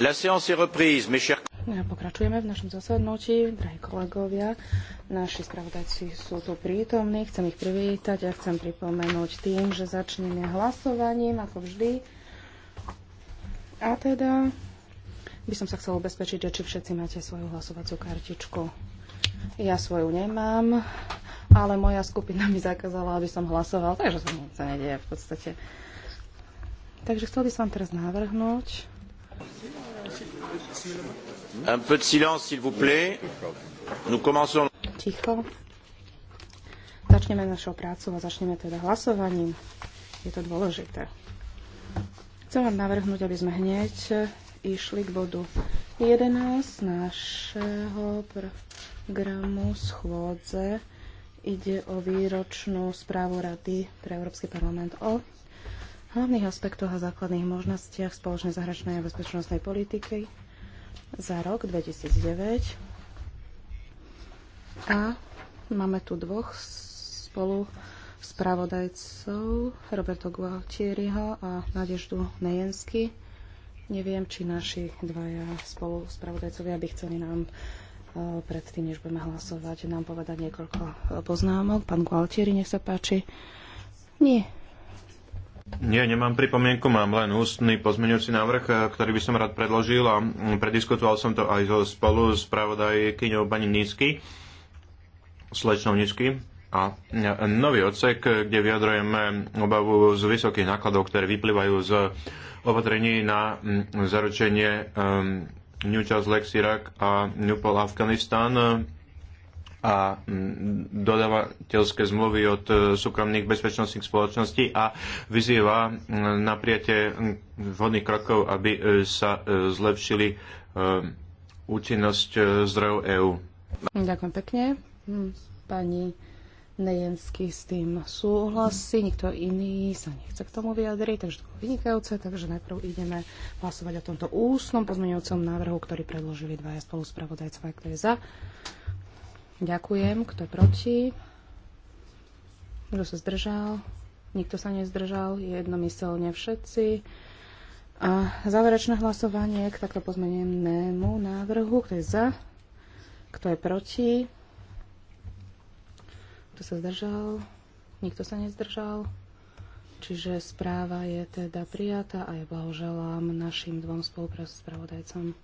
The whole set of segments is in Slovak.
La séance est reprise, mes chers no Pokračujeme v našom zasadnutí, drahí kolegovia. Naši spravodajci sú tu prítomní, chcem ich privítať a chcem pripomenúť tým, že začneme hlasovaním, ako vždy. A teda by som sa chcela ubezpečiť, že či všetci máte svoju hlasovaciu kartičku. Ja svoju nemám, ale moja skupina mi zakázala, aby som hlasoval, takže sa nič nedieje v podstate. Takže chcel by som teraz navrhnúť, Un peu de silence, s'il vous plaît. Nous commençons. Ticho. Začneme našou prácu a začneme teda hlasovaním. Je to dôležité. Chcem vám navrhnúť, aby sme hneď išli k bodu 11 našeho programu schôdze. Ide o výročnú správu Rady pre Európsky parlament o hlavných aspektoch a základných možnostiach spoločnej zahraničnej a bezpečnostnej politiky za rok 2009. A máme tu dvoch spolu spravodajcov Roberto Gualtieriho a Nadeždu Nejensky. Neviem, či naši dvaja spolu spravodajcovia by chceli nám e, predtým, než budeme hlasovať, nám povedať niekoľko e, poznámok. Pán Gualtieri, nech sa páči. Nie, nie, nemám pripomienku, mám len ústny pozmeňujúci návrh, eh, ktorý by som rád predložil a mm, prediskutoval som to aj so spolu s pravodajkyňou pani Nízky, slečnou Nízky. A mm, nový odsek, eh, kde vyjadrujeme obavu z vysokých nákladov, ktoré vyplývajú z opatrení na mm, zaručenie ehm, New Charles Lexirak a Newpol Afganistan a mm, dodávateľské zmluvy od e, súkromných bezpečnostných spoločností a vyzýva na prijatie vhodných krokov, aby e, sa e, zlepšili účinnosť zdrojov EÚ. Ďakujem pekne. Hm, pani Nejensky s tým súhlasí, nikto iný sa nechce k tomu vyjadriť, takže to bolo vynikajúce, takže najprv ideme hlasovať o tomto ústnom pozmeňujúcom návrhu, ktorý predložili dvaja spoluspravodajcovia, kto je za, Ďakujem. Kto je proti? Kto sa zdržal? Nikto sa nezdržal. Jednomyselne všetci. A záverečné hlasovanie k takto pozmenenému návrhu. Kto je za? Kto je proti? Kto sa zdržal? Nikto sa nezdržal. Čiže správa je teda prijatá a ja blahoželám našim dvom spolupravodajcom.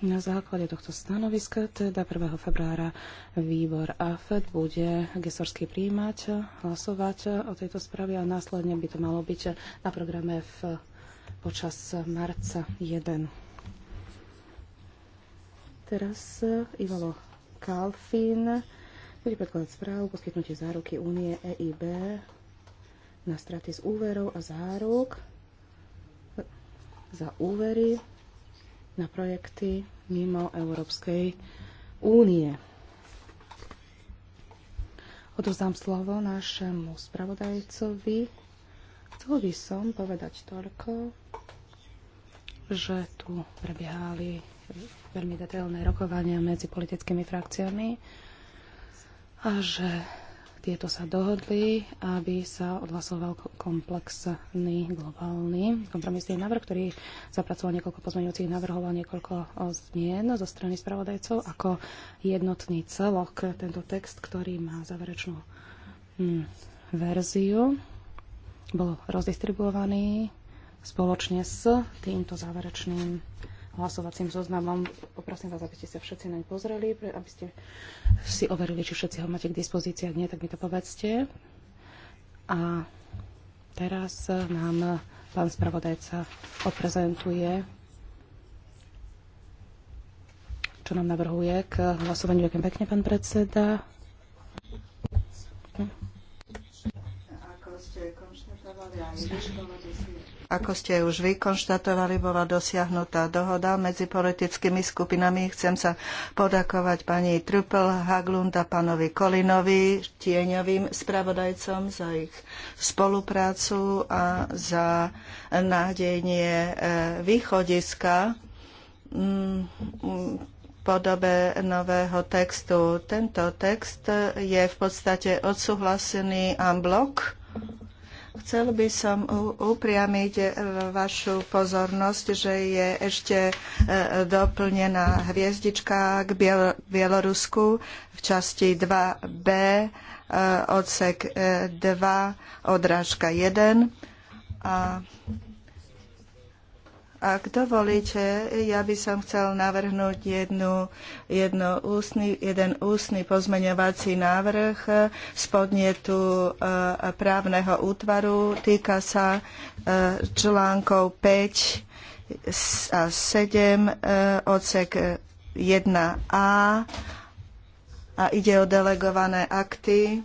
Na základe tohto stanoviska, teda 1. februára, výbor AFED bude gestorsky príjmať, hlasovať o tejto sprave a následne by to malo byť na programe v, počas marca 1. Teraz eh, Ivalo Kalfin bude predkladať správu poskytnutie záruky únie EIB na straty z úverov a záruk eh, za úvery na projekty mimo Európskej únie. Odovzdám slovo našemu spravodajcovi. Chcel by som povedať toľko, že tu prebiehali veľmi detailné rokovania medzi politickými frakciami a že tieto sa dohodli, aby sa odhlasoval komplexný globálny kompromisný návrh, ktorý zapracoval niekoľko pozmeňujúcich návrhov a niekoľko zmien zo strany spravodajcov ako jednotný celok. Tento text, ktorý má záverečnú hm, verziu, bol rozdistribuovaný spoločne s týmto záverečným hlasovacím zoznamom. Poprosím vás, aby ste sa všetci naň pozreli, aby ste si overili, či všetci ho máte k dispozícii. Ak nie, tak mi to povedzte. A teraz nám pán spravodajca odprezentuje, čo nám navrhuje k hlasovaniu. Ďakujem pekne, pán predseda. Ako ste konštatovali, aj ako ste už vy konštatovali, bola dosiahnutá dohoda medzi politickými skupinami. Chcem sa podakovať pani Trupel Haglund a pánovi Kolinovi, tieňovým spravodajcom za ich spoluprácu a za nádejnie e, východiska mm, podobe nového textu. Tento text je v podstate odsúhlasený en blok Chcel by som upriamiť e, vašu pozornosť, že je ešte e, doplnená hviezdička k Bielorusku v časti 2b, e, odsek 2, odrážka 1. A ak dovolíte, ja by som chcel navrhnúť jednu, jedno ústny, jeden ústny pozmeňovací návrh z podnetu e, právneho útvaru. Týka sa e, článkov 5 a 7 e, odsek 1a a ide o delegované akty.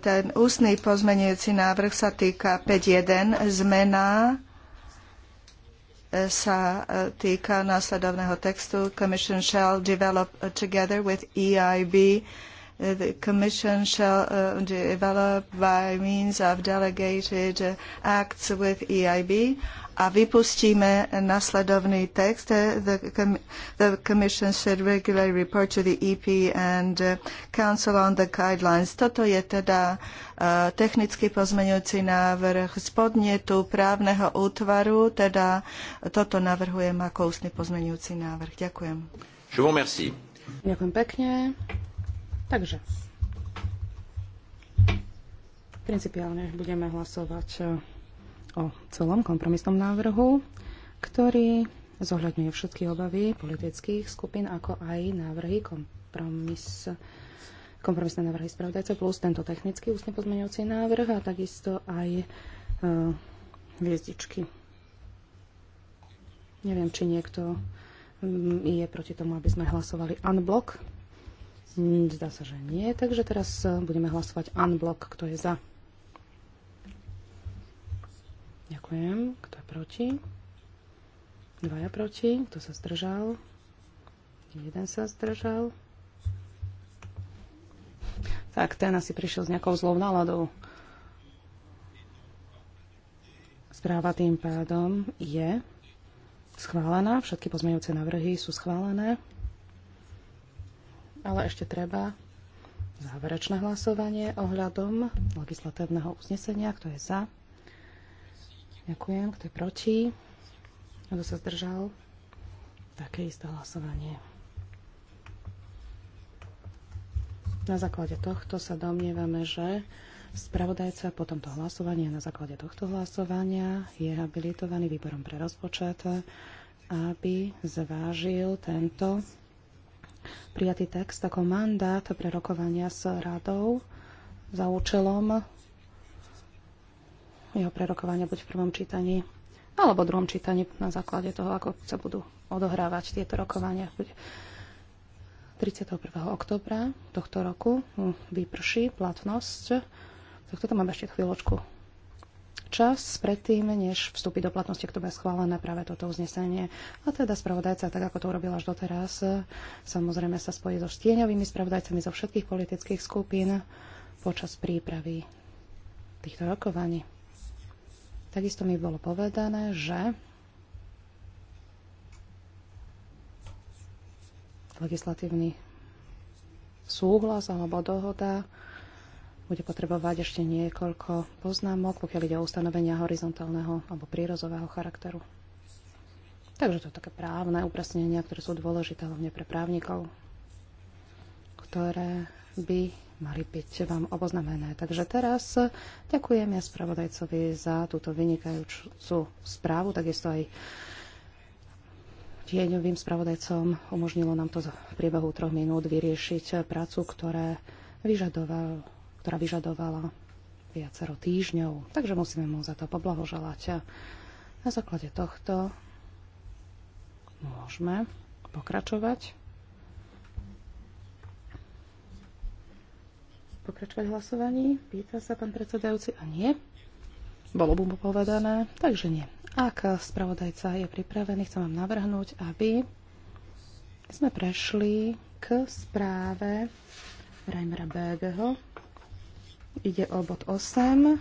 Ten ústny pozmeňujúci návrh sa týka 5.1 zmena sa e, týka následovného textu. Commission shall develop together with EIB e, the Commission shall uh, develop by means of delegated acts with EIB a vypustíme nasledovný text. The, com the Commission should regularly report to the EP and uh, Council on the guidelines. Toto je teda uh, technicky pozmeňujúci návrh z podnetu právneho útvaru, teda toto navrhujem ako ústny pozmeňujúci návrh. Ďakujem. Je vous remercie. Ďakujem pekne. Takže principiálne budeme hlasovať uh, o celom kompromisnom návrhu, ktorý zohľadňuje všetky obavy politických skupín, ako aj návrhy kompromis, kompromisné návrhy spravodajce plus tento technický ústne pozmeňovací návrh a takisto aj e, hviezdičky. Neviem, či niekto mm, je proti tomu, aby sme hlasovali unblock. Zdá sa, že nie, takže teraz e, budeme hlasovať unblock, kto je za. Ďakujem. Kto je proti? Dvaja proti. Kto sa zdržal? Jeden sa zdržal. Tak, ten asi prišiel s nejakou zlou náladou. Správa tým pádom je schválená. Všetky pozmeňujúce návrhy sú schválené. Ale ešte treba záverečné hlasovanie ohľadom legislatívneho uznesenia, kto je za. Ďakujem. Kto je proti? Kto sa zdržal? Také isté hlasovanie. Na základe tohto sa domnievame, že spravodajca po tomto hlasovaní na základe tohto hlasovania je habilitovaný výborom pre rozpočet, aby zvážil tento prijatý text ako mandát pre rokovania s radou za účelom jeho prerokovania buď v prvom čítaní alebo v druhom čítaní na základe toho, ako sa budú odohrávať tieto rokovania. 31. oktobra tohto roku vyprší platnosť. Tak toto máme ešte chvíľočku čas predtým, než vstúpi do platnosti, kto bude schválené práve toto uznesenie. A teda spravodajca, tak ako to urobil až doteraz, samozrejme sa spojí so stieňovými spravodajcami zo všetkých politických skupín počas prípravy týchto rokovaní. Takisto mi bolo povedané, že legislatívny súhlas alebo dohoda bude potrebovať ešte niekoľko poznámok, pokiaľ ide o ustanovenia horizontálneho alebo prírozového charakteru. Takže to sú také právne upresnenia, ktoré sú dôležité hlavne pre právnikov, ktoré by mali byť vám oboznamené. Takže teraz ďakujem ja spravodajcovi za túto vynikajúcu správu, takisto aj tieňovým spravodajcom umožnilo nám to v priebehu troch minút vyriešiť prácu, ktoré vyžadoval, ktorá vyžadovala viacero týždňov. Takže musíme mu za to poblahoželať. Na základe tohto môžeme pokračovať. pokračovať hlasovaní? Pýta sa pán predsedajúci. A nie. Bolo mu povedané, takže nie. Ak spravodajca je pripravený, chcem vám navrhnúť, aby sme prešli k správe Reimera Bégeho. Ide o bod 8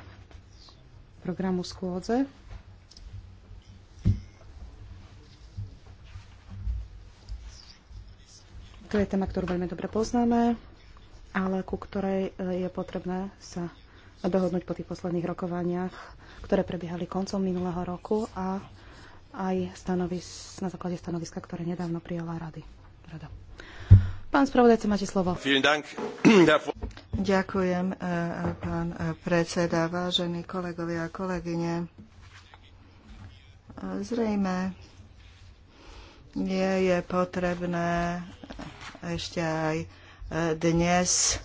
programu skôdze. To je téma, ktorú veľmi dobre poznáme ale ku ktorej e, je potrebné sa dohodnúť po tých posledných rokovaniach, ktoré prebiehali koncom minulého roku a aj stanovis, na základe stanoviska, ktoré nedávno prijala rady. Rada. Pán spravodajca, máte slovo. Ďakujem, e, e, pán predseda, vážení kolegovia a kolegyne. Zrejme nie je potrebné ešte aj dnes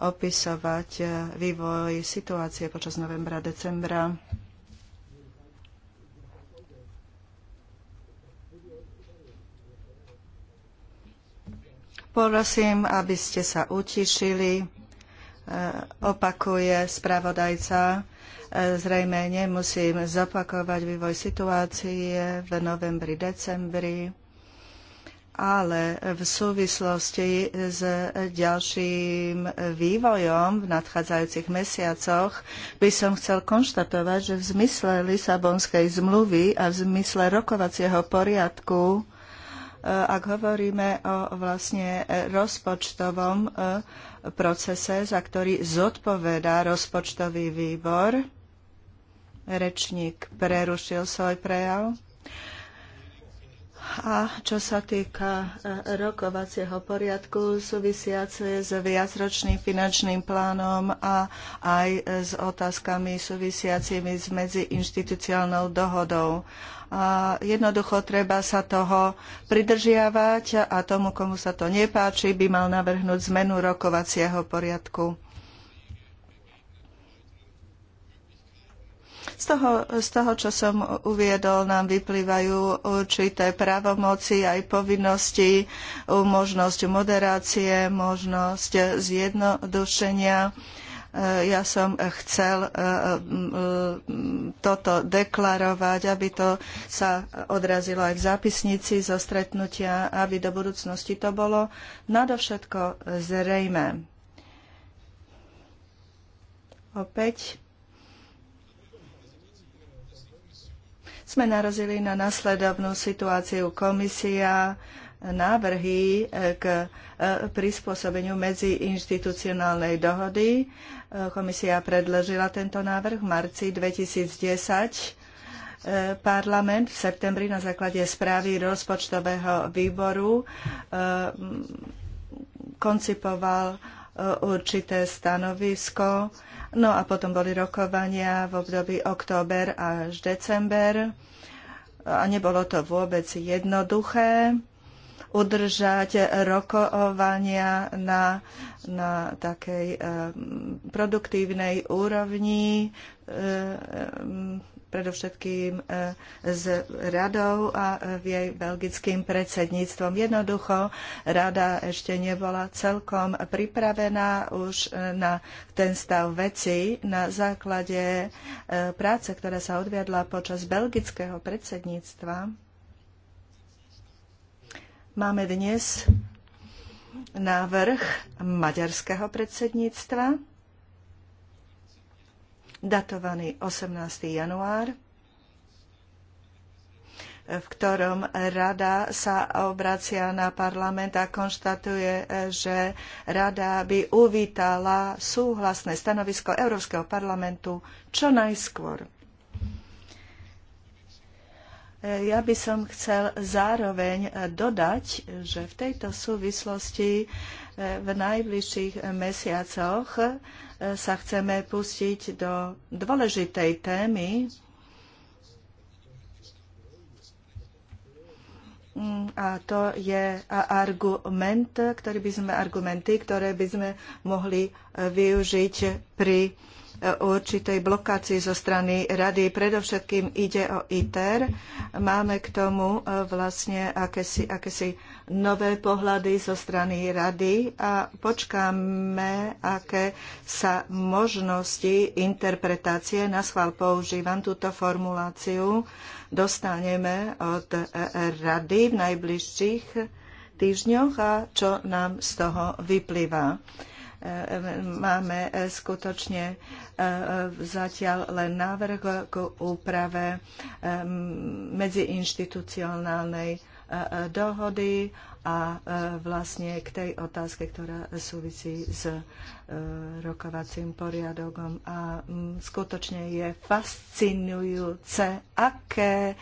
opisovať e, vývoj situácie počas novembra, decembra. Prosím, aby ste sa utišili. E, opakuje spravodajca. E, zrejme nemusím zopakovať vývoj situácie v novembri, decembri ale v súvislosti s ďalším vývojom v nadchádzajúcich mesiacoch by som chcel konštatovať, že v zmysle Lisabonskej zmluvy a v zmysle rokovacieho poriadku, e, ak hovoríme o vlastne rozpočtovom e, procese, za ktorý zodpovedá rozpočtový výbor, rečník prerušil svoj prejav. A čo sa týka e, rokovacieho poriadku súvisiace s viacročným finančným plánom a aj s otázkami súvisiacimi s medziinštitucionálnou dohodou. A jednoducho treba sa toho pridržiavať a tomu, komu sa to nepáči, by mal navrhnúť zmenu rokovacieho poriadku. Z toho, z toho, čo som uviedol, nám vyplývajú určité právomoci, aj povinnosti, možnosť moderácie, možnosť zjednodušenia e, ja som chcel e, toto deklarovať, aby to sa odrazilo aj v zápisnici zo stretnutia, aby do budúcnosti to bolo nadovšetko zrejme. Opäť sme narazili na následovnú situáciu. Komisia návrhy e, k e, prispôsobeniu medziinštitucionálnej dohody. E, komisia predložila tento návrh v marci 2010 parlament v septembri na základe správy rozpočtového výboru koncipoval určité stanovisko No a potom boli rokovania v období október až december a nebolo to vôbec jednoduché udržať rokovania na, na takej eh, produktívnej úrovni eh, predovšetkým e, s radou a e, v jej belgickým predsedníctvom. Jednoducho, rada ešte nebola celkom pripravená už e, na ten stav veci na základe práce, ktorá sa odviedla počas belgického predsedníctva. Máme dnes návrh maďarského predsedníctva datovaný 18. január v ktorom rada sa obracia na parlament a konštatuje, že rada by uvítala súhlasné stanovisko Európskeho parlamentu čo najskôr. Ja by som chcel zároveň dodať, že v tejto súvislosti v najbližších mesiacoch sa chceme pustiť do dôležitej témy, a to je argument, ktorý by sme, argumenty, ktoré by sme mohli využiť pri určitej blokácii zo strany rady. Predovšetkým ide o ITER. Máme k tomu e, vlastne akési, akési nové pohľady zo strany rady a počkáme, aké sa možnosti interpretácie na schvál používam túto formuláciu dostaneme od e, rady v najbližších týždňoch a čo nám z toho vyplýva. E, máme skutočne zatiaľ len návrh k úprave medziinštitucionálnej e, dohody a e, vlastne k tej otázke, ktorá súvisí s e, rokovacím poriadokom. A skutočne je fascinujúce, aké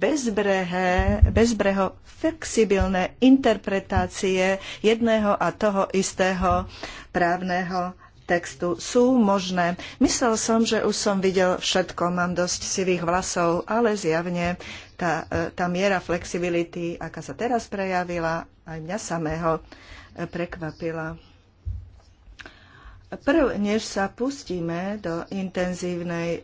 bezbrehé, bezbreho flexibilné interpretácie jedného a toho istého právneho textu sú možné. Myslel som, že už som videl všetko, mám dosť sivých vlasov, ale zjavne tá, e, tá miera flexibility, aká sa teraz prejavila, aj mňa samého e, prekvapila. Prv, než sa pustíme do intenzívnej e,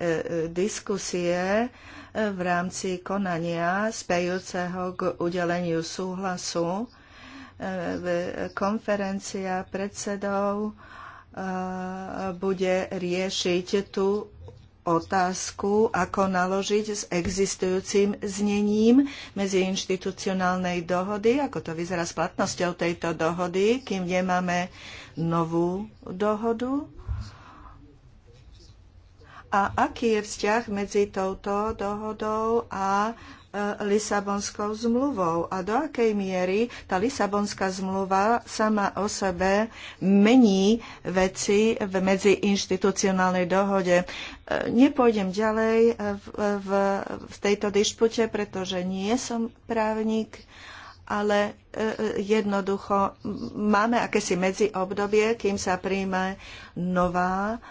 diskusie v rámci konania spejúceho k udeleniu súhlasu, konferencia predsedov Eh, bude riešiť tú otázku, ako naložiť s existujúcim znením medzi inštitucionálnej dohody, ako to vyzerá s platnosťou tejto dohody, kým nemáme novú dohodu. A aký je vzťah medzi touto dohodou a E, Lisabonskou zmluvou a do akej miery tá Lisabonská zmluva sama o sebe mení veci v medziinstitucionálnej dohode. E, nepôjdem ďalej e, v, v, v tejto dišpute, pretože nie som právnik, ale jednoducho máme akési medziobdobie, kým sa príjme nová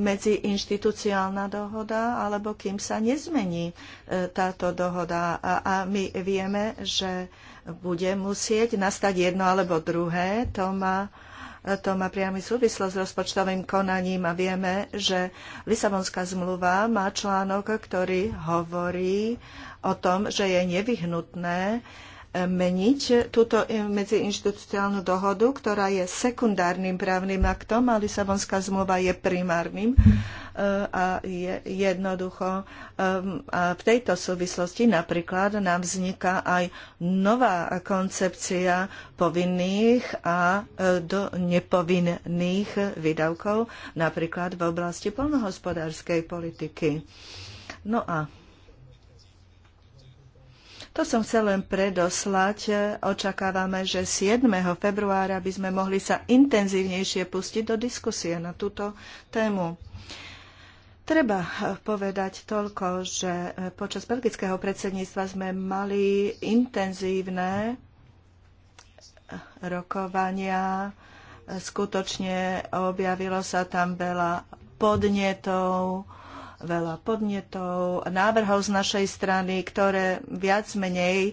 medziinštitucionálna dohoda, alebo kým sa nezmení e, táto dohoda. A my vieme, že bude musieť nastať jedno alebo druhé. To má e, to má priamy súvislosť s rozpočtovým konaním a vieme, že Lisabonská zmluva má článok, ktorý hovorí o tom, že je nevyhnutné uh, meniť túto e, medziinštitucionálnu dohodu, ktorá je sekundárnym právnym aktom a Lisabonská zmluva je primárnym e, a je jednoducho e, a v tejto súvislosti napríklad nám vzniká aj nová koncepcia povinných a do nepovinných výdavkov, napríklad v oblasti poľnohospodárskej politiky. No a to som chcel len predoslať. Očakávame, že 7. februára by sme mohli sa intenzívnejšie pustiť do diskusie na túto tému. Treba povedať toľko, že počas belgického predsedníctva sme mali intenzívne rokovania. Skutočne objavilo sa tam veľa podnetov, veľa podnetov, návrhov z našej strany, ktoré viac menej e,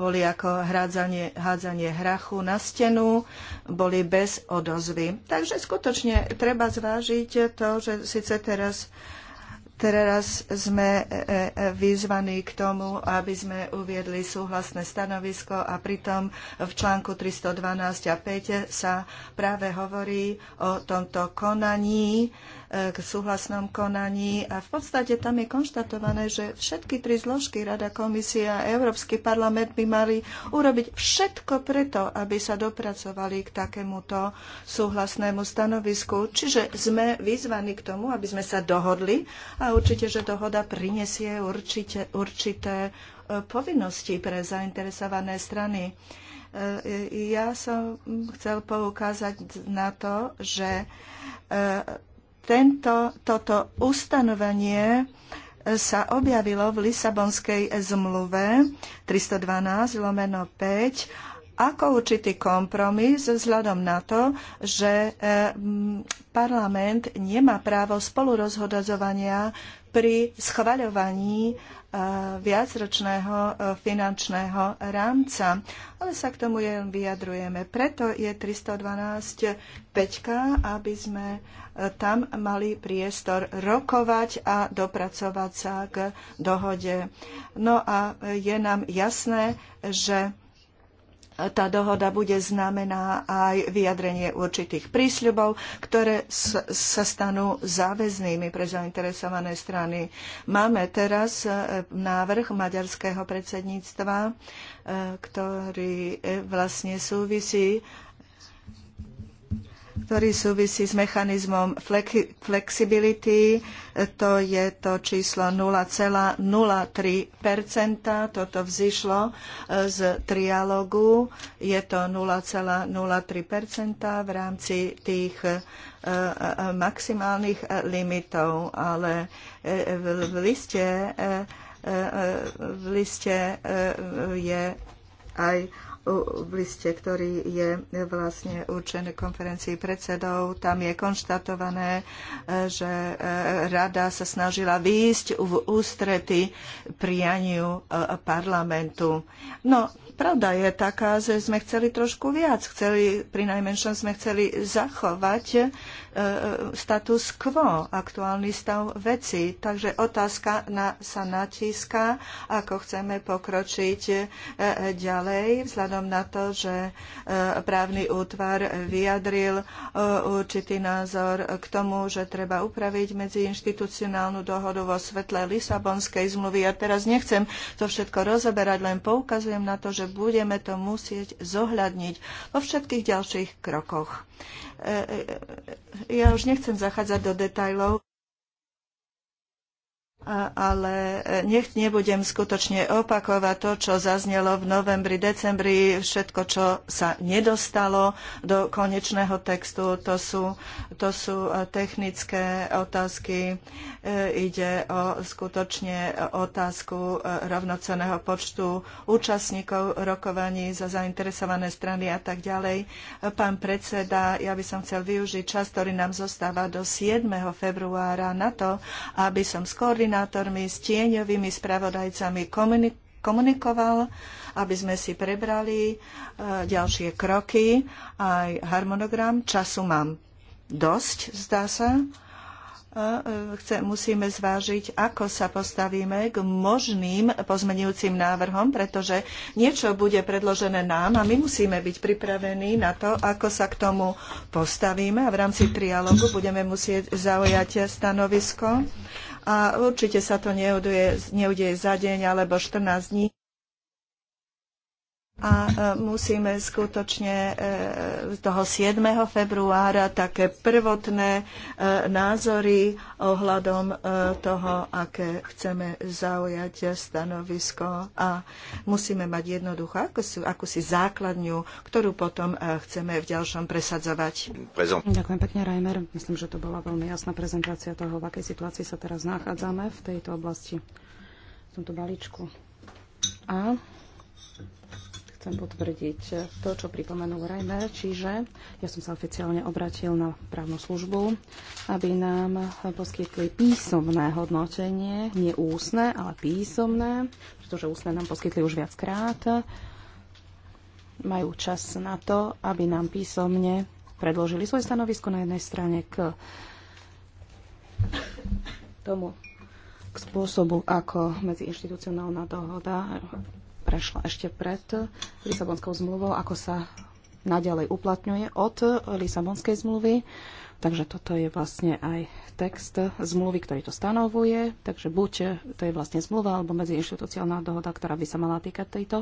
boli ako hádzanie, hádzanie hrachu na stenu, boli bez odozvy. Takže skutočne treba zvážiť to, že síce teraz Teraz sme e, e, vyzvaní k tomu, aby sme uviedli súhlasné stanovisko a pritom v článku 312 a 5 sa práve hovorí o tomto konaní, e, k súhlasnom konaní a v podstate tam je konštatované, že všetky tri zložky, Rada, Komisia a Európsky parlament by mali urobiť všetko preto, aby sa dopracovali k takémuto súhlasnému stanovisku. Čiže sme vyzvaní k tomu, aby sme sa dohodli a a určite, že dohoda prinesie určite, určité e, povinnosti pre zainteresované strany. E, ja som chcel poukázať na to, že e, tento, toto ustanovenie sa objavilo v Lisabonskej zmluve 312 lomeno 5 ako určitý kompromis vzhľadom na to, že e, parlament nemá právo spolurozhodovania pri schvaľovaní e, viacročného e, finančného rámca. Ale sa k tomu len vyjadrujeme. Preto je 312 peťka, aby sme tam mali priestor rokovať a dopracovať sa k dohode. No a je nám jasné, že tá dohoda bude znamená aj vyjadrenie určitých prísľubov, ktoré sa stanú záväznými pre zainteresované strany. Máme teraz e, návrh maďarského predsedníctva, e, ktorý e, vlastne súvisí ktorý súvisí s mechanizmom flexibility. To je to číslo 0,03 Toto vzýšlo e, z trialogu. Je to 0,03 v rámci tých e, e, maximálnych limitov, ale v liste, v liste je aj v liste, ktorý je vlastne určený konferencii predsedov. Tam je konštatované, e, že e, rada sa snažila výjsť v ústrety prianiu e, parlamentu. No, pravda je taká, že sme chceli trošku viac. Chceli, pri najmenšom sme chceli zachovať status quo, aktuálny stav veci. Takže otázka na, sa natíska, ako chceme pokročiť e, ďalej, vzhľadom na to, že e, právny útvar vyjadril e, určitý názor k tomu, že treba upraviť medziinštitucionálnu dohodu vo svetle Lisabonskej zmluvy. Ja teraz nechcem to všetko rozoberať, len poukazujem na to, že budeme to musieť zohľadniť vo všetkých ďalších krokoch. Ja už nechcem zachádzať do detajlov ale e, nech nebudem skutočne opakovať to, čo zaznelo v novembri, decembri, všetko, čo sa nedostalo do konečného textu, to sú, to sú e, technické otázky. E, ide o skutočne otázku rovnoceného počtu účastníkov rokovaní za zainteresované strany a tak ďalej. Pán predseda, ja by som chcel využiť čas, ktorý nám zostáva do 7. februára na to, aby som skoordinoval koordinátormi, s tieňovými spravodajcami komunikoval, aby sme si prebrali e, ďalšie kroky, aj harmonogram. Času mám dosť, zdá sa. E, chce, musíme zvážiť, ako sa postavíme k možným pozmenujúcim návrhom, pretože niečo bude predložené nám a my musíme byť pripravení na to, ako sa k tomu postavíme a v rámci trialógu budeme musieť zaujať stanovisko. A určite sa to neudeje, neudeje za deň alebo 14 dní a e, musíme skutočne e, toho 7. februára také prvotné e, názory ohľadom toho, aké chceme zaujať stanovisko a musíme mať jednoducho akúsi, akúsi základňu, ktorú potom chceme v ďalšom presadzovať. Prezum. Ďakujem pekne, Reimer. Myslím, že to bola veľmi jasná prezentácia toho, v akej situácii sa teraz nachádzame v tejto oblasti, v tomto balíčku. A chcem potvrdiť to, čo pripomenul Rajmer, čiže ja som sa oficiálne obratil na právnu službu, aby nám poskytli písomné hodnotenie, nie úsne, ale písomné, pretože úsne nám poskytli už viackrát. Majú čas na to, aby nám písomne predložili svoje stanovisko na jednej strane k tomu k spôsobu, ako medziinštitucionálna dohoda prešla ešte pred Lisabonskou zmluvou, ako sa naďalej uplatňuje od Lisabonskej zmluvy Takže toto je vlastne aj text zmluvy, ktorý to stanovuje. Takže buď to je vlastne zmluva alebo medziinstitucionálna dohoda, ktorá by sa mala týkať tejto,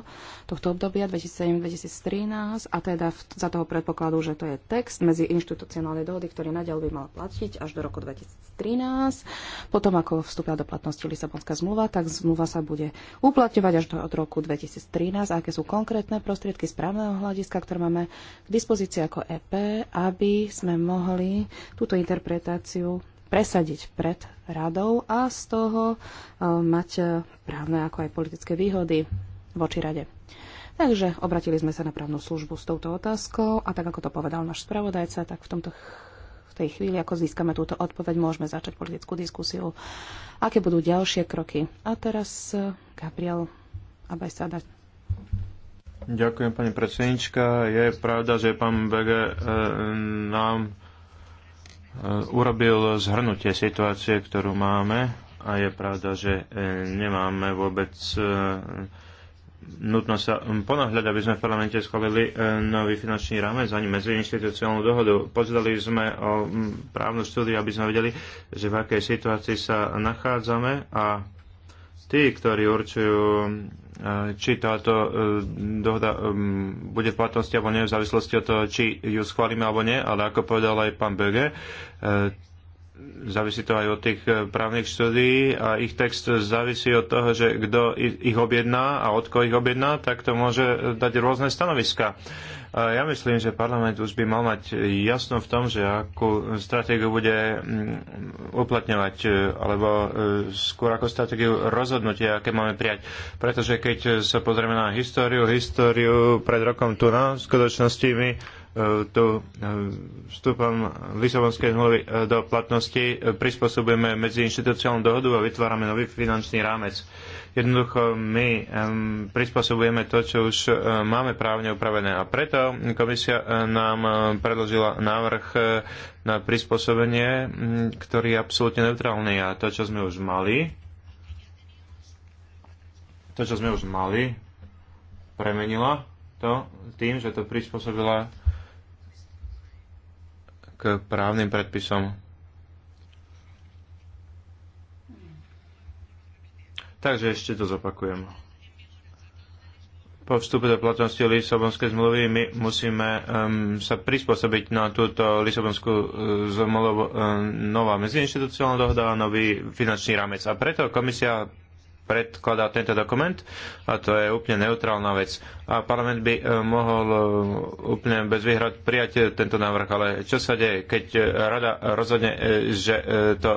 tohto obdobia 2007-2013 a teda v, za toho predpokladu, že to je text inštitucionálnej dohody, ktorý naďal by mal platiť až do roku 2013. Potom, ako vstúpia do platnosti Lisabonská zmluva, tak zmluva sa bude uplatňovať až do, od roku 2013. A aké sú konkrétne prostriedky správneho hľadiska, ktoré máme k dispozícii ako EP, aby sme mohli túto interpretáciu presadiť pred radou a z toho e, mať e, právne ako aj politické výhody voči rade. Takže obratili sme sa na právnu službu s touto otázkou a tak ako to povedal náš spravodajca, tak v tomto v tej chvíli, ako získame túto odpoveď, môžeme začať politickú diskusiu, aké budú ďalšie kroky. A teraz e, Gabriel Abajsada Ďakujem, pani predsednička. Je pravda, že pán Bege e, nám Eh, urobil zhrnutie situácie, ktorú máme a je pravda, že eh, nemáme vôbec eh, nutno sa hm, ponáhľať, aby sme v parlamente schválili nový finančný rámec ani medziinstitucionálnu dohodu. Pozdali sme o hm, právnu štúdiu, aby sme vedeli, že v akej situácii sa nachádzame a tí, ktorí určujú hm, či táto e, dohoda e, bude v platnosti alebo nie, v závislosti od toho, či ju schválime alebo nie, ale ako povedal aj pán Böge, e, závisí to aj od tých právnych štúdií a ich text závisí od toho, že kto ich objedná a od koho ich objedná, tak to môže dať rôzne stanoviska. Ja myslím, že parlament už by mal mať jasno v tom, že akú stratégiu bude mm, uplatňovať, e, alebo e, skôr ako stratégiu rozhodnutia, aké máme prijať. Pretože keď sa pozrieme na históriu, históriu pred rokom tu na skutočnosti my e, tu vstupom Lisabonskej zmluvy do platnosti prispôsobujeme medziinstitucionálnu dohodu a vytvárame nový finančný rámec. Jednoducho my prispôsobujeme to, čo už e, máme právne upravené. A preto komisia e, nám e, predložila návrh na prispôsobenie, ktorý je absolútne neutrálny. A to, čo sme už mali, to, čo sme už mali, premenila to tým, že to prispôsobila k právnym predpisom. Takže ešte to zopakujem. Po vstupe do platnosti Lisabonskej zmluvy my musíme um, sa prispôsobiť na túto Lisabonskú uh, zmluvu um, nová medziinstitucionálna dohoda a nový finančný rámec. A preto komisia predkladá tento dokument a to je úplne neutrálna vec. A parlament by eh, mohol eh, úplne bez výhrad prijať eh, tento návrh, ale čo sa deje, keď rada rozhodne, že to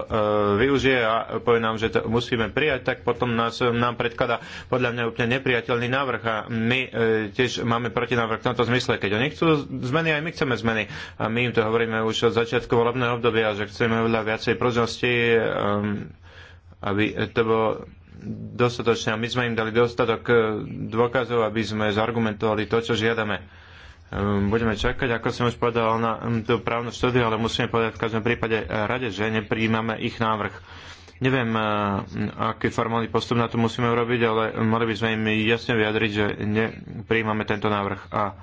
využije a povie nám, že to musíme prijať, tak potom nás, nám predkladá podľa mňa úplne nepriateľný návrh a my tiež máme protinávrh v tomto zmysle. Keď oni chcú zmeny, aj my chceme zmeny. A my im to hovoríme už od začiatku volebného obdobia, že chceme veľa viacej pružnosti, aby to bolo Dostatočne a my sme im dali dostatok eh, dôkazov, aby sme zargumentovali to, čo žiadame. Ehm, budeme čakať, ako som už povedal, na ehm, tú právnu štúdiu, ale musíme povedať v každom prípade eh, rade, že nepríjmame ich návrh. Neviem, eh, aký formálny postup na to musíme urobiť, ale mali by sme im jasne vyjadriť, že nepríjmame tento návrh. A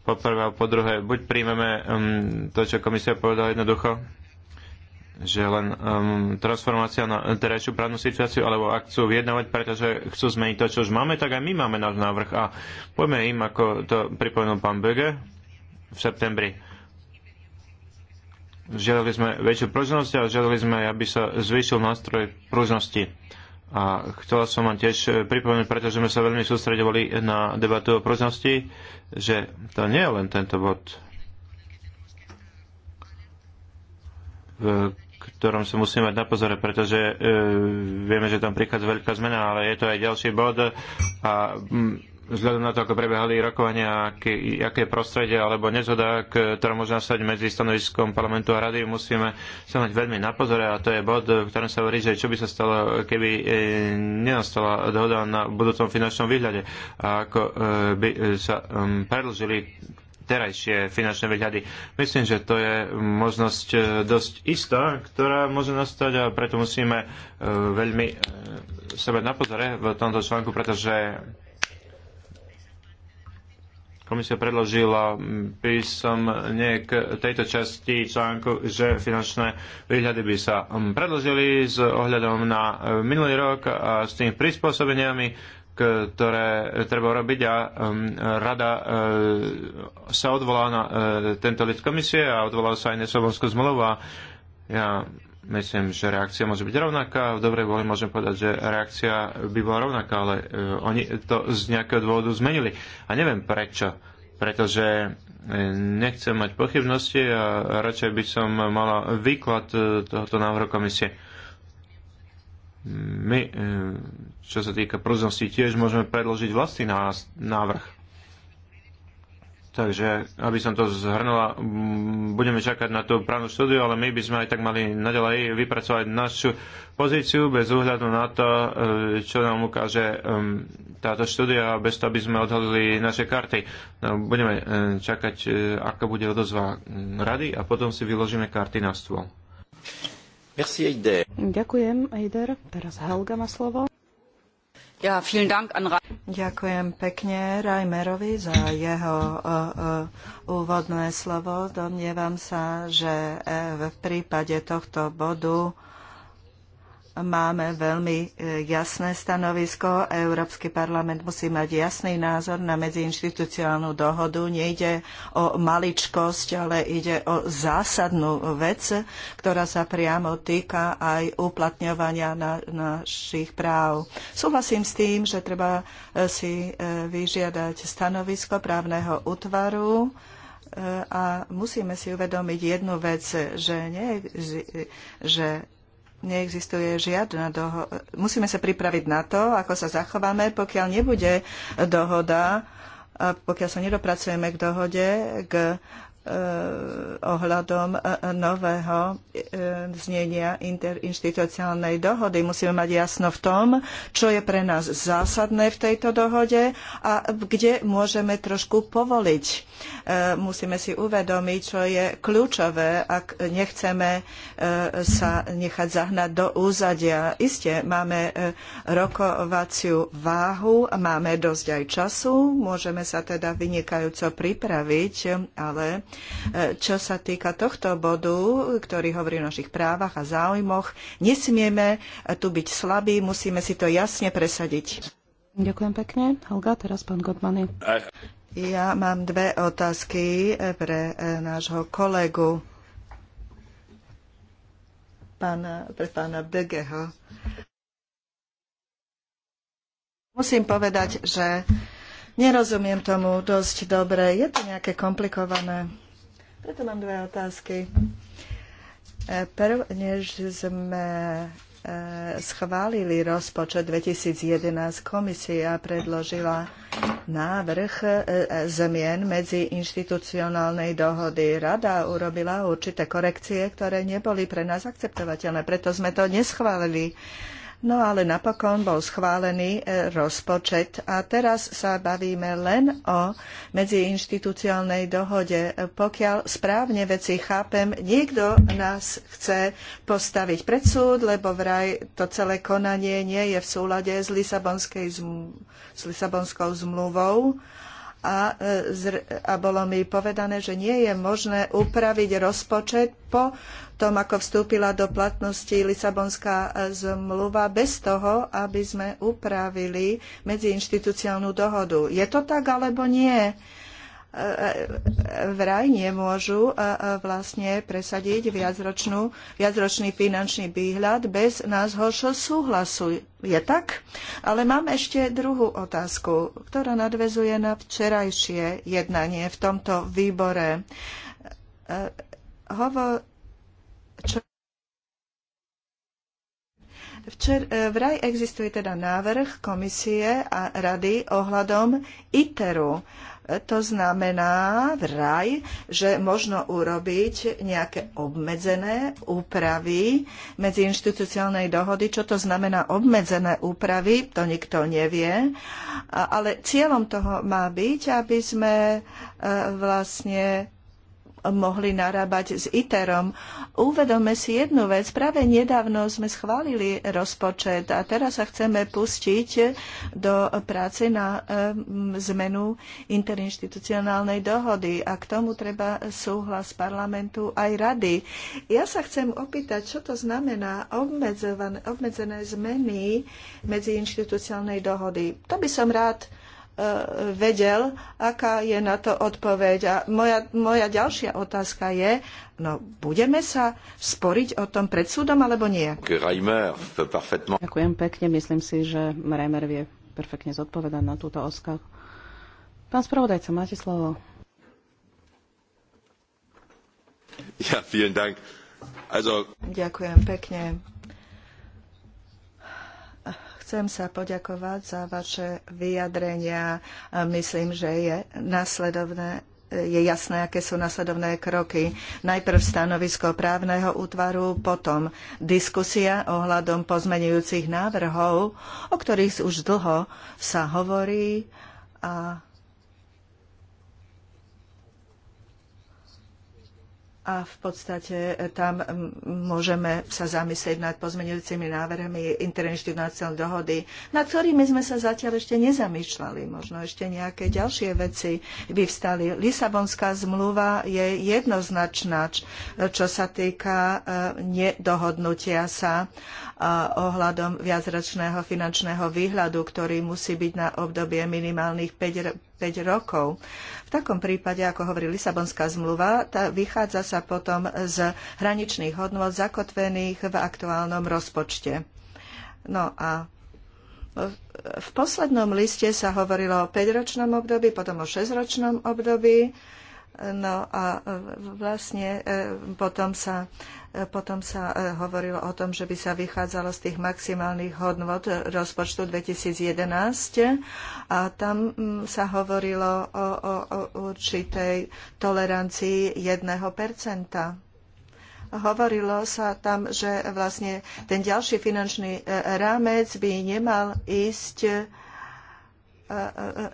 po prvé a po druhé, buď príjmeme ehm, to, čo komisia povedala jednoducho, že len um, transformácia na terajšiu právnu situáciu, alebo ak chcú vyjednávať, pretože chcú zmeniť to, čo už máme, tak aj my máme náš návrh a poďme im, ako to pripomenul pán Böge v septembri. Žiadali sme väčšiu pružnosť a žiadali sme, aby sa zvýšil nástroj pružnosti. A chcela som vám tiež pripomenúť, pretože sme sa veľmi sústredovali na debatu o pružnosti, že to nie je len tento bod, v ktorom sa musíme mať na pozore, pretože e, vieme, že tam prichádza veľká zmena, ale je to aj ďalší bod a m, vzhľadom na to, ako prebehali rokovania, aké, aké prostredie alebo nezhoda, ktorá môže nastať medzi stanoviskom parlamentu a rady, musíme sa mať veľmi na pozore a to je bod, v ktorom sa hovorí, že čo by sa stalo, keby e, nenastala dohoda na budúcom finančnom výhľade a ako e, by sa predlžili terajšie finančné výhľady. Myslím, že to je možnosť e, dosť istá, ktorá môže nastať a preto musíme e, veľmi e, sebe na pozore v tomto článku, pretože komisia predložila písomne k tejto časti článku, že finančné výhľady by sa predložili s ohľadom na minulý rok a s tými prispôsobeniami ktoré treba urobiť a um, rada e, sa odvolá na e, tento list komisie a odvolá sa aj neslovenskú zmluvu a ja myslím, že reakcia môže byť rovnaká. V dobrej vôli môžem povedať, že reakcia by bola rovnaká, ale uh, oni to z nejakého dôvodu zmenili. A neviem prečo. Pretože nechcem mať pochybnosti a radšej by som mala výklad tohoto návrhu komisie my, eh, čo sa týka prúznosti, tiež môžeme predložiť vlastný návrh. Takže, aby som to zhrnula, budeme čakať na tú právnu štúdiu, ale my by sme aj tak mali naďalej vypracovať našu pozíciu bez ohľadu na to, eh, čo nám ukáže táto štúdia, bez toho, by sme odhalili naše karty. No, budeme eh, čakať, aká bude odozva mm, rady a potom si vyložíme karty na stôl. Merci, Eider. Ďakujem, Eider. Teraz Helga má slovo. Ja, vielen Dank an Ďakujem pekne Reimerovi za jeho uh, uh, úvodné slovo. Domnievam sa, že e, v prípade tohto bodu máme veľmi e, jasné stanovisko. Európsky parlament musí mať jasný názor na medziinštitucionálnu dohodu. Nejde o maličkosť, ale ide o zásadnú vec, ktorá sa priamo týka aj uplatňovania na, našich práv. Súhlasím s tým, že treba e, si e, vyžiadať stanovisko právneho útvaru a musíme si uvedomiť jednu vec, že, nie, že neexistuje žiadna dohoda. Musíme sa pripraviť na to, ako sa zachováme, pokiaľ nebude dohoda, pokiaľ sa nedopracujeme k dohode, k Eh, ohľadom eh, nového eh, znenia interinstitucionálnej dohody. Musíme mať jasno v tom, čo je pre nás zásadné v tejto dohode a kde môžeme trošku povoliť. Musíme si uvedomiť, čo je kľúčové, ak nechceme sa nechať zahnať do úzadia. Isté, máme rokovaciu váhu, máme dosť aj času, môžeme sa teda vynikajúco pripraviť, ale čo sa týka tohto bodu, ktorý hovorí o našich právach a záujmoch, nesmieme tu byť slabí, musíme si to jasne presadiť. Ďakujem pekne. Helga, teraz pán Godmany. Ja mám dve otázky pre e, nášho kolegu, pána, pre pána Begeho. Musím povedať, že Nerozumiem tomu dosť dobre. Je to nejaké komplikované. Preto mám dve otázky. E, prv, než sme e, schválili rozpočet 2011, komisia predložila návrh e, zmien medzi inštitucionálnej dohody. Rada urobila určité korekcie, ktoré neboli pre nás akceptovateľné, preto sme to neschválili. No ale napokon bol schválený e, rozpočet a teraz sa bavíme len o medziinštitucionálnej dohode. Pokiaľ správne veci chápem, niekto nás chce postaviť pred súd, lebo vraj to celé konanie nie je v súlade s, s Lisabonskou zmluvou a, e, a bolo mi povedané, že nie je možné upraviť rozpočet po tom, ako vstúpila do platnosti Lisabonská e, zmluva bez toho, aby sme upravili medziinštitucionálnu dohodu. Je to tak alebo nie? Uh, vraj nemôžu e, e, vlastne presadiť viacročnú, viacročný finančný výhľad bez nášho súhlasu. Je tak? Ale mám ešte druhú otázku, ktorá nadvezuje na včerajšie jednanie v tomto výbore. E, hovo, čo... Včer, vraj existuje teda návrh komisie a rady ohľadom ITERu. Uh, to znamená vraj, že možno urobiť nejaké obmedzené úpravy medziinstitucionálnej dohody. Čo to znamená obmedzené úpravy, to nikto nevie. Ale cieľom toho má byť, aby sme e, vlastne mohli narábať s ITERom. Uvedome si jednu vec. Práve nedávno sme schválili rozpočet a teraz sa chceme pustiť do práce na zmenu interinstitucionálnej dohody a k tomu treba súhlas parlamentu aj rady. Ja sa chcem opýtať, čo to znamená obmedzené zmeny medzi inštitucionálnej dohody. To by som rád E, vedel, aká je na to odpoveď. A moja, moja ďalšia otázka je, no budeme sa sporiť o tom pred súdom alebo nie? Ďakujem pekne, myslím si, že Reimer vie perfektne zodpovedať na túto oskách. Pán spravodajca, máte slovo. Ja, vielen Dank. Also... Ďakujem pekne. Chcem sa poďakovať za vaše vyjadrenia. Myslím, že je nasledovné je jasné, aké sú nasledovné kroky. Najprv stanovisko právneho útvaru, potom diskusia ohľadom pozmenujúcich návrhov, o ktorých už dlho sa hovorí a a v podstate e, tam môžeme sa zamyslieť nad pozmenujúcimi návrhmi interinstitucionálnej dohody, nad ktorými sme sa zatiaľ ešte nezamýšľali. Možno ešte nejaké ďalšie veci vyvstali. Lisabonská zmluva je jednoznačná, čo sa týka e, nedohodnutia sa e, ohľadom viacročného finančného výhľadu, ktorý musí byť na obdobie minimálnych 5 rokov. V takom prípade, ako hovorí Lisabonská zmluva, tá vychádza sa potom z hraničných hodnot zakotvených v aktuálnom rozpočte. No a v poslednom liste sa hovorilo o 5-ročnom období, potom o 6-ročnom období No a e, vlastne e, potom sa, e, potom sa hovorilo o tom, že by sa vychádzalo z tých maximálnych hodnot rozpočtu 2011 a tam mm, sa hovorilo o, o, o určitej tolerancii 1% hovorilo sa tam, že vlastne ten ďalší finančný rámec by nemal ísť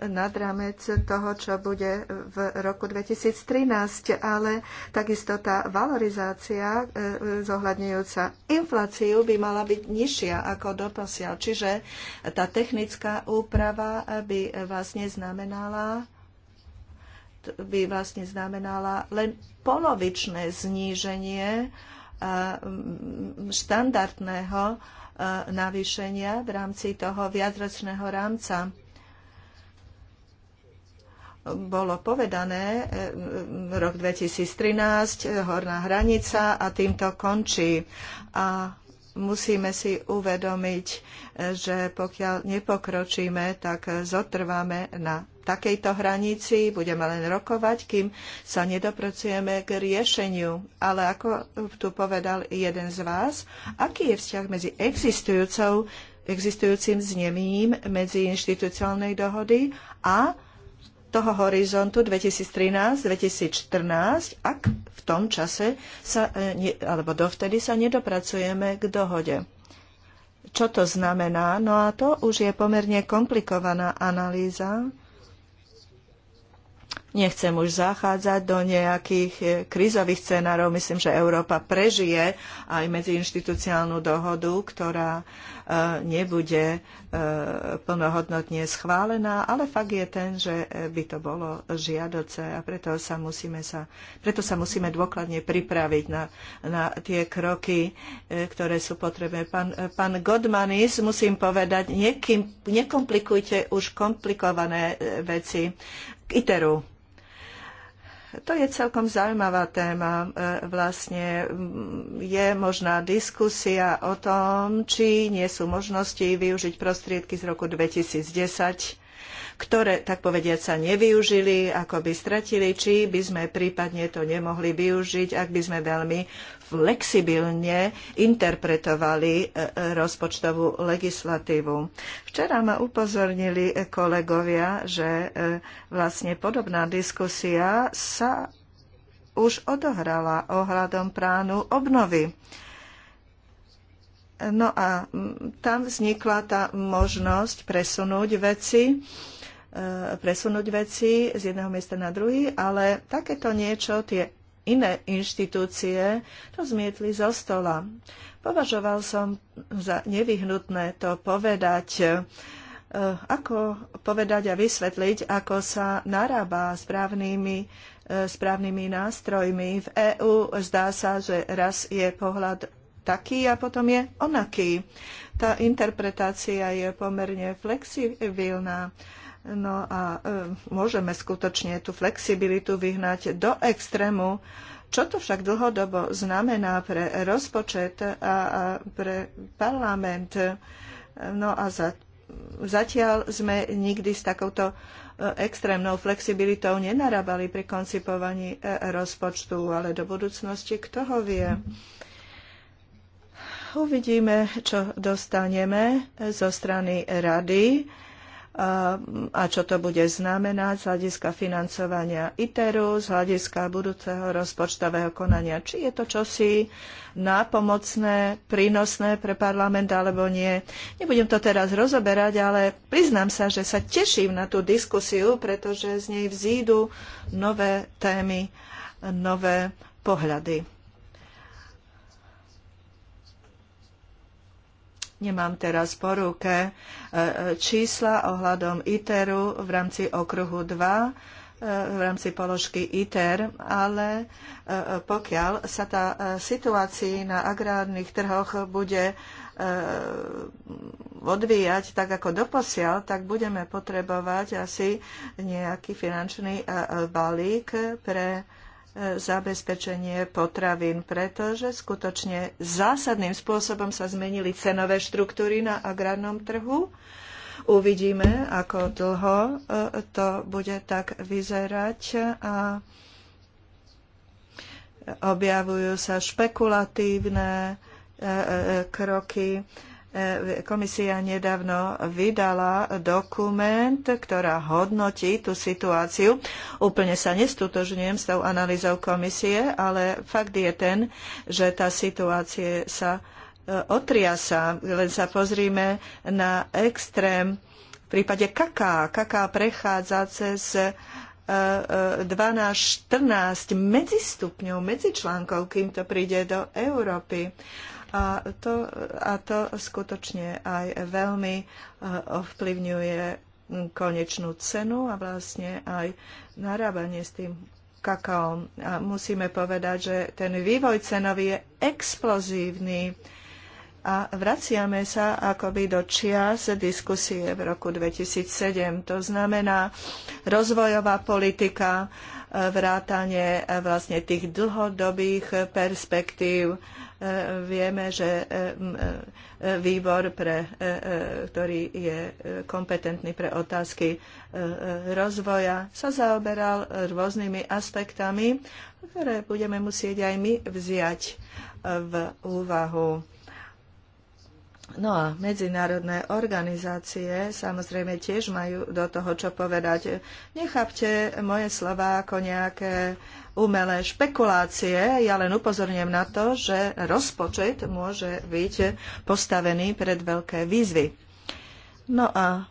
nad rámec toho, čo bude v roku 2013, ale takisto tá valorizácia e, zohľadňujúca infláciu by mala byť nižšia ako doposiaľ. Čiže tá technická úprava by vlastne znamenala by vlastne znamenala len polovičné zníženie e, štandardného e, navýšenia v rámci toho viacročného rámca bolo povedané, e, e, rok 2013, horná hranica a týmto končí. A musíme si uvedomiť, e, že pokiaľ nepokročíme, tak zotrváme na takejto hranici, budeme len rokovať, kým sa nedopracujeme k riešeniu. Ale ako tu povedal jeden z vás, aký je vzťah medzi existujúcou, existujúcim znemím, medzi inštitucionálnej dohody a toho horizontu 2013-2014, ak v tom čase sa, e, alebo dovtedy sa nedopracujeme k dohode. Čo to znamená? No a to už je pomerne komplikovaná analýza Nechcem už zachádzať do nejakých eh, krízových scenárov. Myslím, že Európa prežije aj medziinštitucionálnu dohodu, ktorá eh, nebude eh, plnohodnotne schválená, ale fakt je ten, že by to bolo žiadoce a preto sa musíme, sa, preto sa musíme dôkladne pripraviť na, na tie kroky, ktoré sú potrebné. Pán, pán Godmanis, musím povedať, nekomplikujte už komplikované veci k ITERu to je celkom zaujímavá téma. E, vlastne je možná diskusia o tom, či nie sú možnosti využiť prostriedky z roku 2010 ktoré, tak povediať, sa nevyužili, ako by stratili, či by sme prípadne to nemohli využiť, ak by sme veľmi flexibilne interpretovali e, e, rozpočtovú legislatívu. Včera ma upozornili kolegovia, že e, vlastne podobná diskusia sa už odohrala ohľadom pránu obnovy. No a tam vznikla tá možnosť presunúť veci, presunúť veci z jedného miesta na druhý, ale takéto niečo tie iné inštitúcie to zmietli zo stola. Považoval som za nevyhnutné to povedať, eh, ako povedať a vysvetliť, ako sa narába s právnymi, eh, nástrojmi. V EÚ zdá sa, že raz je pohľad taký a potom je onaký. Tá interpretácia je pomerne flexibilná. No a e, môžeme skutočne tú flexibilitu vyhnať do extrému. Čo to však dlhodobo znamená pre rozpočet a pre parlament? No a za, zatiaľ sme nikdy s takouto e, extrémnou flexibilitou nenarábali pri koncipovaní e, rozpočtu, ale do budúcnosti kto ho vie. Uvidíme, čo dostaneme zo strany rady a čo to bude znamenať z hľadiska financovania ITERu, z hľadiska budúceho rozpočtového konania. Či je to čosi nápomocné, prínosné pre parlament alebo nie. Nebudem to teraz rozoberať, ale priznám sa, že sa teším na tú diskusiu, pretože z nej vzídu nové témy, nové pohľady. Nemám teraz po ruke e, e, čísla ohľadom ITERu v rámci okruhu 2 e, v rámci položky ITER, ale pokiaľ sa tá situácii na agrárnych trhoch bude odvíjať tak ako doposiaľ, tak budeme potrebovať asi nejaký finančný balík pre zabezpečenie potravín, pretože skutočne zásadným spôsobom sa zmenili cenové štruktúry na agrárnom trhu. Uvidíme, ako dlho e, to bude tak vyzerať a objavujú sa špekulatívne e, e, kroky E, komisia nedávno vydala dokument, ktorá hodnotí tú situáciu. Úplne sa nestutožňujem s tou analýzou komisie, ale fakt je ten, že tá situácia sa e, otriasa. Len sa pozrime na extrém. V prípade kaká, kaká prechádza cez 12, e, 14 medzistupňov, medzičlánkov, kým to príde do Európy a to, a to skutočne aj veľmi e, ovplyvňuje konečnú cenu a vlastne aj narábanie s tým kakaom. A musíme povedať, že ten vývoj cenový je explozívny a vraciame sa akoby do čias diskusie v roku 2007. To znamená rozvojová politika, e, vrátanie e, vlastne tých dlhodobých perspektív Vieme, že výbor, pre, e, e, ktorý je e, kompetentný pre otázky rozvoja, sa zaoberal rôznymi aspektami, ktoré budeme musieť aj my vziať v úvahu. No a medzinárodné organizácie samozrejme tiež majú do toho čo povedať. Nechápte moje slova ako nejaké umelé špekulácie. Ja len upozorňujem na to, že rozpočet môže byť postavený pred veľké výzvy. No a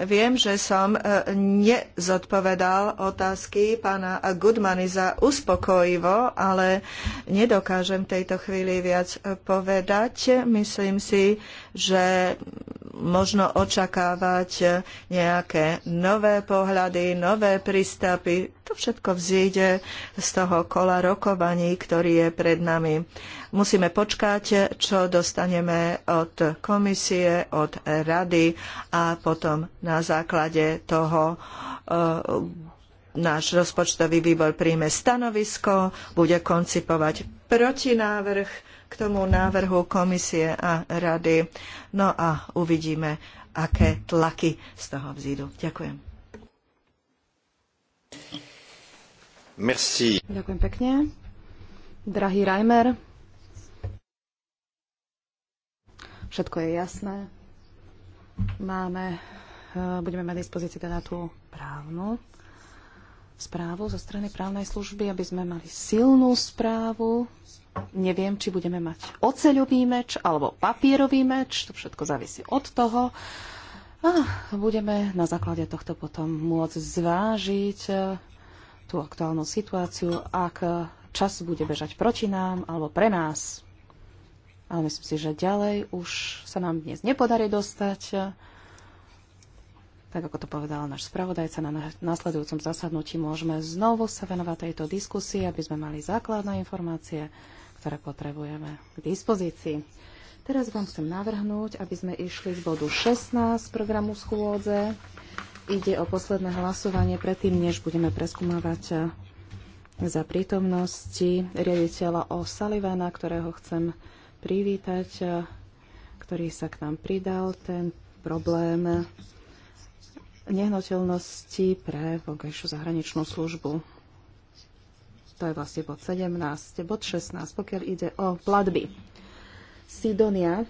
Viem, že som e, nezodpovedal otázky pána Goodmaniza uspokojivo, ale nedokážem v tejto chvíli viac povedať. Myslím si, že možno očakávať nejaké nové pohľady, nové prístupy. To všetko vzíde z toho kola rokovaní, ktorý je pred nami. Musíme počkať, čo dostaneme od komisie, od rady a potom na základe toho e, náš rozpočtový výbor príjme stanovisko, bude koncipovať protinávrh k tomu návrhu komisie a rady. No a uvidíme, aké tlaky z toho vzídu. Ďakujem. Merci. Ďakujem pekne. Drahý Reimer, všetko je jasné. Máme, e, budeme mať dispozícii teda tú právnu správu zo strany právnej služby, aby sme mali silnú správu. Neviem, či budeme mať oceľový meč alebo papierový meč, to všetko závisí od toho. A budeme na základe tohto potom môcť zvážiť e, tú aktuálnu situáciu, ak čas bude bežať proti nám alebo pre nás ale myslím si, že ďalej už sa nám dnes nepodarí dostať. Tak ako to povedal náš spravodajca, na následujúcom zasadnutí môžeme znovu sa venovať tejto diskusii, aby sme mali základné informácie, ktoré potrebujeme k dispozícii. Teraz vám chcem navrhnúť, aby sme išli z bodu 16 programu schôdze. Ide o posledné hlasovanie predtým, než budeme preskúmavať eh, za prítomnosti riaditeľa O'Sullivana, ktorého chcem privítať, e, ktorý sa k nám pridal. Ten problém nehnuteľnosti pre vonkajšiu zahraničnú službu. To je vlastne bod 17. Bod 16, pokiaľ ide o platby. Sidonia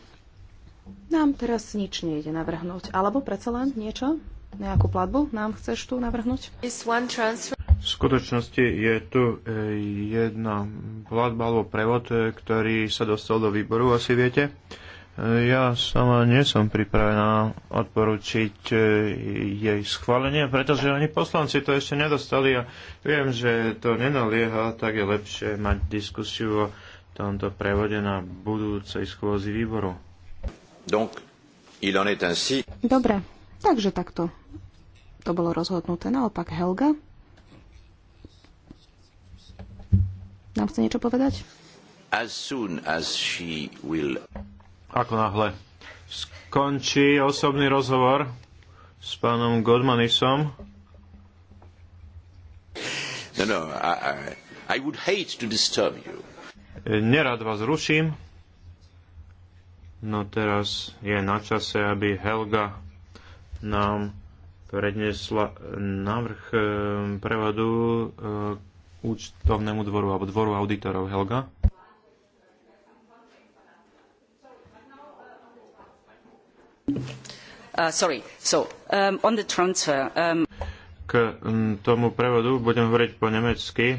nám teraz nič nejde navrhnúť. Alebo predsa len niečo? Nejakú platbu nám chceš tu navrhnúť? V skutočnosti je tu e, jedna platba alebo prevod, e, ktorý sa dostal do výboru, asi viete. E, ja sama nie som pripravená odporučiť jej schválenie, pretože ani poslanci to ešte nedostali a viem, že to nenalieha, tak je lepšie mať diskusiu o tomto prevode na budúcej schôzi výboru. Donc, il en est ainsi. Dobre, takže takto. To bolo rozhodnuté. Naopak Helga. Nám chce niečo povedať? As soon as she will... Ako náhle skončí osobný rozhovor s pánom Godmanisom. No, no, I, I would hate to disturb you. E, nerad vás ruším. No teraz je na čase, aby Helga nám prednesla návrh e, prevadu e, účtovnému dvoru alebo dvoru auditorov Helga. Uh, sorry. So, um, on the transfer, um... K um, tomu prevodu budem hovoriť po nemecky.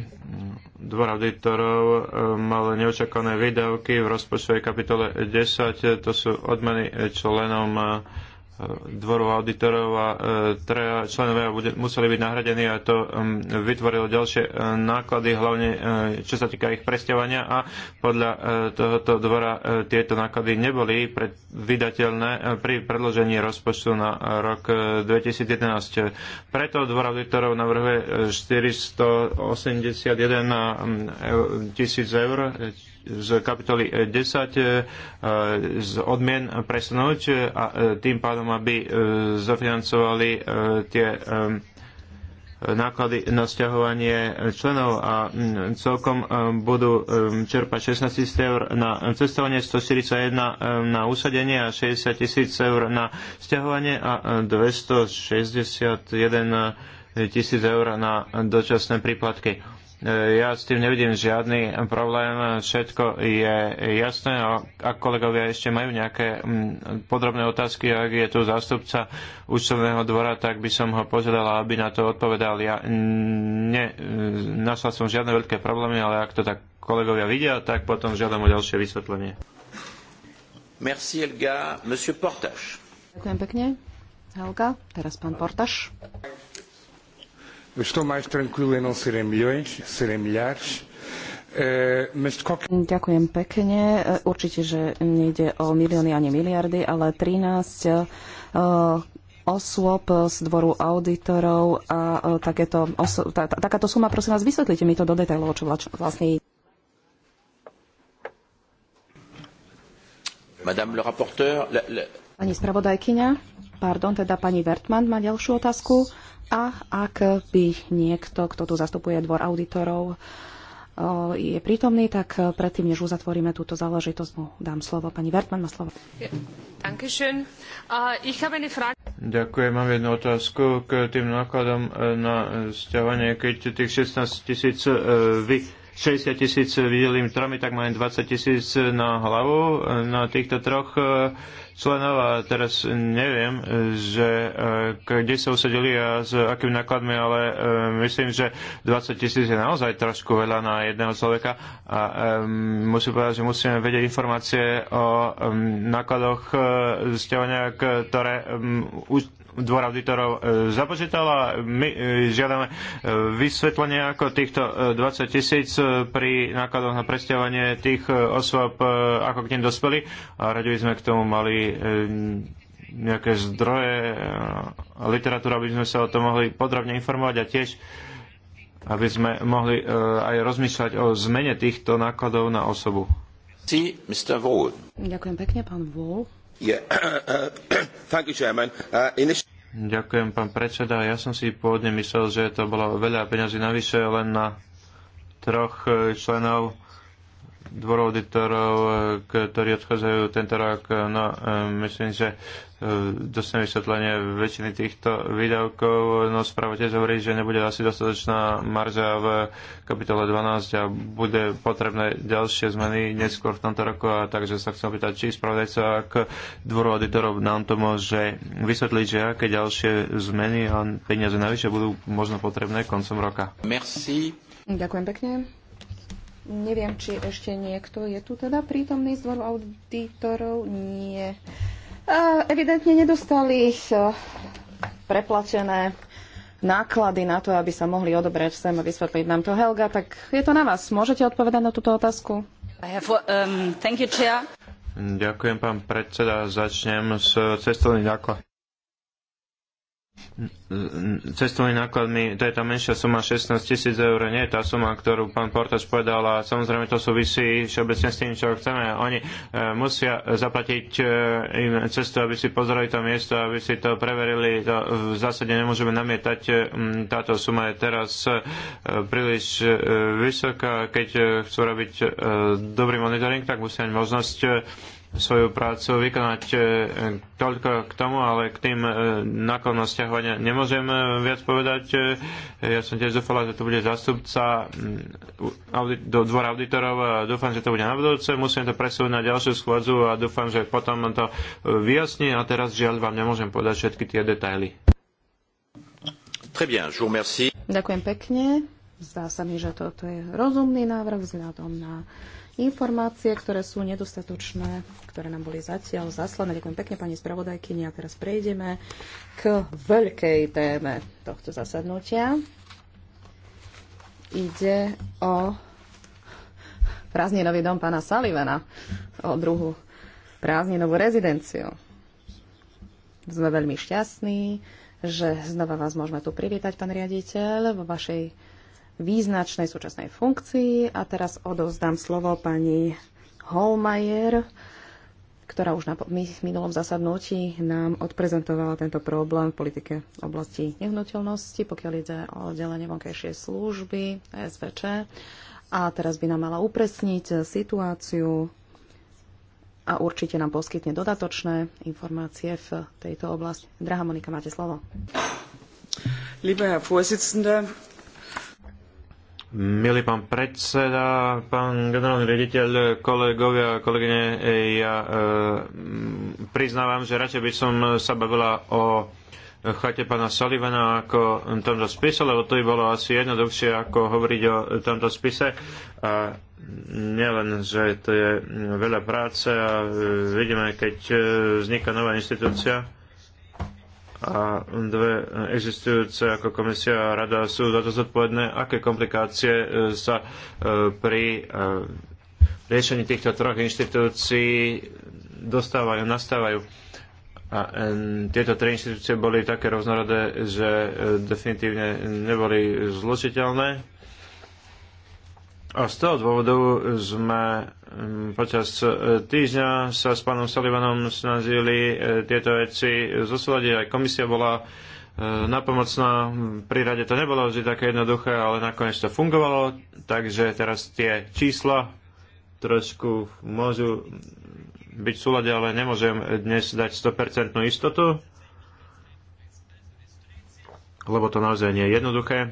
Dvor auditorov um, mal neočakané výdavky v rozpočtovej kapitole 10. To sú odmeny členom uh, dvoru auditorov a e, traja členovia museli byť nahradení a to vytvorilo ďalšie e, náklady, hlavne e, čo sa týka ich presťovania a podľa tohoto dvora tieto náklady neboli vydateľné pri predložení rozpočtu na rok 2011. Preto dvor auditorov navrhuje 481 tisíc eur, z kapitoly 10 eh, eh, eh, z odmien presunúť a tým pádom, aby zafinancovali tie náklady na stiahovanie členov a mm, celkom budú čerpať 16 tisíc eur na cestovanie, 141 na usadenie a 60 tisíc eur na stiahovanie a 261 tisíc eur na dočasné príplatky E, ja s tým nevidím žiadny problém, všetko je jasné. Ak kolegovia ešte majú nejaké podrobné otázky, ak je tu zástupca účtovného dvora, tak by som ho požiadala, aby na to odpovedal. Ja ne, e, našla som žiadne veľké problémy, ale ak to tak kolegovia vidia, tak potom žiadam o ďalšie vysvetlenie. Merci Elga. Monsieur Portaš. Ďakujem pekne. Helga, teraz pán Portaš. Eu estou mais tranquilo em não serem milhões, serem milhares. Eh, Ďakujem pekne. Eh, určite, že nejde o milióny ani miliardy, ale 13 eh, osôb z dvoru auditorov a takéto tá, takáto suma, prosím vás, vysvetlite mi to do detailov, čo vlastne je. Madame le rapporteur, la, la... Pani spravodajkyňa pardon, teda pani Vertman má ďalšiu otázku. A ak by niekto, kto tu zastupuje dvor auditorov, e, je prítomný, tak predtým, než uzatvoríme túto záležitosť, mu dám slovo. Pani Vertman má slovo. Ďakujem, mám jednu otázku k tým nákladom e, na sťahovanie. Keď tých 16 tisíc e, vy 60 tisíc vydelím tromi, tak mám 20 tisíc na hlavu na týchto troch členov a teraz neviem, že e, kde sa usadili a s akými nákladmi, ale e, myslím, že 20 tisíc je naozaj trošku veľa na jedného človeka a e, musím povedať, že musíme vedieť informácie o nákladoch sťahovania, ktoré dvor auditorov e, započítal a my e, žiadame e, vysvetlenie, ako týchto 20 tisíc pri nákladoch na presťahovanie tých osôb, ako k nim dospeli a radili sme k tomu mali nejaké zdroje a literatúra, aby sme sa o tom mohli podrobne informovať a tiež aby sme mohli aj rozmýšľať o zmene týchto nákladov na osobu. Ďakujem pekne, pán Wall. Uh, Ďakujem, pán predseda. Ja som si pôvodne myslel, že to bolo veľa peňazí navyše len na troch eh, členov dvorov auditorov, e, ktorí odchádzajú tento rok. No, e, myslím, že e, dostane vysvetlenie väčšiny týchto výdavkov. No správa tiež hovorí, že nebude asi dostatočná marža v kapitole 12 a bude potrebné ďalšie zmeny neskôr v tomto roku. A takže sa chcem pýtať, či spravodajca k dvoru auditorov nám to môže vysvetliť, že aké ďalšie zmeny a peniaze navyše budú možno potrebné koncom roka. Merci. Ďakujem pekne. Neviem, či ešte niekto je tu teda prítomný z dvoru auditorov. Nie. Evidentne nedostali eh, preplatené náklady na to, aby sa mohli odobrať sem a vysvetliť nám to. Helga, tak je to na vás. Môžete odpovedať na túto otázku? Um, Ďakujem, pán predseda. Začnem s cestovným nákladom cestovnými nákladmi, to je tá menšia suma 16 tisíc eur, nie je tá suma, ktorú pán Portač povedal a samozrejme to súvisí všeobecne s tým, čo chceme. Oni e, musia zaplatiť e, im cestu, aby si pozreli to miesto, aby si to preverili. v zásade nemôžeme namietať. E, táto suma je teraz príliš vysoká. Keď chcú robiť dobrý monitoring, tak musia mať možnosť svoju prácu vykonať e, toľko k tomu, ale k tým e, nákladom stiahovania nemôžem e, viac povedať. Ja som tiež dúfala, že to bude zastupca mm, do dvora auditorov a dúfam, že to bude na budúce. Musím to presúť na ďalšiu schôdzu a dúfam, že potom to vyjasní a teraz žiaľ vám nemôžem povedať všetky tie detaily. Ďakujem pekne. Zdá sa mi, že toto je rozumný návrh vzhľadom na informácie, ktoré sú nedostatočné, ktoré nám boli zatiaľ zaslané. Ďakujem pekne pani spravodajkyni a teraz prejdeme k veľkej téme tohto zasadnutia. Ide o prázdninový dom pána Salivena, o druhú prázdninovú rezidenciu. Sme veľmi šťastní, že znova vás môžeme tu privítať, pán riaditeľ, vo vašej význačnej súčasnej funkcii. A teraz odovzdám slovo pani Holmajer, ktorá už na minulom zasadnutí nám odprezentovala tento problém v politike oblasti nehnuteľnosti, pokiaľ ide o oddelenie vonkajšej služby, SVČ. A teraz by nám mala upresniť situáciu a určite nám poskytne dodatočné informácie v tejto oblasti. Drahá Monika, máte slovo. Lieber Herr Vorsitzender, Milý pán predseda, pán generálny riaditeľ, kolegovia a kolegyne, ja e, priznávam, že radšej by som sa bavila o chate pána Sullivana ako tomto spise, lebo to by bolo asi jednoduchšie ako hovoriť o tomto spise. A nielen, že to je veľa práce a e, vidíme, keď e, vzniká nová inštitúcia, a dve existujúce ako komisia a rada sú za to zodpovedné, aké komplikácie e, sa e, pri e, riešení týchto troch inštitúcií dostávajú, nastávajú. A tieto tri inštitúcie boli také rôznorodé, že definitívne neboli zložiteľné a z toho dôvodu sme mm, počas e, týždňa sa s pánom Sullivanom snažili e, tieto veci zosúľadiť. Aj komisia bola e, napomocná. Pri rade to nebolo vždy také jednoduché, ale nakoniec to fungovalo. Takže teraz tie čísla trošku môžu byť v súlade, ale nemôžem dnes dať 100% istotu, lebo to naozaj nie je jednoduché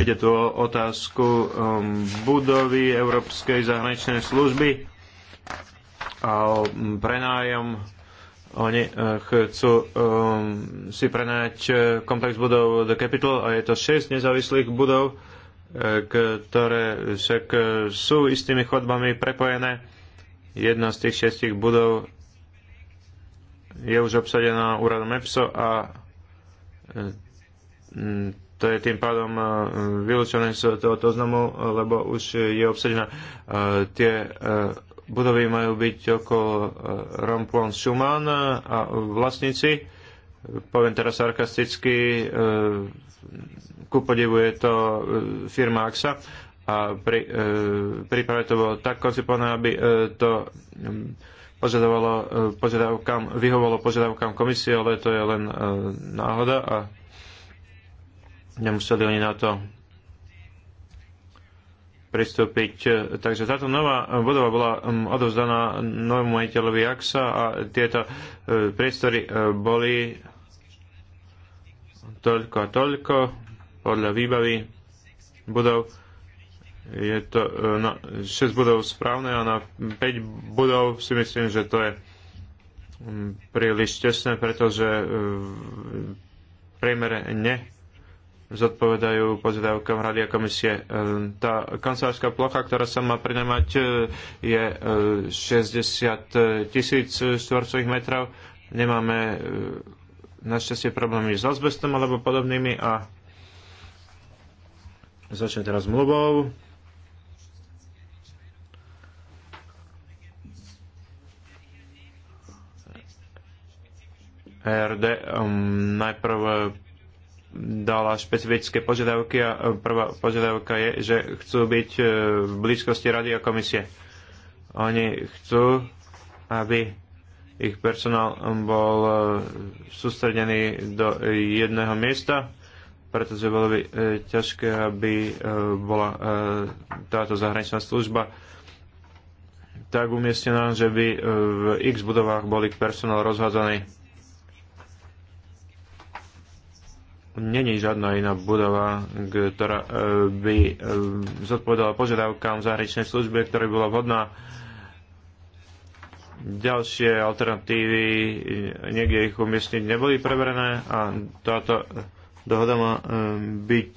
Ide tu o otázku um, budovy Európskej zahraničnej služby a o prenájom. Oni eh, chcú um, si prenajať eh, komplex budov The Capital a je to 6 nezávislých budov, eh, ktoré však sú istými chodbami prepojené. Jedna z tých šestich budov je už obsadená úradom EPSO a to je tým pádom e, vylúčené z tohoto znamu, lebo už je obsadená. E, tie e, budovy majú byť okolo Ramplon Schumann a vlastníci, poviem teraz sarkasticky, ku podivu je to firma AXA a pri príprave to bolo tak koncipované, aby to požadovalo požadavkám, vyhovalo požiadavkám komisie, ale to je len náhoda a nemuseli oni na to pristúpiť. Takže táto nová budova bola mm, odovzdaná novému majiteľovi AXA a tieto e, priestory e, boli toľko a toľko podľa výbavy budov. Je to e, na 6 budov správne a na 5 budov si myslím, že to je mm, príliš tesné, pretože v priemere ne zodpovedajú požiadavkám Rady a komisie. E, tá kancelárska plocha, ktorá sa má prenajmať, e, je 60 e, tisíc štvorcových metrov. Nemáme našťastie problémy s azbestom alebo podobnými a začne teraz mluvou. RD um, najprv dala špecifické požiadavky a prvá požiadavka je, že chcú byť e, v blízkosti rady a komisie. Oni chcú, aby ich personál bol e, sústredený do jedného miesta, pretože bolo by e, ťažké, aby bola táto zahraničná služba tak umiestnená, že by v x budovách boli personál rozhádzaný není žiadna iná budova, ktorá e, by e, zodpovedala požiadavkám zahraničnej služby, ktorá by bola vhodná ďalšie alternatívy, e, niekde ich umiestniť, neboli preverené a táto dohoda má byť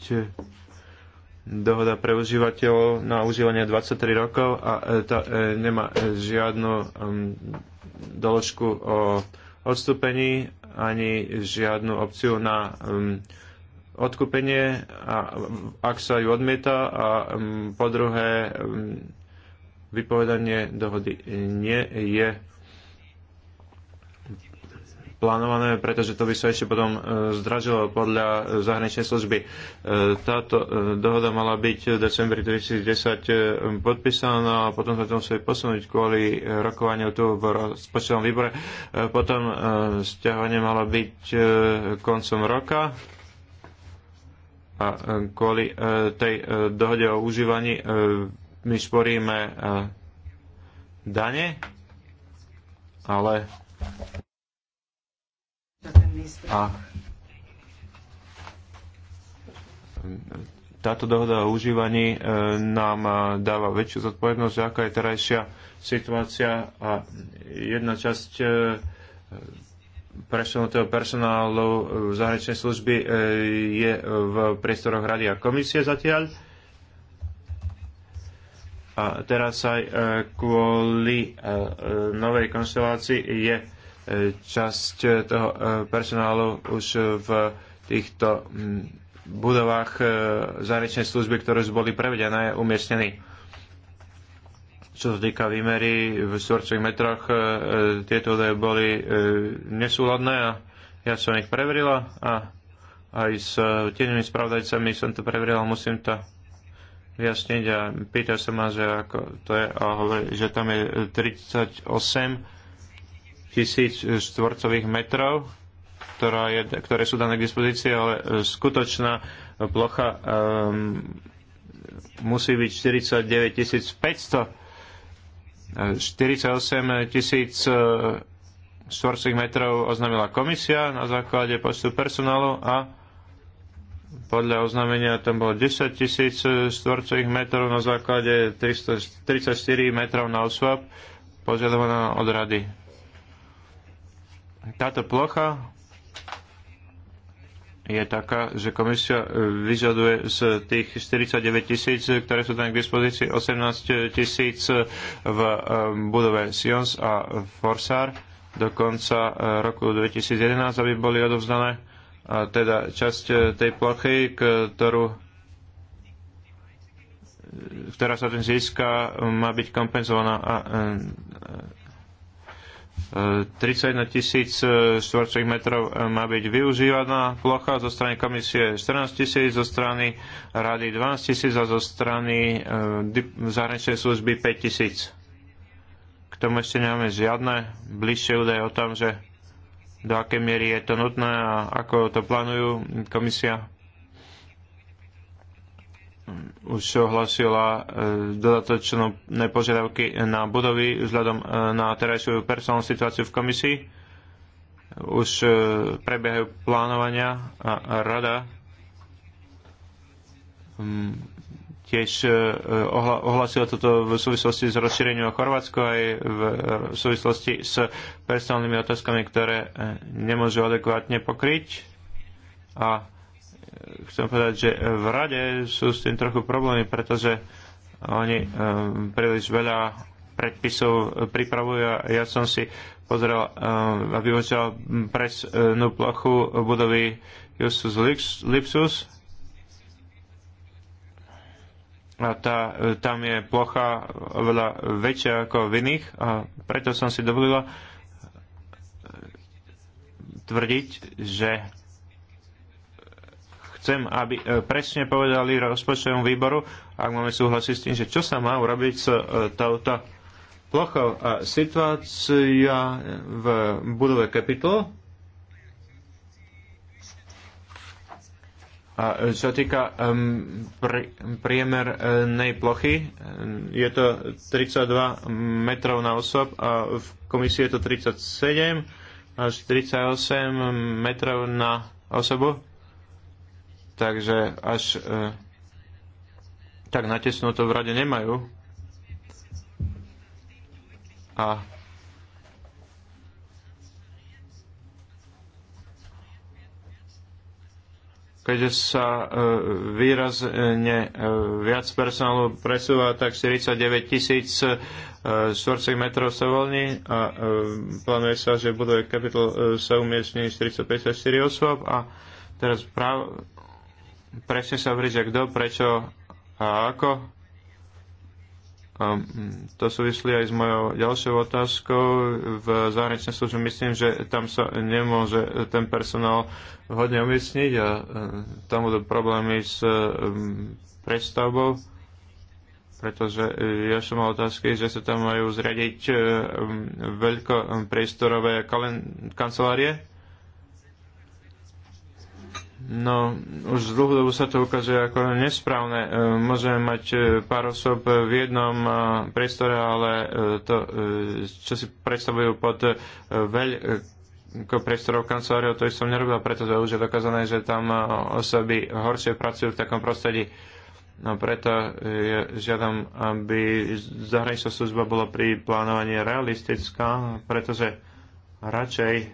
dohoda pre užívateľov na užívanie 23 rokov a tá nemá žiadnu doložku o odstúpení ani žiadnu opciu na um, odkúpenie, ak sa ju odmieta a um, po druhé um, vypovedanie dohody nie je plánované, pretože to by sa ešte potom e, zdražilo podľa e, zahraničnej služby. E, táto dohoda mala byť v decembri 2010 podpísaná a potom sa to museli posunúť kvôli rokovaniu tu v rozpočtovom výbore. Potom stiahovanie malo byť koncom roka a kvôli tej dohode o užívaní my šporíme dane, ale a táto dohoda o užívaní e, nám e, dáva väčšiu zodpovednosť, aká je terajšia situácia a jedna časť e, presunutého personálu v zahraničnej služby je v priestoroch Rady a komisie zatiaľ. A teraz aj kvôli novej konštelácii je časť eh, toho eh, personálu už v týchto mm, budovách eh, zahraničnej služby, ktoré už boli prevedené, umiestnení. Čo sa týka výmery v štvorcových metroch, tieto údaje boli nesúladné a ja som ich preverila a aj s tieňovými spravodajcami som to preverila, musím to vyjasniť a pýtal sa ma, že ako to je a hovorí, že tam je 38 tisíc štvorcových metrov, ktorá je, ktoré sú dané k dispozícii, ale e, skutočná plocha um, musí byť 49 500 48 tisíc e, e, štvorcových metrov oznámila komisia na základe počtu personálu a podľa oznámenia tam bolo 10 tisíc štvorcových metrov na základe 334 metrov na osvab požadovaná od rady. Táto plocha je taká, že komisia e, vyžaduje z tých 49 tisíc, ktoré sú tam k dispozícii, 18 tisíc v e, budove Sions a Forsar do konca e, roku 2011, aby boli odovzdané. A teda časť tej plochy, ktorú ktorá sa tým získa, má byť kompenzovaná a, a, 31 tisíc e, štvorcových metrov e, má byť využívaná plocha zo strany komisie 14 tisíc, zo strany rady 12 tisíc a zo strany e, zahraničnej služby 5 tisíc. K tomu ešte nemáme žiadne bližšie údaje o tom, že do akej miery je to nutné a ako to plánujú komisia už ohlasila e, dodatočné požiadavky na budovy vzhľadom e, na terajšiu personálnu situáciu v komisii. Už e, prebiehajú plánovania a rada tiež ohlasila toto v súvislosti s rozšírením o Chorvátsko aj v súvislosti s personálnymi otázkami, ktoré nemôžu adekvátne pokryť. A chcem povedať, že v rade sú s tým trochu problémy, pretože oni eh, príliš veľa predpisov pripravujú a ja som si pozrel eh, a vyvočal presnú plochu budovy Justus Lipsus a tá, tam je plocha oveľa väčšia ako v iných a preto som si dovolila eh, tvrdiť, že chcem, aby e, presne povedali rozpočtovému výboru, ak máme súhlasiť s tým, že čo sa má urobiť s e, touto plochou. A situácia v budove kapitolu. A čo týka um, pr- priemernej plochy, je to 32 metrov na osob a v komisii je to 37 až 38 metrov na osobu takže až e, tak natesno to v rade nemajú. A keďže sa e, výrazne e, viac personálu presúva, tak 49 tisíc štvorcových metrov sa voľní a plánuje sa, že buduje kapitol sa umiestní 454 osôb a teraz práve presne sa hovorí, že kto, prečo a ako. A mm, to súvislí aj s mojou ďalšou otázkou. V zahraničnej službe myslím, že tam sa nemôže ten personál hodne umiestniť a e, tam budú problémy s e, predstavbou, pretože e, ja som mal otázky, že sa tam majú zradiť veľkopriestorové kancelárie No, už dlhodobo sa to ukazuje ako nesprávne. E, môžeme mať e, pár osob v jednom e, priestore, ale to, čo si predstavujú pod veľkou priestorov kanceláriou, to som nerobil, pretože už je dokázané, že tam osoby horšie pracujú v takom prostredí. No preto ja žiadam, aby zahraničná služba bola pri plánovaní realistická, pretože radšej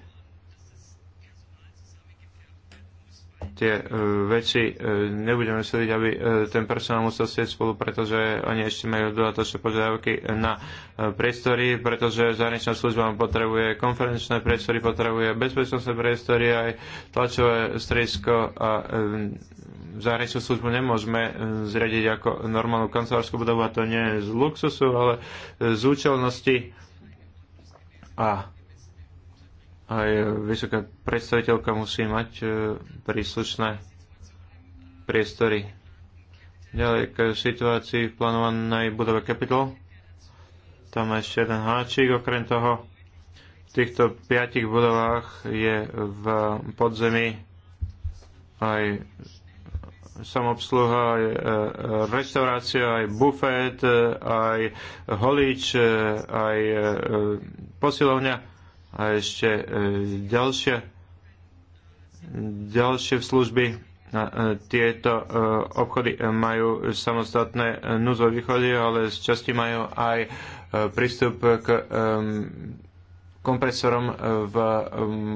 tie e, veci e, nebudeme sedieť, aby e, ten personál musel sedieť spolu, pretože oni ešte majú dodatočné požiadavky na priestory, pretože zahraničná služba potrebuje konferenčné priestory, potrebuje bezpečnostné priestory, aj tlačové stredisko a zahraničnú službu nemôžeme zriadiť ako normálnu kancelárskú budovu a to nie je z luxusu, ale z účelnosti a aj vysoká predstaviteľka musí mať e, príslušné priestory. Ďalej k situácii v plánovanej budove Capitol. Tam je ešte jeden háčik. Okrem toho, v týchto piatich budovách je v podzemí aj samobsluha, aj e, reštaurácia, aj bufet, e, aj holič, aj posilovňa a ešte e, ďalšie, ďalšie služby. E, tieto e, obchody majú samostatné núzové východy, ale z časti majú aj prístup k kompresorom v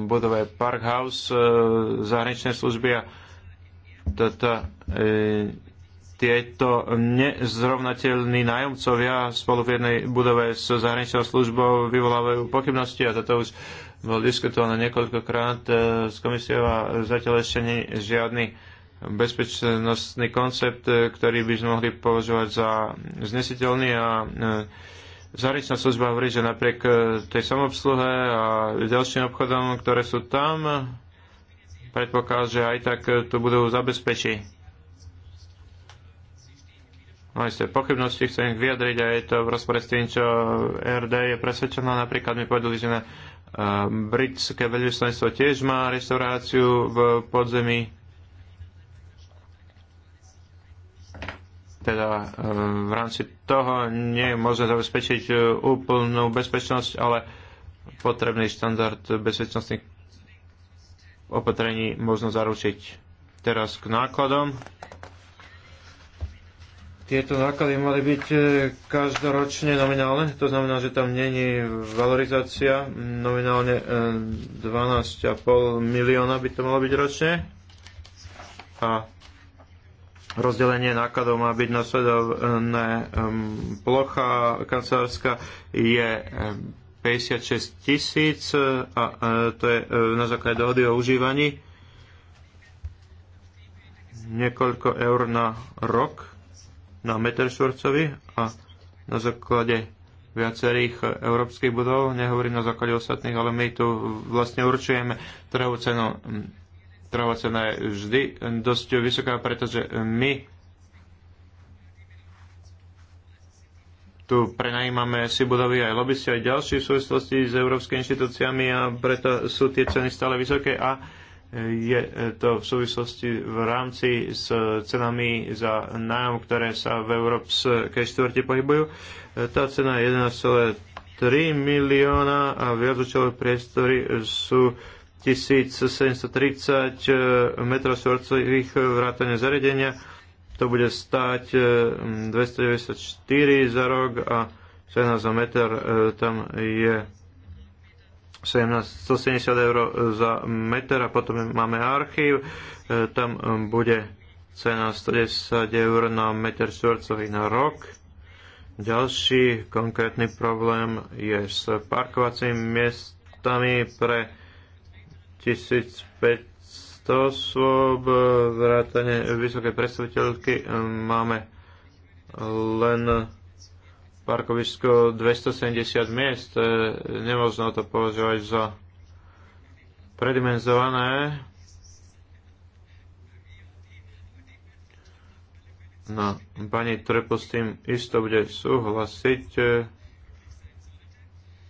budove Park House zahraničnej služby a toto tieto nezrovnateľní nájomcovia spolu v jednej budove s zahraničnou službou vyvolávajú pochybnosti a toto už bolo diskutované niekoľkokrát e, s komisiou a zatiaľ ešte nie žiadny bezpečnostný koncept, e, ktorý by sme mohli považovať za znesiteľný a e, zahraničná služba hovorí, že napriek tej samobsluhe a ďalším obchodom, ktoré sú tam, predpoklad, že aj tak to budú zabezpečiť mali ste pochybnosti, chcem ich vyjadriť a je to v rozpore s tým, čo RD je presvedčená. Napríklad mi povedali, že na e, britské veľvyslanectvo tiež má reštauráciu v podzemí. Teda e, v rámci toho nie je možné zabezpečiť e, úplnú bezpečnosť, ale potrebný štandard bezpečnostných opatrení možno zaručiť. Teraz k nákladom tieto náklady mali byť e, každoročne nominálne, to znamená, že tam není valorizácia, nominálne 12,5 e, milióna by to malo byť ročne a rozdelenie nákladov má byť nasledovné. Plocha kancelárska je 56 tisíc a e, to je na základe dohody o užívaní niekoľko eur na rok na meter štvorcový a na základe viacerých európskych budov, nehovorím na základe ostatných, ale my tu vlastne určujeme trhovú cenu. Trhová cena je vždy dosť vysoká, pretože my tu prenajímame si budovy aj lobbysti, aj ďalšie v súvislosti s európskymi inštitúciami a preto sú tie ceny stále vysoké a je to v súvislosti v rámci s cenami za nájom, ktoré sa v európskej štvrte pohybujú. Tá cena je 1,3 milióna a viacúčové priestory sú 1730 m2 vrátane zariadenia. To bude stáť 294 e, za rok a cena za meter e, tam je 170 eur e, za meter a potom máme archív, e, tam e, bude cena 110 eur na meter štvorcový na rok. Ďalší konkrétny problém je s parkovacími miestami pre 1500 osôb, vrátane vysokej predstaviteľky. Máme len parkovisko 270 miest. Nemožno to považovať za predimenzované. No, pani Trepo s tým isto bude súhlasiť.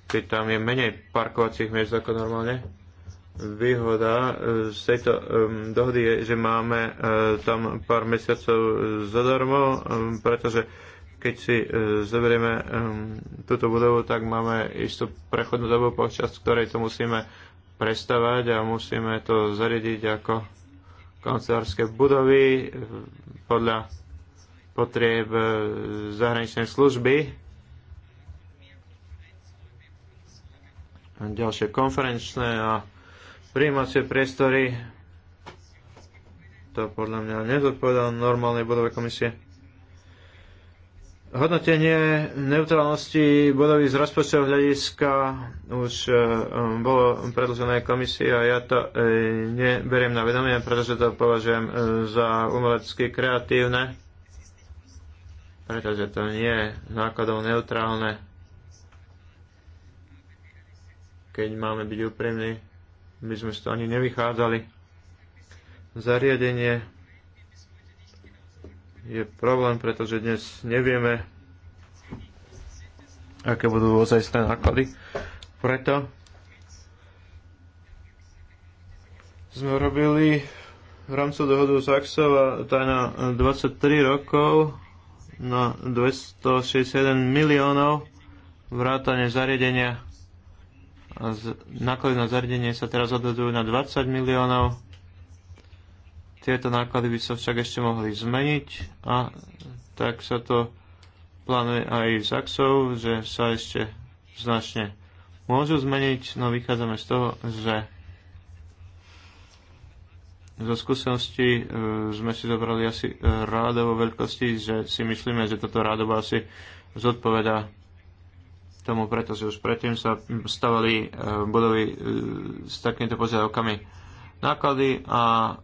Keď tam je menej parkovacích miest ako normálne. Výhoda e, z tejto dohody je, že máme e, tam pár mesiacov zadarmo, pretože keď si e, zoberieme e, túto budovu, tak máme istú prechodnú dobu, počas ktorej to musíme prestavať a musíme to zariadiť ako kancelárske budovy e, podľa potrieb e, zahraničnej služby. Ďalšie konferenčné a príjmacie priestory. To podľa mňa nezodpovedá normálnej budove komisie. Hodnotenie neutrálnosti bodových z rozpočtov hľadiska už e, um, bolo predložené komisii a ja to e, neberiem na vedomie, pretože to považujem e, za umelecky kreatívne, pretože to nie je nákladov neutrálne. Keď máme byť úprimní, by sme z toho ani nevychádzali. Zariadenie je problém, pretože dnes nevieme, aké budú ozajstné náklady. Preto sme robili v rámci dohodu s Axov a tá na 23 rokov na 261 miliónov vrátane zariadenia a náklady na zariadenie sa teraz odhadujú na 20 miliónov tieto náklady by sa však ešte mohli zmeniť a tak sa to plánuje aj s axov, že sa ešte značne môžu zmeniť, no vychádzame z toho, že zo skúsenosti e, sme si zobrali asi e, rádovo veľkosti, že si myslíme, že toto rádovo asi zodpoveda tomu, pretože už predtým sa stavali e, budovy e, s takýmito požiadavkami náklady a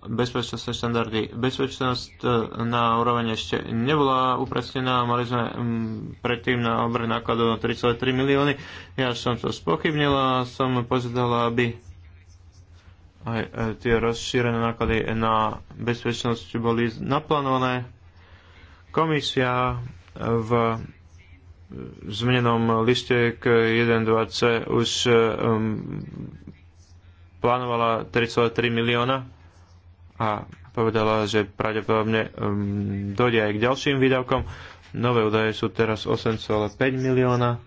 bezpečnostné štandardy. Bezpečnosť e, na úroveň ešte nebola upresnená, mali sme mm, predtým na obre nákladov 3,3 milióny. Ja som to spochybnila, som požiadala, aby aj e, tie rozšírené náklady na bezpečnosť boli naplánované. Komisia e, v zmenenom liste k 1.2c už plánovala 3,3 milióna a povedala, že pravdepodobne um, dojde aj k ďalším výdavkom. Nové údaje sú teraz 8,5 milióna.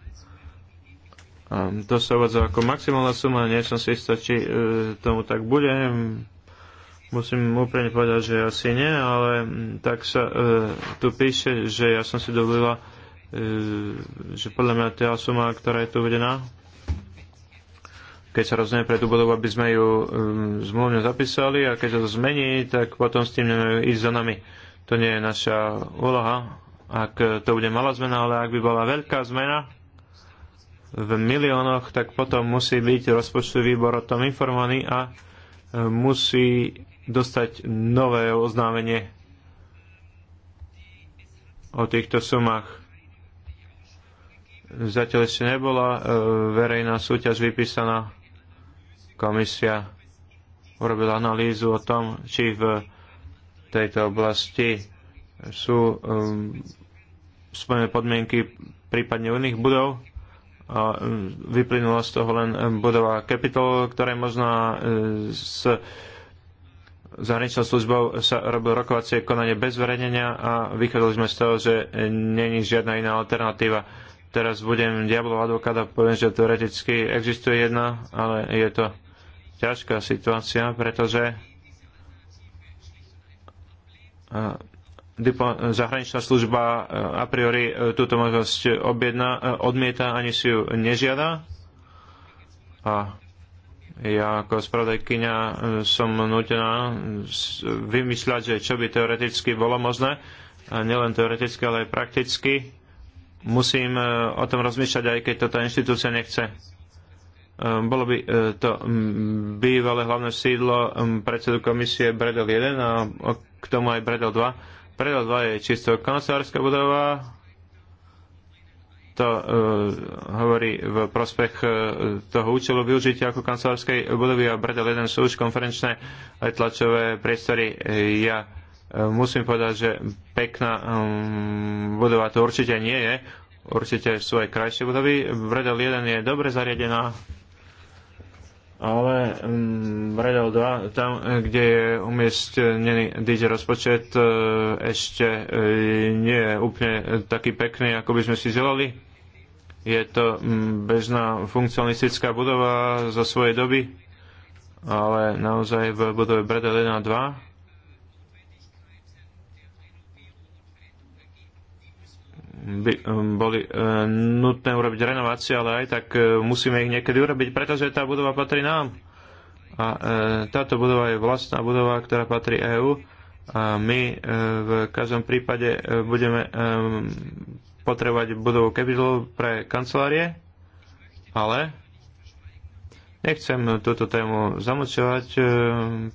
Um, to sa uvádza ako maximálna suma, nie som si istá, či uh, tomu tak bude. Musím úplne povedať, že asi nie, ale tak sa uh, tu píše, že ja som si dovolila, uh, že podľa mňa tá suma, ktorá je tu uvedená, keď sa rozhodne pre tú budovu, aby sme ju um, zmluvne zapísali a keď sa to zmení, tak potom s tým nemajú ísť za nami. To nie je naša úloha. Ak to bude malá zmena, ale ak by bola veľká zmena v miliónoch, tak potom musí byť rozpočtový výbor o tom informovaný a um, musí dostať nové oznámenie o týchto sumách. Zatiaľ ešte nebola uh, verejná súťaž vypísaná komisia urobila analýzu o tom, či v tejto oblasti sú um, spojené podmienky prípadne u iných budov a um, vyplynula z toho len um, budova Capitol, ktoré možno uh, s zahraničnou službou sa robil rokovacie konanie bez verejnenia a vychádzali sme z toho, že není žiadna iná alternatíva. Teraz budem diablov advokáta, poviem, že teoreticky existuje jedna, ale je to ťažká situácia, pretože e, zahraničná služba e, a priori e, túto možnosť objedná, odmieta, ani si ju nežiada. A ja ako spravodajkynia som nutená vymysľať, že čo by teoreticky bolo možné, a nielen teoreticky, ale aj prakticky. Musím o tom rozmýšľať, aj keď to tá inštitúcia nechce. Ehm, bolo by e, to bývalé hlavné sídlo predsedu komisie Bredel 1 a k tomu aj Bredel 2. Bredel 2 je čisto kancelárska budova, to uh, hovorí v prospech uh, toho účelu využitia ako kancelárskej budovy a Bredel 1 sú už konferenčné aj tlačové priestory. Ja uh, musím povedať, že pekná um, budova to určite nie je. Určite sú aj krajšie budovy. Bredel 1 je dobre zariadená ale um, Redel 2, tam, kde je umiestnený DJ rozpočet, e, ešte e, nie je úplne taký pekný, ako by sme si želali. Je to mm, bežná funkcionalistická budova zo svojej doby, ale naozaj v budove Bredel 1 a 2 by um, boli uh, nutné urobiť renovácie, ale aj tak uh, musíme ich niekedy urobiť, pretože tá budova patrí nám. A uh, táto budova je vlastná budova, ktorá patrí EÚ a my v každom prípade budeme um, potrebovať budovu Capital pre kancelárie, ale nechcem túto tému zamočovať,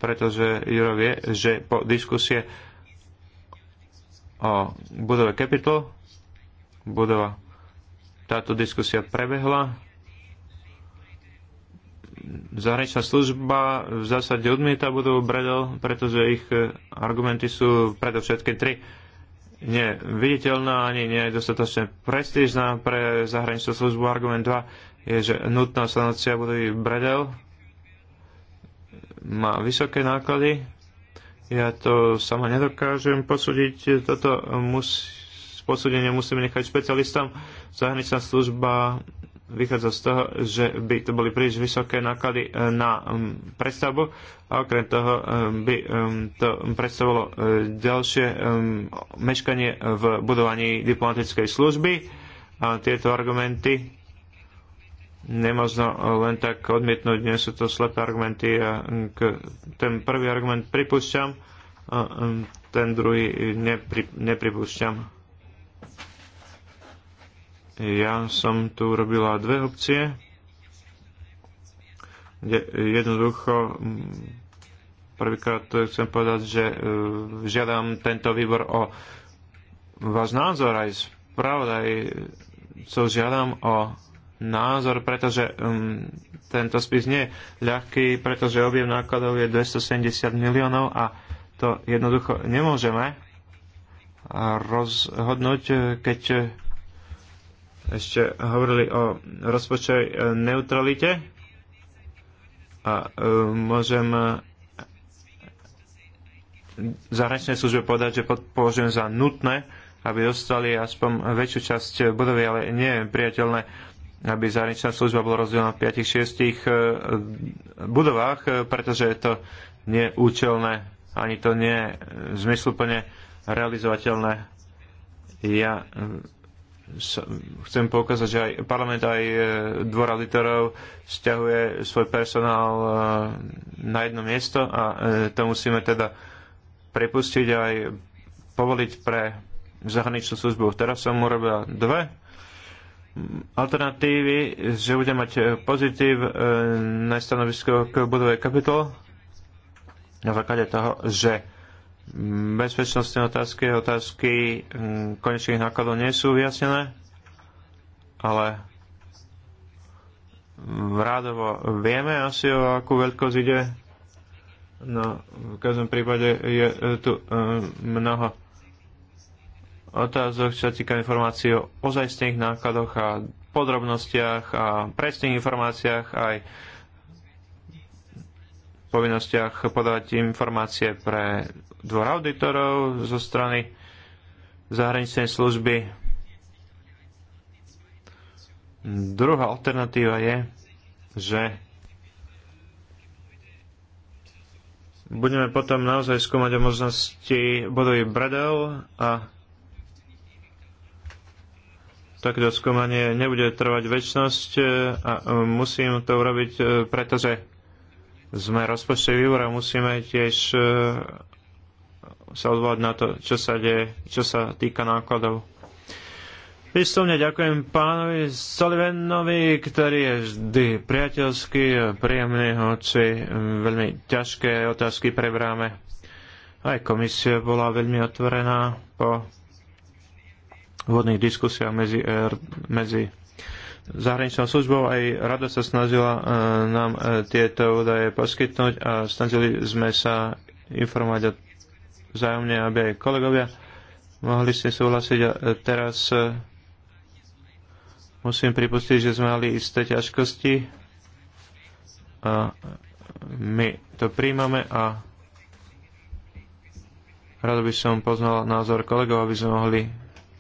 pretože Juro vie, že po diskusie o budove Capital budova. Táto diskusia prebehla. Zahraničná služba v zásade odmieta budovu Bredel, pretože ich eh, argumenty sú predovšetkým tri neviditeľná ani nie dostatočne prestížna pre zahraničnú službu. Argument 2 je, že nutná sanácia budovy Bredel má vysoké náklady. Ja to sama nedokážem posúdiť. Toto musí posúdenie musíme nechať špecialistom. Zahraničná služba vychádza z toho, že by to boli príliš vysoké náklady na prestavbu a okrem toho by to predstavovalo ďalšie meškanie v budovaní diplomatickej služby. A tieto argumenty nemožno len tak odmietnúť, nie sú to slepé argumenty. Ja ten prvý argument pripúšťam, a ten druhý nepri, nepripúšťam. Ja som tu robila dve opcie. Jednoducho mm, prvýkrát chcem povedať, že e, žiadam tento výbor o váš názor aj aj co žiadam o názor, pretože um, tento spis nie je ľahký, pretože objem nákladov je 270 miliónov a to jednoducho nemôžeme rozhodnúť, keď ešte hovorili o rozpočtovej e, neutralite a e, môžem e, zahraničnej službe povedať, že považujem za nutné, aby dostali aspoň väčšiu časť budovy, ale nie je priateľné, aby zahraničná služba bola rozdelená v 5-6 budovách, pretože je to neúčelné, ani to nie je zmysluplne realizovateľné. Ja chcem poukázať, že aj parlament, aj e, dvora auditorov stiahuje svoj personál e, na jedno miesto a e, to musíme teda prepustiť aj povoliť pre zahraničnú službu. Teraz som urobil dve alternatívy, že budem mať pozitív na stanovisko k budovej kapitol na základe toho, že bezpečnostné otázky a otázky mm, konečných nákladov nie sú vyjasnené, ale rádovo vieme asi o akú veľkosť ide. No, v každom prípade je e, tu e, mnoho otázok, čo sa týka informácií o ozajstných nákladoch a podrobnostiach a presných informáciách aj povinnostiach podávať informácie pre dvor auditorov zo strany zahraničnej služby. Druhá alternatíva je, že budeme potom naozaj skúmať o možnosti bodový bradov a takéto skúmanie nebude trvať väčšnosť e, a e, musím to urobiť, e, pretože sme rozpočtový výbor a musíme tiež sa odvolať na to, čo sa, deje, čo sa týka nákladov. Výslovne ďakujem pánovi Sullivanovi, ktorý je vždy priateľský, príjemný, hoci veľmi ťažké otázky prebráme. Aj komisia bola veľmi otvorená po vodných diskusiách medzi, er, medzi zahraničnou službou aj rada sa snažila e, nám e, tieto údaje poskytnúť a snažili sme sa informovať o vzájomne, aby aj kolegovia mohli ste súhlasiť. A teraz e, musím pripustiť, že sme mali isté ťažkosti a my to príjmame a rado by som poznal názor kolegov, aby sme mohli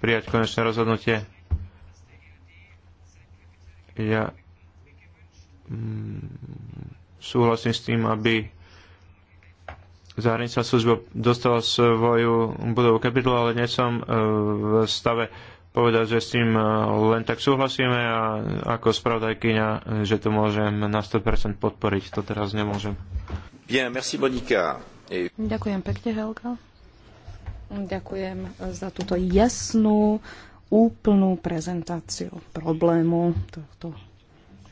prijať konečné rozhodnutie. Ja mm, súhlasím s tým, aby zahraničná služba dostala svoju budovu kapitolu, ale nie som e, v stave povedať, že s tým e, len tak súhlasíme a ako spravodajkyňa, že to môžem na 100% podporiť. To teraz nemôžem. Bien, merci Monika. Ďakujem pekne, Helga. Ďakujem za túto jasnú, úplnú prezentáciu problému tohto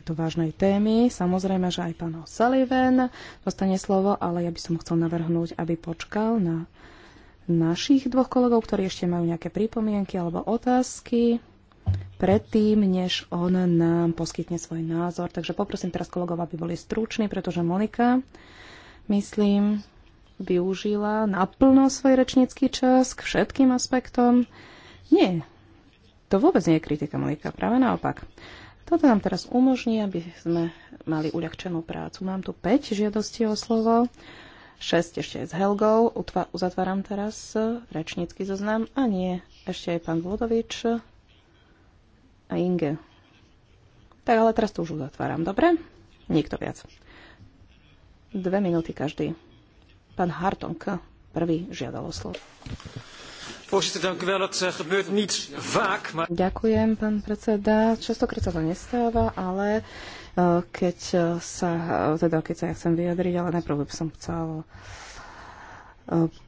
tejto vážnej témy. Samozrejme, že aj pán Sullivan dostane slovo, ale ja by som chcel navrhnúť, aby počkal na našich dvoch kolegov, ktorí ešte majú nejaké pripomienky alebo otázky predtým, než on nám poskytne svoj názor. Takže poprosím teraz kolegov, aby boli struční, pretože Monika, myslím, využila naplno svoj rečnícky čas k všetkým aspektom. Nie, to vôbec nie je kritika, Monika, práve naopak. Toto nám teraz umožní, aby sme mali uľahčenú prácu. Mám tu 5 žiadostí o slovo, 6 ešte s Helgou, Utva- uzatváram teraz e, rečnícky zoznam a nie, ešte aj pán Vlodovič a Inge. Tak ale teraz to už uzatváram, dobre? Nikto viac. Dve minúty každý. Pán Hartong prvý žiadal o slovo. Eh, Ďakujem, pán predseda. Častokrát sa to nestáva, ale eh, keď eh, sa, teda keď sa ja chcem vyjadriť, ale najprv by som chcel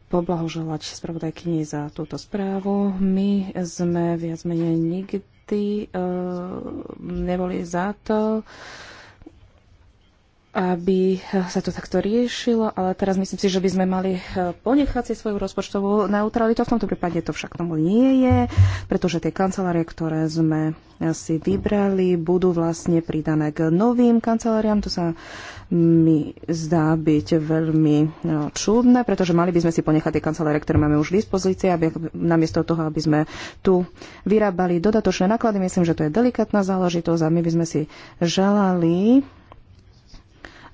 poblahoželať spravodajkyni za túto správu. My sme viac menej nikdy neboli za to, aby sa to takto riešilo, ale teraz myslím si, že by sme mali eh, ponechať si svoju rozpočtovú neutralitu. V tomto prípade to však tomu nie je, pretože tie kancelárie, ktoré sme eh, si vybrali, budú vlastne pridané k novým kanceláriám. To sa mi zdá byť veľmi eh, čudné, pretože mali by sme si ponechať tie kancelárie, ktoré máme už v dispozícii, aby, namiesto toho, aby sme tu vyrábali dodatočné náklady. Myslím, že to je delikátna záležitosť a my by sme si želali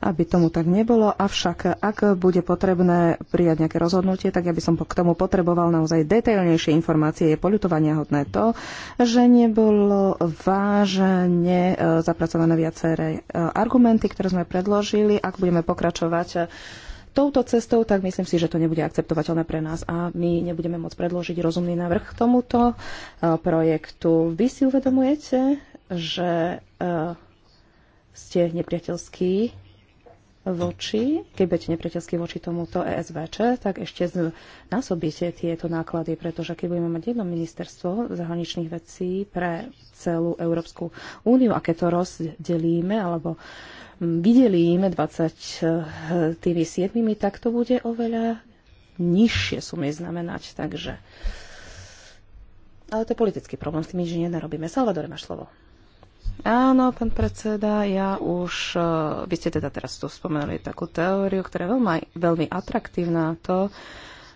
aby tomu tak nebolo. Avšak, ak bude potrebné prijať nejaké rozhodnutie, tak ja by som k tomu potreboval naozaj detailnejšie informácie. Je poľutovania hodné to, že nebolo vážne e, zapracované viaceré e, argumenty, ktoré sme predložili. Ak budeme pokračovať e, touto cestou, tak myslím si, že to nebude akceptovateľné pre nás a my nebudeme môcť predložiť rozumný návrh k tomuto projektu. Vy si uvedomujete, že ste nepriateľskí voči, keď budete nepriateľský voči tomuto ESVČ, tak ešte násobíte tieto náklady, pretože keď budeme mať jedno ministerstvo zahraničných vecí pre celú Európsku úniu a keď to rozdelíme alebo vydelíme 20 eh, tými tak to bude oveľa nižšie sumy znamenať. Takže... Ale to je politický problém, s tým nič nerobíme. Salvador, máš slovo. Áno, pán predseda, ja už, e, vy ste teda teraz tu spomenuli takú teóriu, ktorá je veľmi, veľmi atraktívna, to,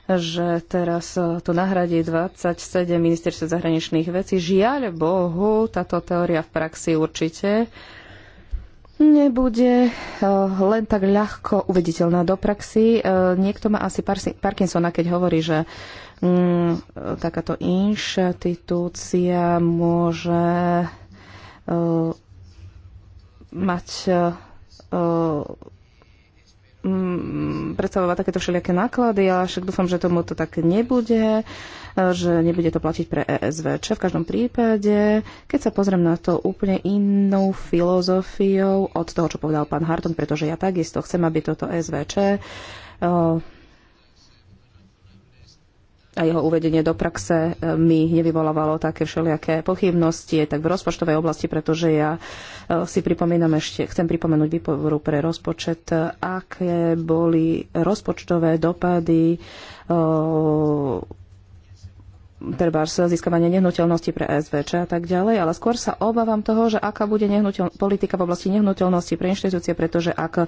že teraz e, tu nahradí 27 ministerstv zahraničných vecí. Žiaľ Bohu, táto teória v praxi určite nebude e, len tak ľahko uvediteľná do praxi. Niekto má asi Parkinsona, keď hovorí, že mm, takáto inštitúcia môže Eh, mať eh, predstavovať takéto všelijaké náklady, ale však dúfam, že tomu to tak nebude, eh, že nebude to platiť pre ESVČ. V každom prípade, keď sa pozriem na to úplne inou filozofiou od toho, čo povedal pán Harton, pretože ja takisto chcem, aby toto e SVČ a jeho uvedenie do praxe e, mi nevyvolávalo také všelijaké pochybnosti tak v rozpočtovej oblasti, pretože ja e, si pripomínam ešte, chcem pripomenúť výporu pre rozpočet, e, aké boli rozpočtové dopady treba získavanie nehnuteľnosti pre SVČ a tak ďalej, ale skôr sa obávam toho, že aká bude nehnuteľ... politika v oblasti nehnuteľnosti pre inštitúcie, pretože ak e,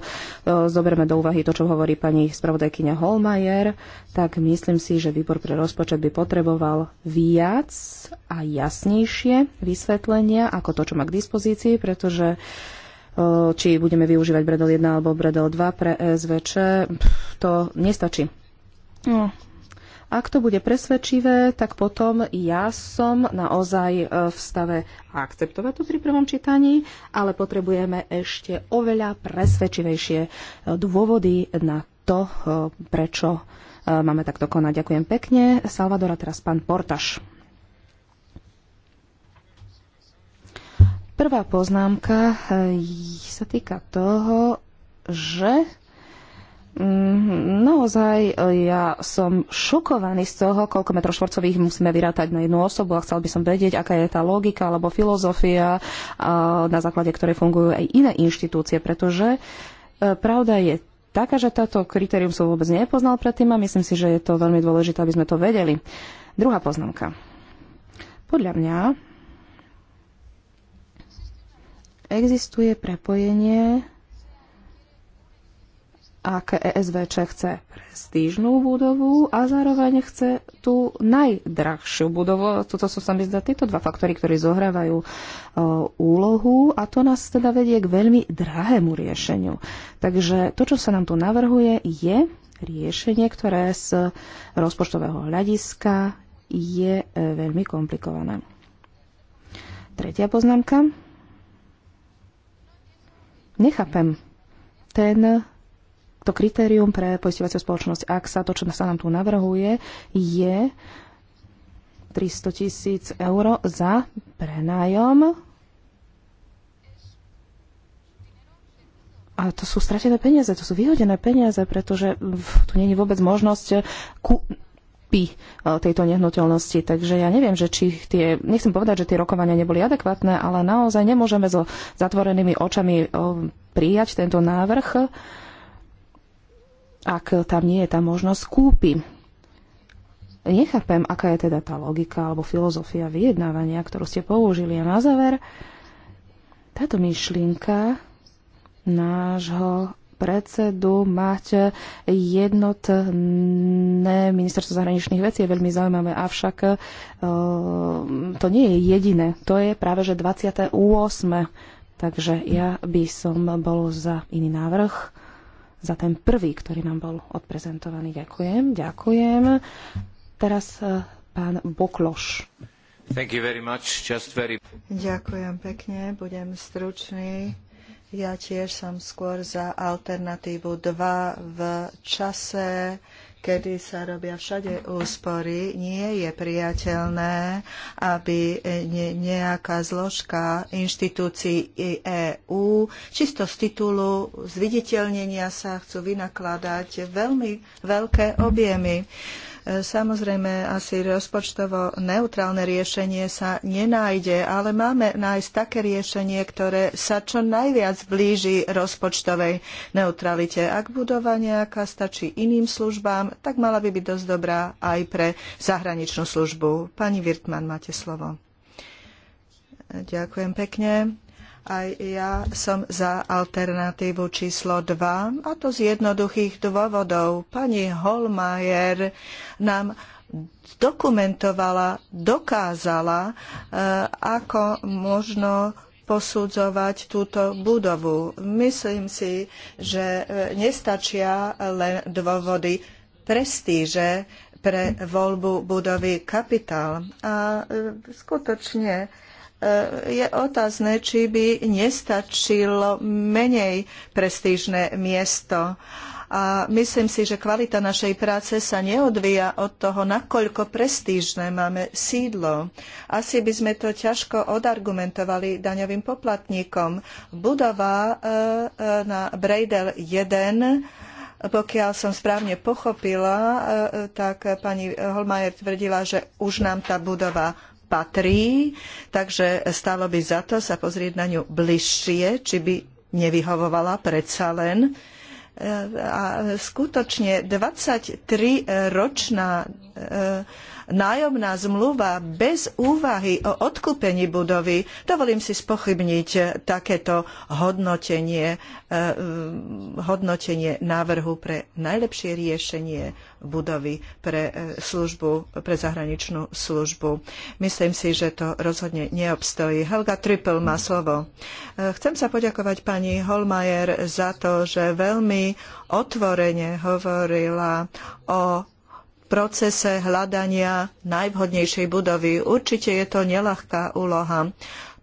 zoberme do úvahy to, čo hovorí pani spravodajkyňa Holmajer, tak myslím si, že výbor pre rozpočet by potreboval viac a jasnejšie vysvetlenia ako to, čo má k dispozícii, pretože e, či budeme využívať Bredel 1 alebo Bredel 2 pre SVČ, to nestačí. No, ak to bude presvedčivé, tak potom ja som naozaj e, v stave akceptovať to pri prvom čítaní, ale potrebujeme ešte oveľa presvedčivejšie e, dôvody na to, e, prečo máme takto konať. Ďakujem pekne. Salvadora teraz pán Portaš. Prvá poznámka sa týka toho, že Mm, naozaj e, ja som šokovaný z toho, koľko metrov štvorcových musíme vyrátať na jednu osobu a chcel by som vedieť, aká je tá logika alebo filozofia, e, na základe ktorej fungujú aj iné inštitúcie, pretože e, pravda je taká, že táto kritérium som vôbec nepoznal predtým a myslím si, že je to veľmi dôležité, aby sme to vedeli. Druhá poznámka. Podľa mňa existuje prepojenie aké ESVČ chce prestížnú budovu a zároveň chce tú najdrahšiu budovu. Toto sú sa mi zdá tieto dva faktory, ktorí zohrávajú o, e, úlohu a to nás teda vedie k veľmi drahému riešeniu. Takže to, čo sa nám tu navrhuje, je riešenie, ktoré z rozpočtového hľadiska je e, veľmi komplikované. Tretia poznámka. Nechápem ten to kritérium pre poistovaciu spoločnosť AXA, to, čo sa nám tu navrhuje, je 300 tisíc eur za prenájom. A to sú stratené peniaze, to sú vyhodené peniaze, pretože tu nie je vôbec možnosť ku e, tejto nehnuteľnosti. Takže ja neviem, že či tie, nechcem povedať, že tie rokovania neboli adekvátne, ale naozaj nemôžeme so zatvorenými očami e, prijať tento návrh ak tam nie je tá možnosť, kúpi. Nechápem, aká je teda tá logika alebo filozofia vyjednávania, ktorú ste použili. A na záver, táto myšlienka nášho predsedu mať jednotné ministerstvo zahraničných vecí je veľmi zaujímavé, avšak e, to nie je jediné. To je práve že 28. Takže ja by som bol za iný návrh za ten prvý, ktorý nám bol odprezentovaný. Ďakujem, ďakujem. Teraz e, pán Bokloš. Thank you very much. Just very... Ďakujem pekne, budem stručný. Ja tiež som skôr za alternatívu 2 v čase kedy sa robia všade úspory, nie je priateľné, aby nejaká zložka inštitúcií EÚ čisto z titulu zviditeľnenia sa chcú vynakladať veľmi veľké objemy. Samozrejme, asi rozpočtovo neutrálne riešenie sa nenájde, ale máme nájsť také riešenie, ktoré sa čo najviac blíži rozpočtovej neutralite. Ak budova nejaká stačí iným službám, tak mala by byť dosť dobrá aj pre zahraničnú službu. Pani Virtman, máte slovo. Ďakujem pekne. Aj ja som za alternatívu číslo 2, a to z jednoduchých dôvodov. Pani Holmajer nám dokumentovala, dokázala, e, ako možno posudzovať túto budovu. Myslím si, že e, nestačia len dôvody prestíže pre voľbu budovy kapitál. A e, skutočne E, je otázne, či by nestačilo menej prestížne miesto. A myslím si, že kvalita našej práce sa neodvíja od toho, nakoľko prestížne máme sídlo. Asi by sme to ťažko odargumentovali daňovým poplatníkom. Budova e, e, na Brejdel 1 pokiaľ som správne pochopila, tak pani Holmajer tvrdila, že už nám tá budova patrí, takže stálo by za to sa pozrieť na ňu bližšie, či by nevyhovovala predsa len. E, a skutočne 23-ročná nájomná zmluva bez úvahy o odkúpení budovy, dovolím si spochybniť takéto hodnotenie, e, hodnotenie návrhu pre najlepšie riešenie budovy pre e, službu, pre zahraničnú službu. Myslím si, že to rozhodne neobstojí. Helga Trippel má slovo. E, chcem sa poďakovať pani Holmajer za to, že veľmi otvorene hovorila o procese hľadania najvhodnejšej budovy. Určite je to nelahká úloha.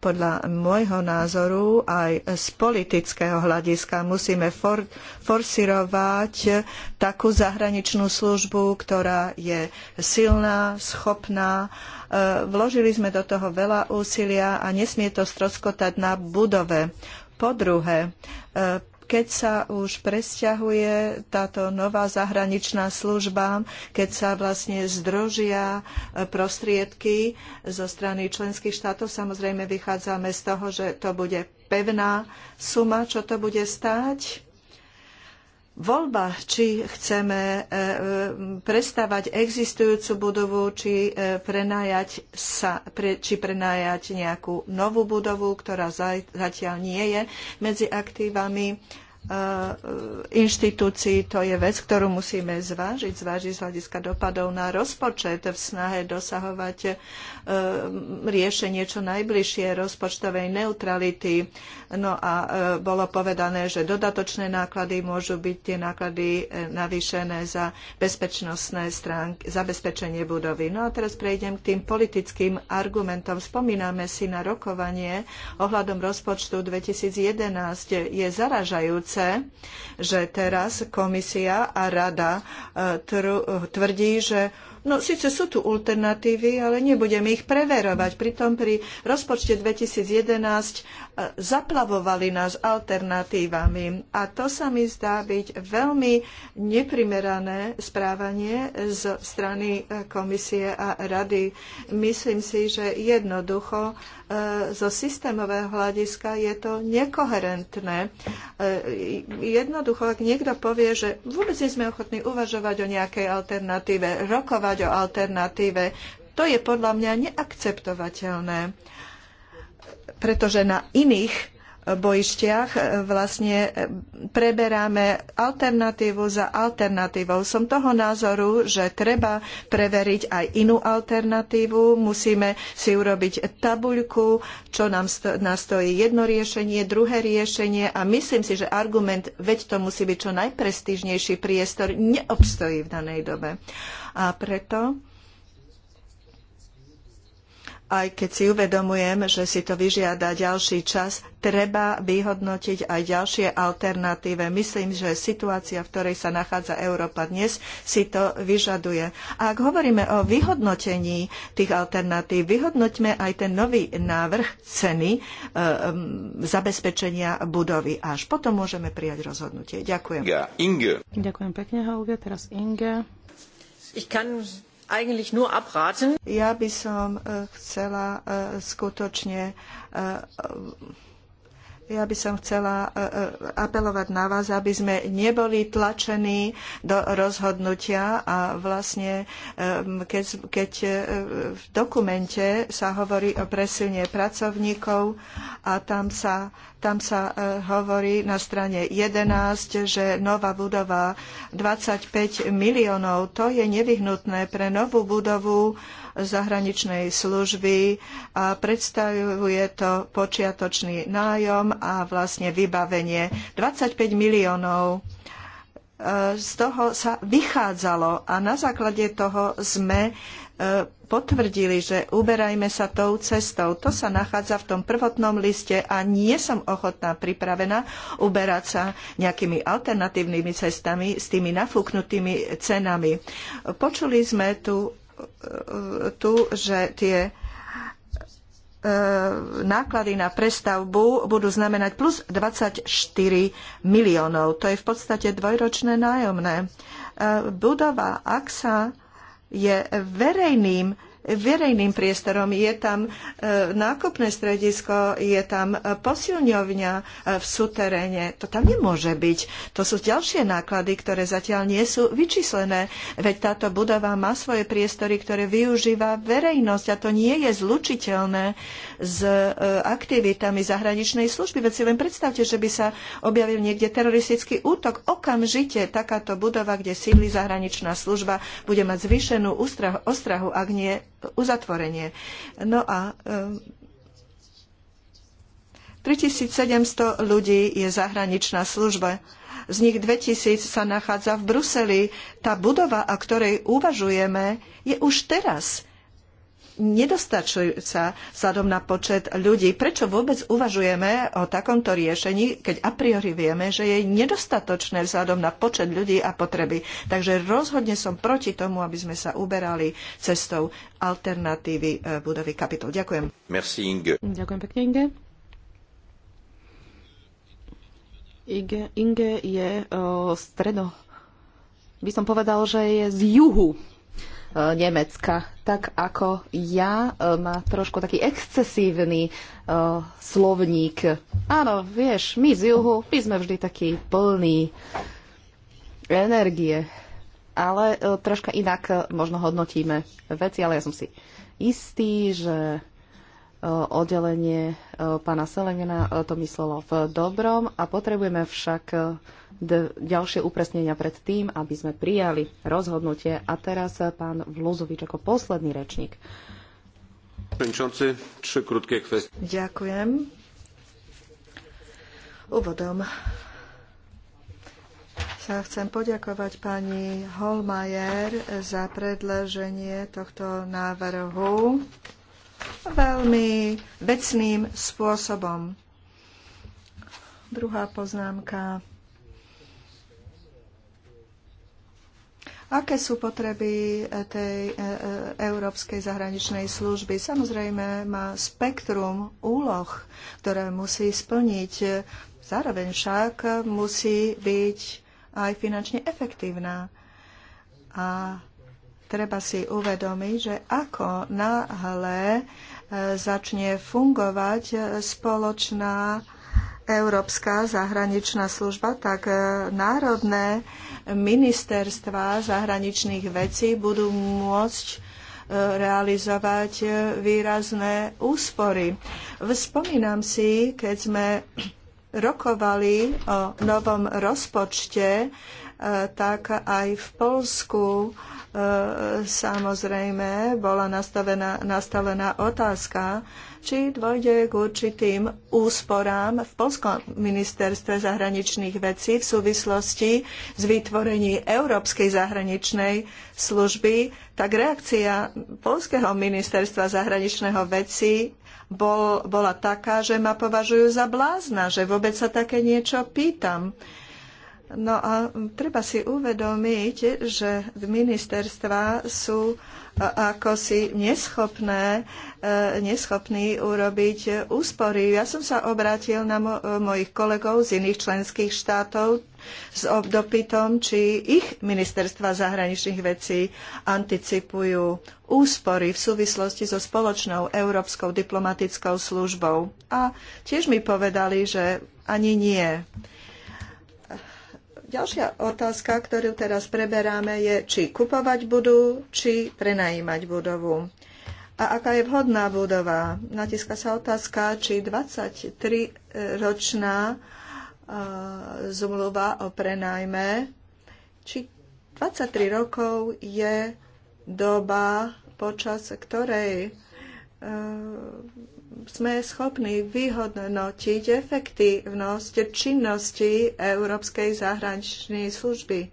Podľa môjho názoru aj z politického hľadiska musíme for, forsirovať takú zahraničnú službu, ktorá je silná, schopná. E, vložili sme do toho veľa úsilia a nesmie to stroskotať na budove. Po druhé, e, keď sa už presťahuje táto nová zahraničná služba, keď sa vlastne združia e, prostriedky zo strany členských štátov, samozrejme vychádzame z toho, že to bude pevná suma, čo to bude stáť voľba, či chceme e, e, prestávať existujúcu budovu, či e, prenajať, sa, či prenajať nejakú novú budovu, ktorá zatiaľ nie je medzi aktívami Eh, inštitúcií. To je vec, ktorú musíme zvážiť, zvážiť z hľadiska dopadov na rozpočet v snahe dosahovať eh, riešenie čo najbližšie rozpočtovej neutrality. No a eh, bolo povedané, že dodatočné náklady môžu byť tie náklady navýšené za bezpečnostné stránky, zabezpečenie budovy. No a teraz prejdem k tým politickým argumentom. Spomíname si na rokovanie ohľadom rozpočtu 2011. Je zaražajúce, síce, že teraz komisia a rada e, tvrdí, že No síce sú tu alternatívy, ale nebudeme ich preverovať. Pritom pri rozpočte 2011 e, zaplavovali nás alternatívami. A to sa mi zdá byť veľmi neprimerané správanie zo strany e, komisie a rady. Myslím si, že jednoducho E, zo systémového hľadiska je to nekoherentné. E, jednoducho, ak niekto povie, že vôbec nie sme ochotní uvažovať o nejakej alternatíve, rokovať o alternatíve, to je podľa mňa neakceptovateľné, pretože na iných bojištiach vlastne preberáme alternatívu za alternatívou. Som toho názoru, že treba preveriť aj inú alternatívu. Musíme si urobiť tabuľku, čo nám stojí jedno riešenie, druhé riešenie a myslím si, že argument, veď to musí byť čo najprestížnejší priestor, neobstojí v danej dobe. A preto aj keď si uvedomujem, že si to vyžiada ďalší čas, treba vyhodnotiť aj ďalšie alternatíve. Myslím, že situácia, v ktorej sa nachádza Európa dnes, si to vyžaduje. A ak hovoríme o vyhodnotení tých alternatív, vyhodnoťme aj ten nový návrh ceny e, zabezpečenia budovy. Až potom môžeme prijať rozhodnutie. Ďakujem. Inge. Ďakujem pekne, Teraz Inge. Ich kann eigentlich nur abraten. Ja by som eh, chcela eh, skutočne eh, ja by som chcela e, e, apelovať na vás, aby sme neboli tlačení do rozhodnutia a vlastne keď, keď e, v dokumente sa hovorí o presilne pracovníkov a tam sa, tam sa hovorí na strane 11, že nová budova 25 miliónov, to je nevyhnutné pre novú budovu zahraničnej služby a predstavuje to počiatočný nájom a vlastne vybavenie 25 miliónov e, z toho sa vychádzalo a na základe toho sme e, potvrdili, že uberajme sa tou cestou. To sa nachádza v tom prvotnom liste a nie som ochotná pripravená uberať sa nejakými alternatívnymi cestami s tými nafúknutými cenami. Počuli sme tu tu, že tie e, náklady na prestavbu budú znamenať plus 24 miliónov. To je v podstate dvojročné nájomné. E, budova AXA je verejným verejným priestorom. Je tam e, nákupné stredisko, je tam posilňovňa e, v suteréne. To tam nemôže byť. To sú ďalšie náklady, ktoré zatiaľ nie sú vyčíslené. Veď táto budova má svoje priestory, ktoré využíva verejnosť a to nie je zlučiteľné s e, aktivitami zahraničnej služby. Veď si len predstavte, že by sa objavil niekde teroristický útok. Okamžite takáto budova, kde sídli zahraničná služba, bude mať zvýšenú ostrahu, ak nie uzatvorenie. No a 3700 ehm, ľudí je zahraničná služba. Z nich 2000 sa nachádza v Bruseli. Tá budova, o ktorej uvažujeme, je už teraz nedostačujúca vzhľadom na počet ľudí. Prečo vôbec uvažujeme o takomto riešení, keď a priori vieme, že je nedostatočné vzhľadom na počet ľudí a potreby. Takže rozhodne som proti tomu, aby sme sa uberali cestou alternatívy e, budovy kapitol. Ďakujem. Merci, Inge. Ďakujem pekne, Inge. Inge, Inge je o, e, stredo by som povedal, že je z juhu Eh, Nemecka. Tak ako ja, eh, má trošku taký excesívny uh, slovník. Áno, vieš, my z juhu, my sme vždy takí plní energie. Ale uh, troška inak uh, možno hodnotíme veci, ale ja som si istý, že oddelenie e, pána Selengena e, to myslelo v dobrom a potrebujeme však e, ďalšie upresnenia pred tým, aby sme prijali rozhodnutie. A teraz pán Vluzovič ako posledný rečník. Ďakujem. Úvodom sa chcem poďakovať pani Holmajer za predloženie tohto návrhu veľmi vecným spôsobom. Druhá poznámka. Aké sú potreby eh, tej eh, eh, Európskej zahraničnej služby? Samozrejme má spektrum úloh, ktoré musí splniť. Zároveň však musí byť aj finančne efektívna. A treba si uvedomiť, že ako náhle e, začne fungovať e, spoločná Európska zahraničná služba, tak e, národné ministerstva zahraničných vecí budú môcť realizovať výrazné úspory. Vspomínam si, keď sme rokovali o novom rozpočte, tak aj v Polsku E, samozrejme bola nastavená, nastavená otázka, či dôjde k určitým úsporám v Polskom ministerstve zahraničných vecí v súvislosti s vytvorením Európskej zahraničnej služby, tak reakcia Polského ministerstva zahraničného vecí bol, bola taká, že ma považujú za blázna, že vôbec sa také niečo pýtam. No a treba si uvedomiť, že ministerstva sú ako si neschopné, e, neschopní urobiť úspory. Ja som sa obrátil na mo- mojich kolegov z iných členských štátov s obdopytom, či ich ministerstva zahraničných vecí anticipujú úspory v súvislosti so spoločnou európskou diplomatickou službou. A tiež mi povedali, že ani nie Ďalšia otázka, ktorú teraz preberáme, je, či kupovať budú, či prenajímať budovu. A aká je vhodná budova? Natiska sa otázka, či 23-ročná zmluva o prenajme, či 23 rokov je doba, počas ktorej sme schopní vyhodnotiť efektívnosť činnosti Európskej zahraničnej služby.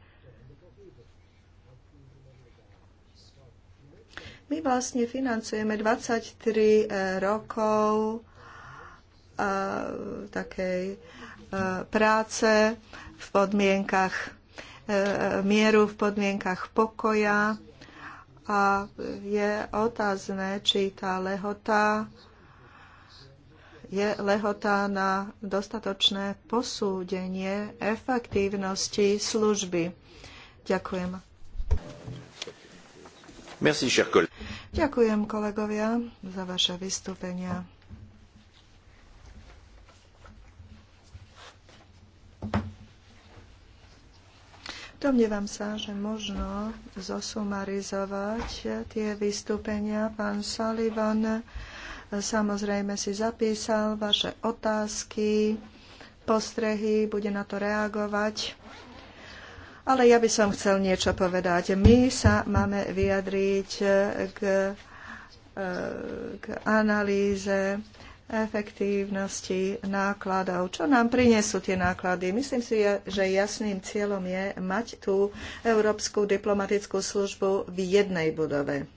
My vlastne financujeme 23 eh, rokov eh, takej eh, práce v podmienkach mieru, v podmienkach pokoja a je otázne, či tá lehota je lehota na dostatočné posúdenie efektívnosti služby. Ďakujem. Merci, cher kolega. Ďakujem kolegovia za vaše vystúpenia. Domnievam sa, že možno zosumarizovať tie vystúpenia. Pán Sullivan Samozrejme si zapísal vaše otázky, postrehy, bude na to reagovať. Ale ja by som chcel niečo povedať. My sa máme vyjadriť k, e, k analýze efektívnosti nákladov. Čo nám prinesú tie náklady? Myslím si, že jasným cieľom je mať tú Európsku diplomatickú službu v jednej budove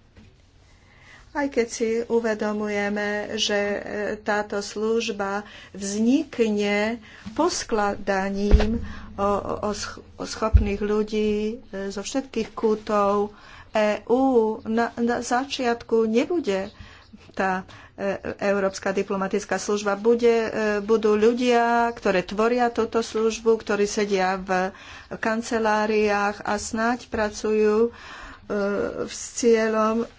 aj keď si uvedomujeme, že e, táto služba vznikne poskladaním o, o, o schopných ľudí e, zo všetkých kútov EÚ. Na, na začiatku nebude tá e, Európska diplomatická služba. Bude, budú ľudia, ktoré tvoria túto službu, ktorí sedia v kanceláriách a snáď pracujú s cieľom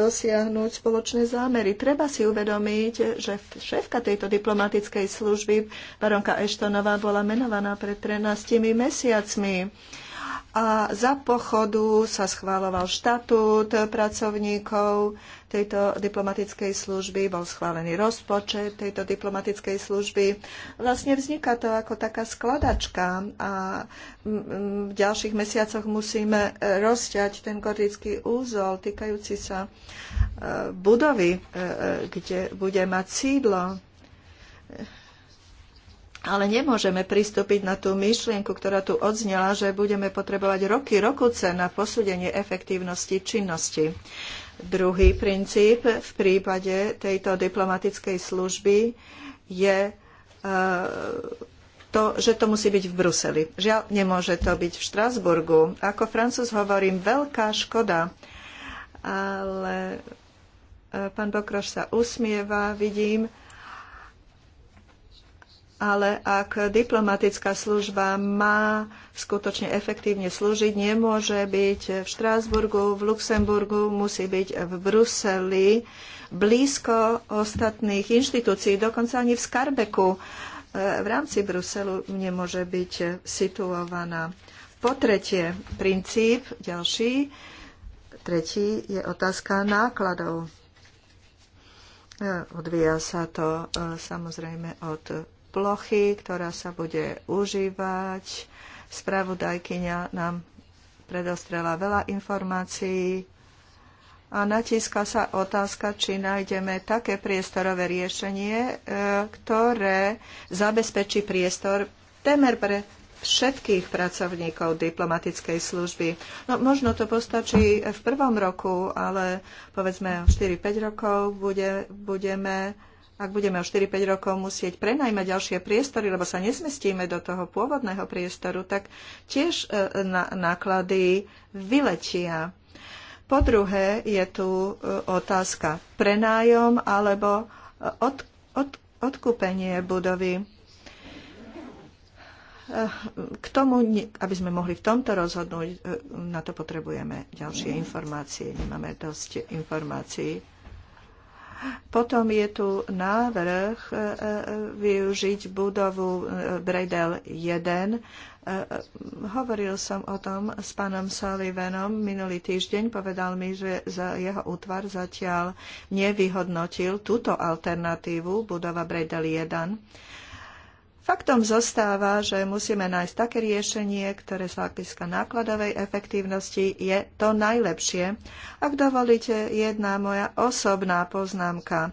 dosiahnuť spoločné zámery. Treba si uvedomiť, že šéfka tejto diplomatickej služby, baronka Eštonová, bola menovaná pred 13 mesiacmi a za pochodu sa schváloval štatút pracovníkov tejto diplomatickej služby, bol schválený rozpočet tejto diplomatickej služby. Vlastne vzniká to ako taká skladačka a v ďalších mesiacoch musíme e, rozťať ten gordický úzol týkajúci sa e, budovy, e, kde bude mať sídlo ale nemôžeme pristúpiť na tú myšlienku, ktorá tu odznela, že budeme potrebovať roky, rokuce na posúdenie efektívnosti činnosti. Druhý princíp v prípade tejto diplomatickej služby je eh, to, že to musí byť v Bruseli. Žiaľ, nemôže to byť v Štrasburgu. Ako francúz hovorím, veľká škoda. Ale eh, pán Bokroš sa usmieva, vidím, ale ak diplomatická služba má skutočne efektívne slúžiť, nemôže byť v Štrásburgu, v Luxemburgu, musí byť v Bruseli, blízko ostatných inštitúcií, dokonca ani v Skarbeku e, v rámci Bruselu nemôže byť situovaná. Po tretie, princíp ďalší, tretí je otázka nákladov. E, odvíja sa to e, samozrejme od plochy, ktorá sa bude užívať. Spravodajkyňa nám predostrela veľa informácií a natíska sa otázka, či nájdeme také priestorové riešenie, e, ktoré zabezpečí priestor temer pre všetkých pracovníkov diplomatickej služby. No, možno to postačí v prvom roku, ale povedzme o 4-5 rokov bude, budeme ak budeme o 4-5 rokov musieť prenajmať ďalšie priestory, lebo sa nezmestíme do toho pôvodného priestoru, tak tiež e, náklady vyletia. Po druhé je tu e, otázka prenájom alebo e, od, od, odkúpenie budovy. K tomu, aby sme mohli v tomto rozhodnúť, na to potrebujeme ďalšie informácie. Nemáme dosť informácií. Potom je tu návrh e, e, využiť budovu e, Bredel 1. Hovoril som o tom s pánom Sullivanom minulý týždeň. Povedal mi, že za jeho útvar zatiaľ nevyhodnotil túto alternatívu budova Bredel 1 Faktom zostáva, že musíme nájsť také riešenie, ktoré z hľadiska nákladovej efektívnosti je to najlepšie. Ak dovolíte, jedna moja osobná poznámka e,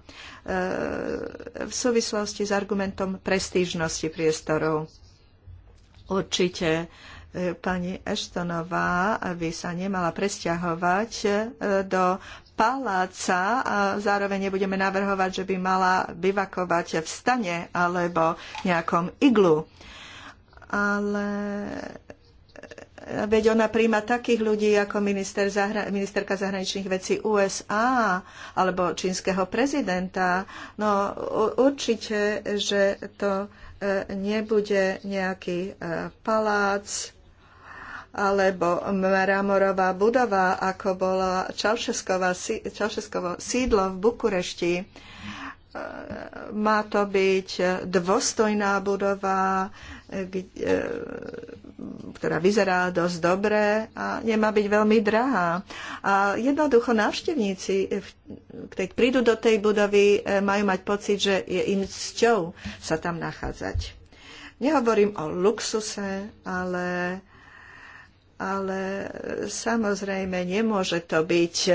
v súvislosti s argumentom prestížnosti priestorov. Určite Pani Eštonová by sa nemala presťahovať e, do paláca a zároveň nebudeme navrhovať, že by mala bivakovať v stane alebo nejakom iglu. Ale e, veď ona príjma takých ľudí ako minister zahra- ministerka zahraničných vecí USA alebo čínskeho prezidenta. No určite, že to e, nebude nejaký palác alebo mramorová budova, ako bola Čalšeskovo sídlo v Bukurešti. E, má to byť dôstojná budova, e, ktorá vyzerá dosť dobre a nemá byť veľmi drahá. A jednoducho návštevníci, keď prídu do tej budovy, e, majú mať pocit, že je im cťou sa tam nachádzať. Nehovorím o luxuse, ale ale samozrejme nemôže to byť e,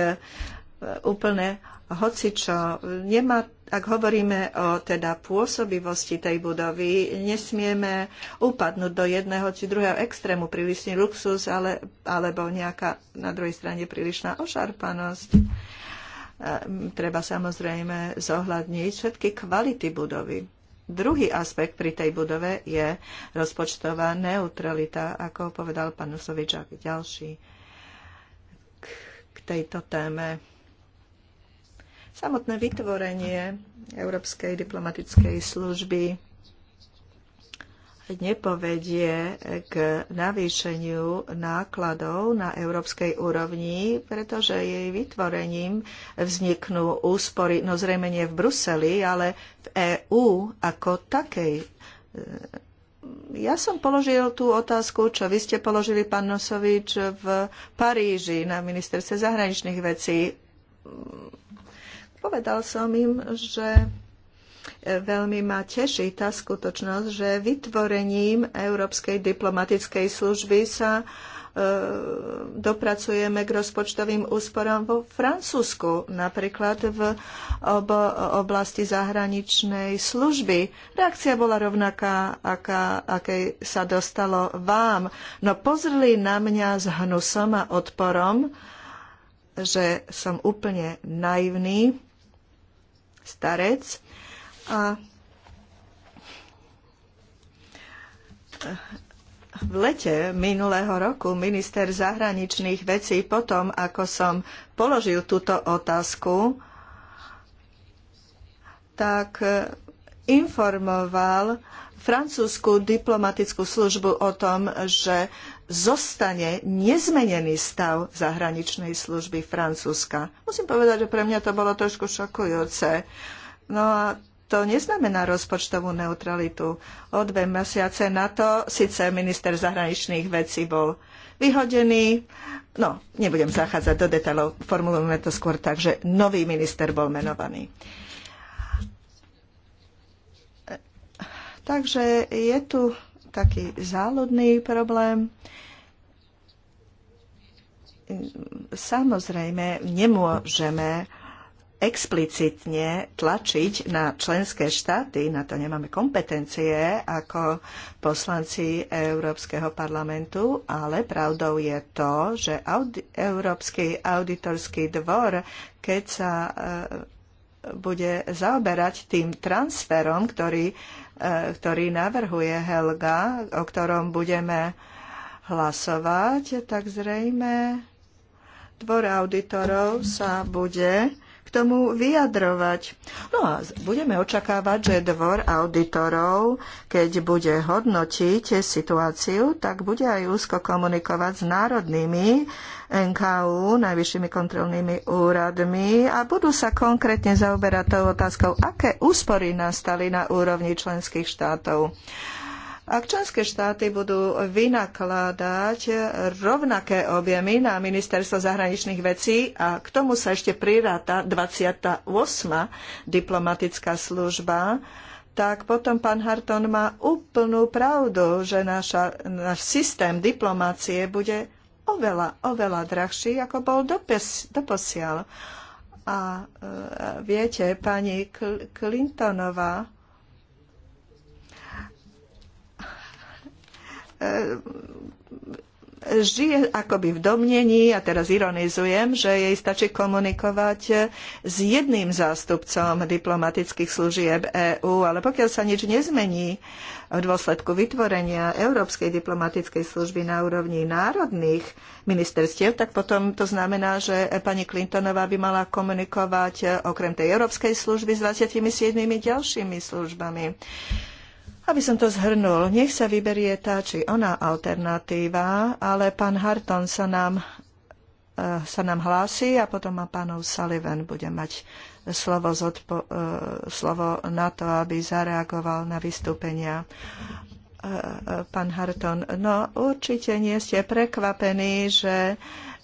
úplne hocičo. Nemá, ak hovoríme o teda pôsobivosti tej budovy, nesmieme upadnúť do jedného či druhého extrému, prílišný luxus ale, alebo nejaká na druhej strane prílišná ošarpanosť. E, treba samozrejme zohľadniť všetky kvality budovy. Druhý aspekt pri tej budove je rozpočtová neutralita, ako povedal pán Usovič a ďalší k tejto téme. Samotné vytvorenie Európskej diplomatickej služby nepovedie k navýšeniu nákladov na európskej úrovni, pretože jej vytvorením vzniknú úspory, no zrejme nie v Bruseli, ale v EÚ ako takej. Ja som položil tú otázku, čo vy ste položili, pán Nosovič, v Paríži na ministerstve zahraničných vecí. Povedal som im, že Veľmi ma teší tá skutočnosť, že vytvorením Európskej diplomatickej služby sa e, dopracujeme k rozpočtovým úsporám vo Francúzsku, napríklad v oblasti zahraničnej služby. Reakcia bola rovnaká, aká, aké sa dostalo vám. No pozrli na mňa s hnusom a odporom, že som úplne naivný starec a eh, v lete minulého roku minister zahraničných vecí potom, ako som položil túto otázku, tak eh, informoval francúzsku diplomatickú službu o tom, že zostane nezmenený stav zahraničnej služby Francúzska. Musím povedať, že pre mňa to bolo trošku šokujúce. No a to neznamená rozpočtovú neutralitu. O dve mesiace na to síce minister zahraničných vecí bol vyhodený. No, nebudem zachádzať do detailov, formulujeme to skôr tak, že nový minister bol menovaný. Takže je tu taký záľudný problém samozrejme nemôžeme explicitne tlačiť na členské štáty, na to nemáme kompetencie ako poslanci Európskeho parlamentu, ale pravdou je to, že Audi- Európsky auditorský dvor, keď sa e, bude zaoberať tým transferom, ktorý, e, ktorý navrhuje Helga, o ktorom budeme hlasovať, tak zrejme dvor auditorov sa bude tomu vyjadrovať. No a budeme očakávať, že dvor auditorov, keď bude hodnotiť situáciu, tak bude aj úzko komunikovať s národnými NKU, najvyššími kontrolnými úradmi a budú sa konkrétne zaoberať tou otázkou, aké úspory nastali na úrovni členských štátov. Ak členské štáty budú vynakladať rovnaké objemy na ministerstvo zahraničných vecí a k tomu sa ešte priráta 28. diplomatická služba, tak potom pán Harton má úplnú pravdu, že naša, náš systém diplomácie bude oveľa, oveľa drahší, ako bol doposiaľ. A e, viete, pani Clintonová, E, žije akoby v domnení, a teraz ironizujem, že jej stačí komunikovať e, s jedným zástupcom diplomatických služieb EÚ, ale pokiaľ sa nič nezmení v dôsledku vytvorenia Európskej diplomatickej služby na úrovni národných ministerstiev, tak potom to znamená, že pani Clintonová by mala komunikovať e, okrem tej Európskej služby s 27 ďalšími službami. Aby som to zhrnul, nech sa vyberie tá či ona alternatíva, ale pán Harton sa nám, eh, sa nám hlási a potom a pánov Sullivan bude mať slovo, zodpo, eh, slovo na to, aby zareagoval na vystúpenia eh, pán Harton. No určite nie ste prekvapení, že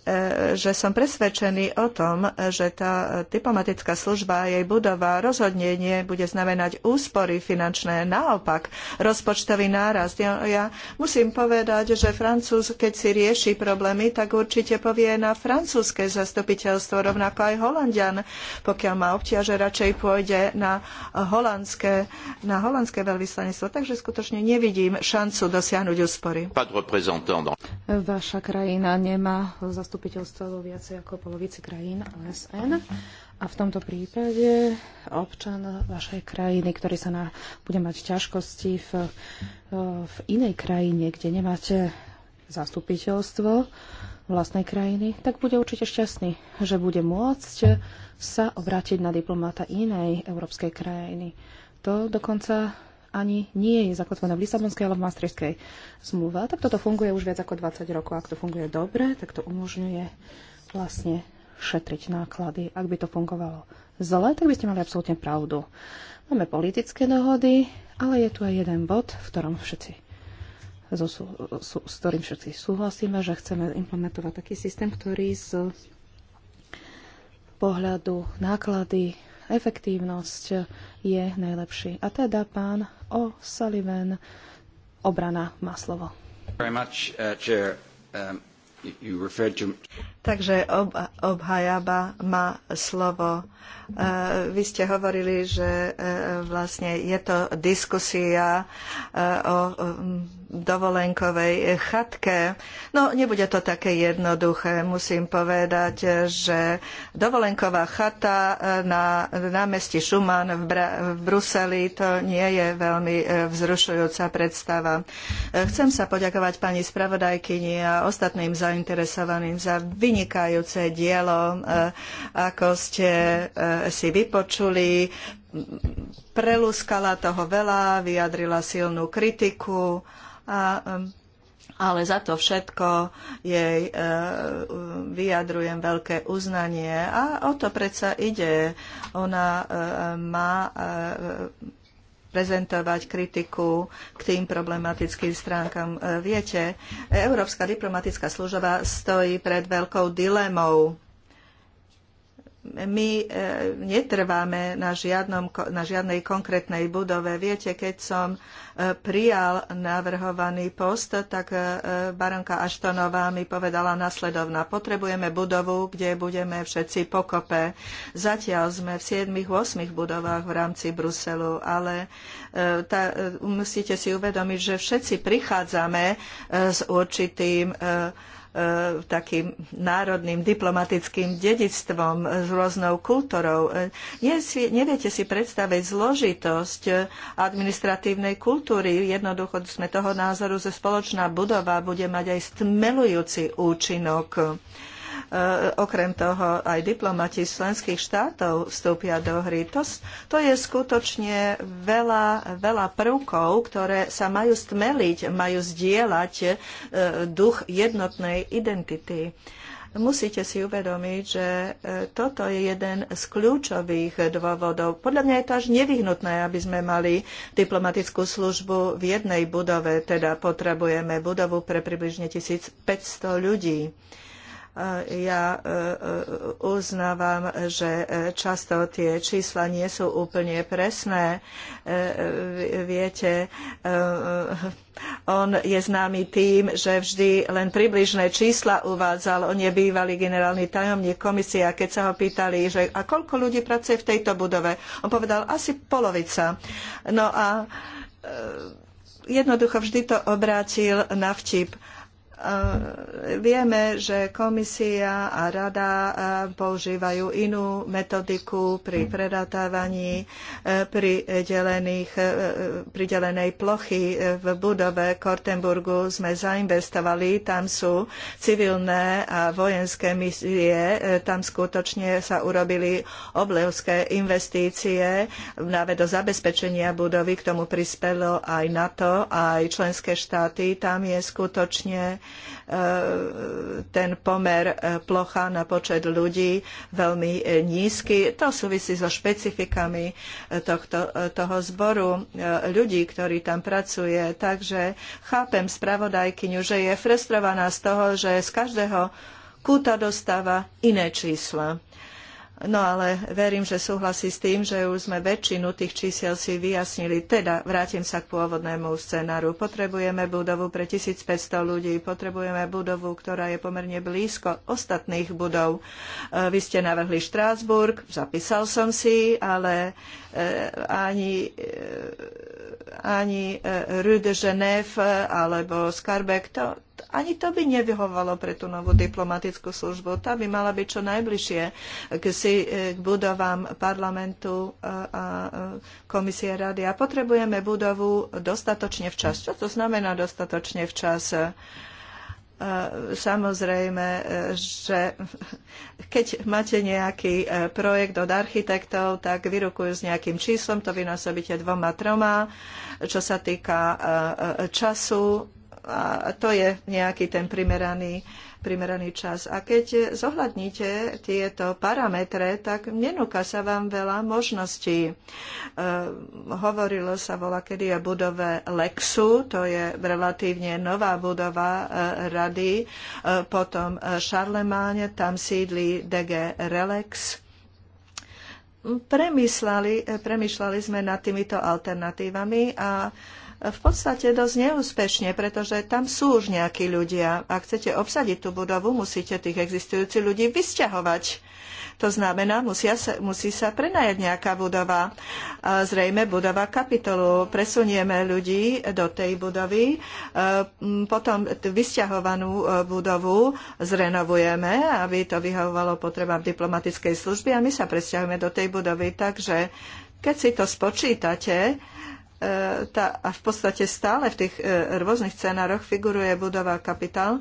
E, že som presvedčený o tom, že tá diplomatická služba a jej budova rozhodne nie bude znamenať úspory finančné. Naopak, rozpočtový nárast. Ja, musím povedať, že Francúz, keď si rieši problémy, tak určite povie na francúzske zastupiteľstvo, rovnako aj Holandian. Pokiaľ má obťaže, radšej pôjde na holandské, na holandské veľvyslanectvo. Takže skutočne nevidím šancu dosiahnuť úspory. Vaša krajina nemá zastupiteľstvo zastupiteľstva vo viacej ako polovici krajín OSN. A v tomto prípade občan vašej krajiny, ktorý sa na, bude mať ťažkosti v, v inej krajine, kde nemáte zastupiteľstvo vlastnej krajiny, tak bude určite šťastný, že bude môcť sa obrátiť na diplomata inej európskej krajiny. To dokonca ani nie je zakotvené v Lisabonskej, ale v Maastrichtskej zmluve. tak toto funguje už viac ako 20 rokov. Ak to funguje dobre, tak to umožňuje vlastne šetriť náklady. Ak by to fungovalo zle, tak by ste mali absolútne pravdu. Máme politické dohody, ale je tu aj jeden bod, v ktorom všetci so, so, so, s ktorým všetci súhlasíme, že chceme implementovať taký systém, ktorý z pohľadu náklady, efektívnosť je najlepší. A teda pán O. Sullivan, obrana má slovo. Much, uh, chair. Um, you referred to... Takže ob, obhajaba má slovo. E, vy ste hovorili, že e, vlastne je to diskusia e, o dovolenkovej chatke. No, nebude to také jednoduché. Musím povedať, že dovolenková chata na námestí Šuman v, v Bruseli to nie je veľmi vzrušujúca predstava. Chcem sa poďakovať pani spravodajkyni a ostatným zainteresovaným za vynikajúcu vynikajúce dielo, eh, ako ste eh, si vypočuli. Prelúskala toho veľa, vyjadrila silnú kritiku a eh, ale za to všetko jej vyjadrujem veľké uznanie a o to predsa ide. Ona má prezentovať kritiku k tým problematickým stránkam. E, viete, Európska diplomatická služba stojí pred veľkou dilemou my e, netrváme na, žiadnom, na žiadnej konkrétnej budove. Viete, keď som e, prijal navrhovaný post, tak e, baronka Aštonová mi povedala nasledovná. Potrebujeme budovu, kde budeme všetci pokope. Zatiaľ sme v 7-8 budovách v rámci Bruselu, ale tá, musíte si uvedomiť, že všetci prichádzame s určitým E, takým národným diplomatickým dedičstvom, s rôznou kultúrou. E, neviete si predstaviť zložitosť e, administratívnej kultúry. Jednoducho sme toho názoru, že spoločná budova bude mať aj stmelujúci účinok. Eh, okrem toho aj diplomati z členských štátov vstúpia do hry. To, to je skutočne veľa, veľa prvkov, ktoré sa majú stmeliť, majú zdieľať eh, duch jednotnej identity musíte si uvedomiť, že eh, toto je jeden z kľúčových dôvodov. Podľa mňa je to až nevyhnutné, aby sme mali diplomatickú službu v jednej budove, teda potrebujeme budovu pre približne 1500 ľudí. Ja e, e, uznávam, že e, často tie čísla nie sú úplne presné. Viete, on je známy tým, že vždy len približné čísla uvádzal. On je bývalý generálny tajomník komisie a keď sa ho pýtali, že a koľko ľudí pracuje v tejto budove, on povedal asi polovica. No a jednoducho vždy to obrátil na vtip Eh, vieme, že komisia a rada eh, používajú inú metodiku pri hm. predatávaní eh, pridelenej plochy v budove Kortenburgu. Sme zainvestovali, tam sú civilné a vojenské misie, tam skutočne sa urobili obrovské investície práve do zabezpečenia budovy. K tomu prispelo aj NATO, aj členské štáty. Tam je skutočne E, ten pomer e, plocha na počet ľudí veľmi e, nízky. To súvisí so špecifikami tohto, toho zboru ľudí, ktorí tam pracuje. Takže chápem spravodajkyňu, že je frustrovaná z toho, že z každého kúta dostáva iné čísla. No ale verím, že súhlasí s tým, že už sme väčšinu tých čísiel si vyjasnili. Teda vrátim sa k pôvodnému scenáru. Potrebujeme budovu pre 1500 ľudí, potrebujeme budovu, ktorá je pomerne blízko ostatných budov. E, vy ste navrhli Štrásburg, zapísal som si, ale e, ani, e, ani Rue de Genève alebo Skarbek, to, ani to by nevyhovalo pre tú novú diplomatickú službu. Tá by mala byť čo najbližšie k, si, e, k budovám parlamentu e, a komisie rady. A potrebujeme budovu dostatočne včas. Čo to znamená dostatočne včas? E, samozrejme, že keď máte nejaký projekt od architektov, tak vyrukujú s nejakým číslom, to vynásobíte dvoma, troma, čo sa týka času a to je nejaký ten primeraný, primeraný čas. A keď zohľadníte tieto parametre, tak nenúka sa vám veľa možností. E, hovorilo sa volá, kedy o budove Lexu, to je relatívne nová budova e, rady, e, potom Charlemagne, e, tam sídli DG Relex, premýšľali, e, premýšľali sme nad týmito alternatívami a v podstate dosť neúspešne, pretože tam sú už nejakí ľudia. Ak chcete obsadiť tú budovu, musíte tých existujúcich ľudí vysťahovať. To znamená, musia sa, musí sa prenajať nejaká budova. Zrejme budova kapitolu. Presunieme ľudí do tej budovy, e, potom vysťahovanú e, budovu zrenovujeme, aby to vyhovovalo potrebám diplomatickej služby a my sa presťahujeme do tej budovy. Takže keď si to spočítate, E, tá, a v podstate stále v tých e, rôznych scenároch figuruje budova kapitál, e,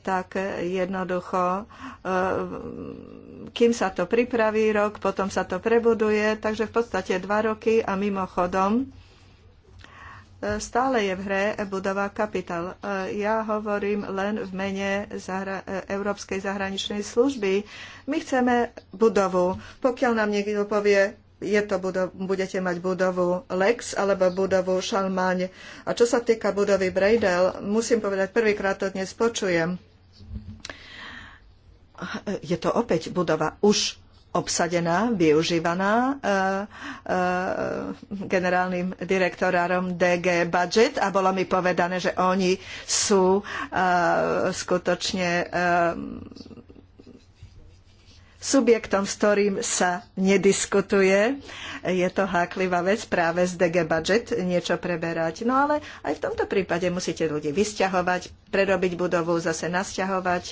tak jednoducho, kým sa to pripraví rok, potom sa to prebuduje, takže v podstate dva roky a mimochodom stále je v hre budova kapitál. Ja hovorím len v mene zahra- Európskej zahraničnej služby. My chceme budovu. Pokiaľ nám niekto povie, je to budov, budete mať budovu Lex alebo budovu Šalmáň. A čo sa týka budovy Brejdel, musím povedať, prvýkrát to dnes počujem. Je to opäť budova už obsadená, využívaná e, e, generálnym direktorárom DG Budget a bolo mi povedané, že oni sú e, skutočne e, subjektom, s ktorým sa nediskutuje. Je to háklivá vec práve z DG Budget niečo preberať. No ale aj v tomto prípade musíte ľudí vysťahovať, prerobiť budovu, zase nasťahovať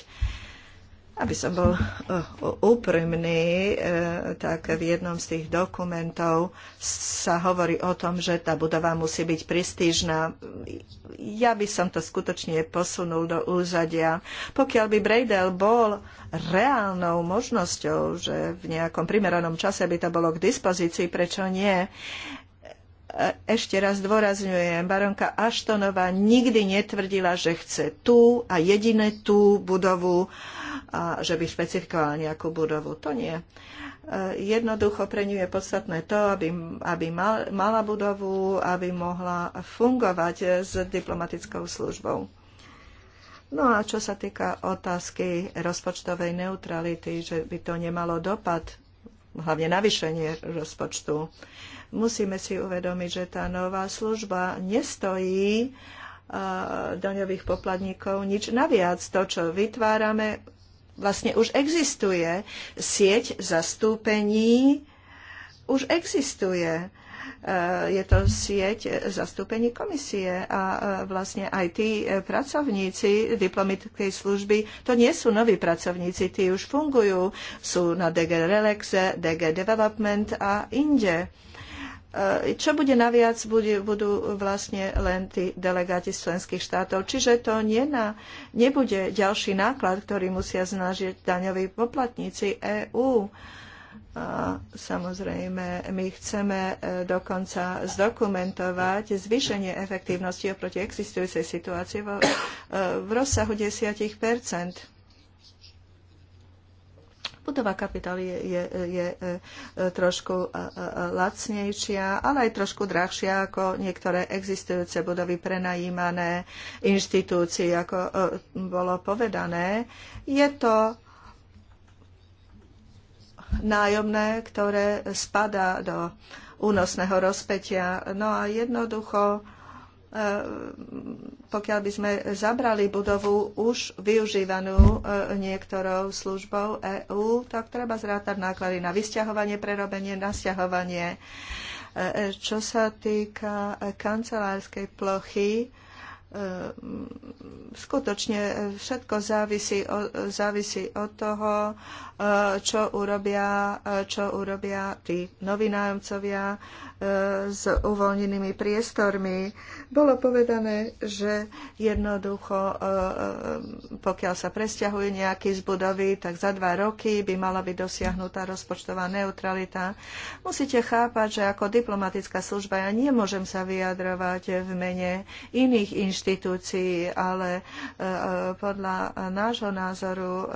aby som bol eh, úprimný, eh, tak v jednom z tých dokumentov sa hovorí o tom, že tá budova musí byť pristížna. Ja by som to skutočne posunul do úzadia. Pokiaľ by Brejdel bol reálnou možnosťou, že v nejakom primeranom čase by to bolo k dispozícii, prečo nie? Eh, ešte raz dôrazňujem, baronka Ashtonová nikdy netvrdila, že chce tú a jedine tú budovu a že by špecifikovala nejakú budovu. To nie. E, jednoducho pre ňu je podstatné to, aby, aby mal, mala budovu, aby mohla fungovať s diplomatickou službou. No a čo sa týka otázky rozpočtovej neutrality, že by to nemalo dopad, hlavne navýšenie rozpočtu, musíme si uvedomiť, že tá nová služba nestojí e, daňových poplatníkov nič naviac. To, čo vytvárame, vlastne už existuje. Sieť zastúpení už existuje eh, je to sieť zastúpení komisie a eh, vlastne aj tí eh, pracovníci diplomatickej služby, to nie sú noví pracovníci, tí už fungujú, sú na DG Relexe, DG Development a inde. E, čo bude naviac, bude, budú vlastne len tí delegáti z členských štátov. Čiže to nie na, nebude ďalší náklad, ktorý musia znažiť daňoví poplatníci EÚ. A e, samozrejme, my chceme e, dokonca zdokumentovať zvýšenie efektívnosti oproti existujúcej situácii v, v rozsahu 10 Budova kapitály je, je, je e, e, trošku e, lacnejšia, ale aj trošku drahšia ako niektoré existujúce budovy prenajímané inštitúcii, ako bolo povedané. Je to nájomné, ktoré spadá do únosného rozpetia. No a jednoducho E, pokiaľ by sme zabrali budovu už využívanú e, niektorou službou EÚ, tak treba zrátať náklady na vysťahovanie, prerobenie, nasťahovanie. E, čo sa týka kancelárskej plochy, Ehm, skutočne všetko závisí, o, závisí od toho, ehm, čo urobia, ehm, čo urobia tí novinárcovia s uvoľnenými priestormi. Bolo povedané, že jednoducho, pokiaľ sa presťahuje nejaký z budovy, tak za dva roky by mala byť dosiahnutá rozpočtová neutralita. Musíte chápať, že ako diplomatická služba ja nemôžem sa vyjadrovať v mene iných inštitúcií, inštitúcií, ale e, e, podľa nášho názoru e,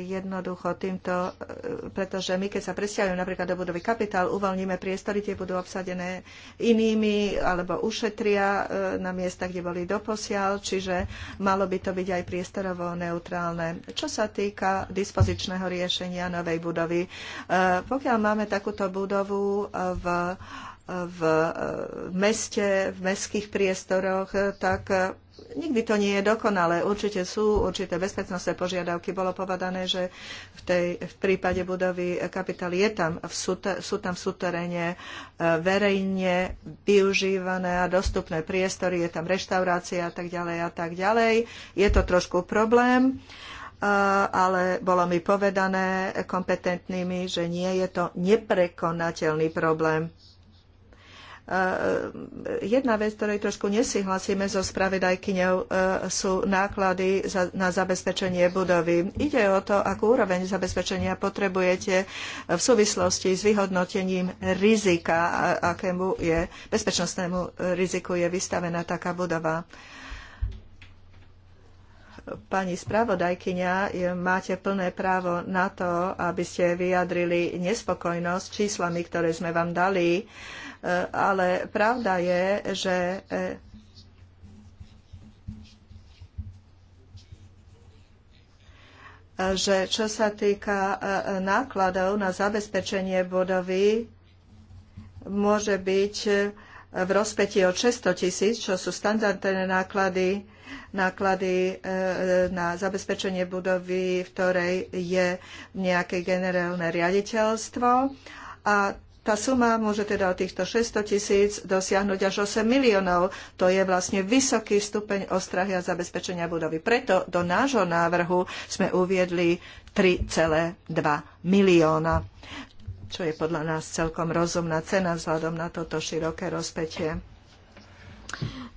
jednoducho týmto, pretože my keď sa presťahujú napríklad do budovy kapitál, uvoľníme priestory, tie budú obsadené inými alebo ušetria na miesta, kde boli doposiaľ, čiže malo by to byť aj priestorovo neutrálne. Čo sa týka dispozičného riešenia novej budovy, pokiaľ máme takúto budovu v Eh, v meste, v mestských priestoroch, eh, tak eh, nikdy to nie je dokonalé. Určite sú určité bezpečnostné požiadavky. Bolo povedané, že v, tej, v prípade budovy kapitál je tam, v súte, sú tam v súteréne verejne využívané a dostupné priestory, je tam reštaurácia a tak ďalej a tak ďalej. Je to trošku problém ale bolo mi povedané kompetentnými, že nie je to neprekonateľný problém. Eh, jedna vec, ktorej trošku nesihlasíme so spravedajkyňou, eh, sú náklady na zabezpečenie budovy. Ide o to, akú úroveň zabezpečenia potrebujete eh, v súvislosti s vyhodnotením rizika, akému je, bezpečnostnému riziku je vystavená taká budova pani spravodajkyňa, máte plné právo na to, aby ste vyjadrili nespokojnosť číslami, ktoré sme vám dali. Uh, E, ale pravda je, že e, že čo sa týka e, nákladov na zabezpečenie budovy, môže byť v rozpeti od 600 tisíc, čo sú standardné náklady, náklady na zabezpečenie budovy, v ktorej je nejaké generálne riaditeľstvo. A tá suma môže teda od týchto 600 tisíc dosiahnuť až 8 miliónov. To je vlastne vysoký stupeň ostrahy a zabezpečenia budovy. Preto do nášho návrhu sme uviedli 3,2 milióna čo je podľa nás celkom rozumná cena vzhľadom na toto široké rozpetie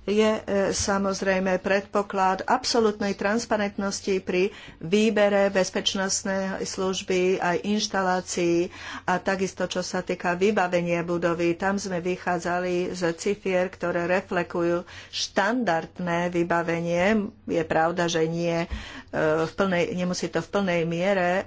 je e, samozrejme predpoklad absolútnej transparentnosti pri výbere bezpečnostnej služby aj inštalácií a takisto, čo sa týka vybavenia budovy. Tam sme vychádzali z cifier, ktoré reflekujú štandardné vybavenie. Je pravda, že nie e, v plnej, nemusí to v plnej miere e,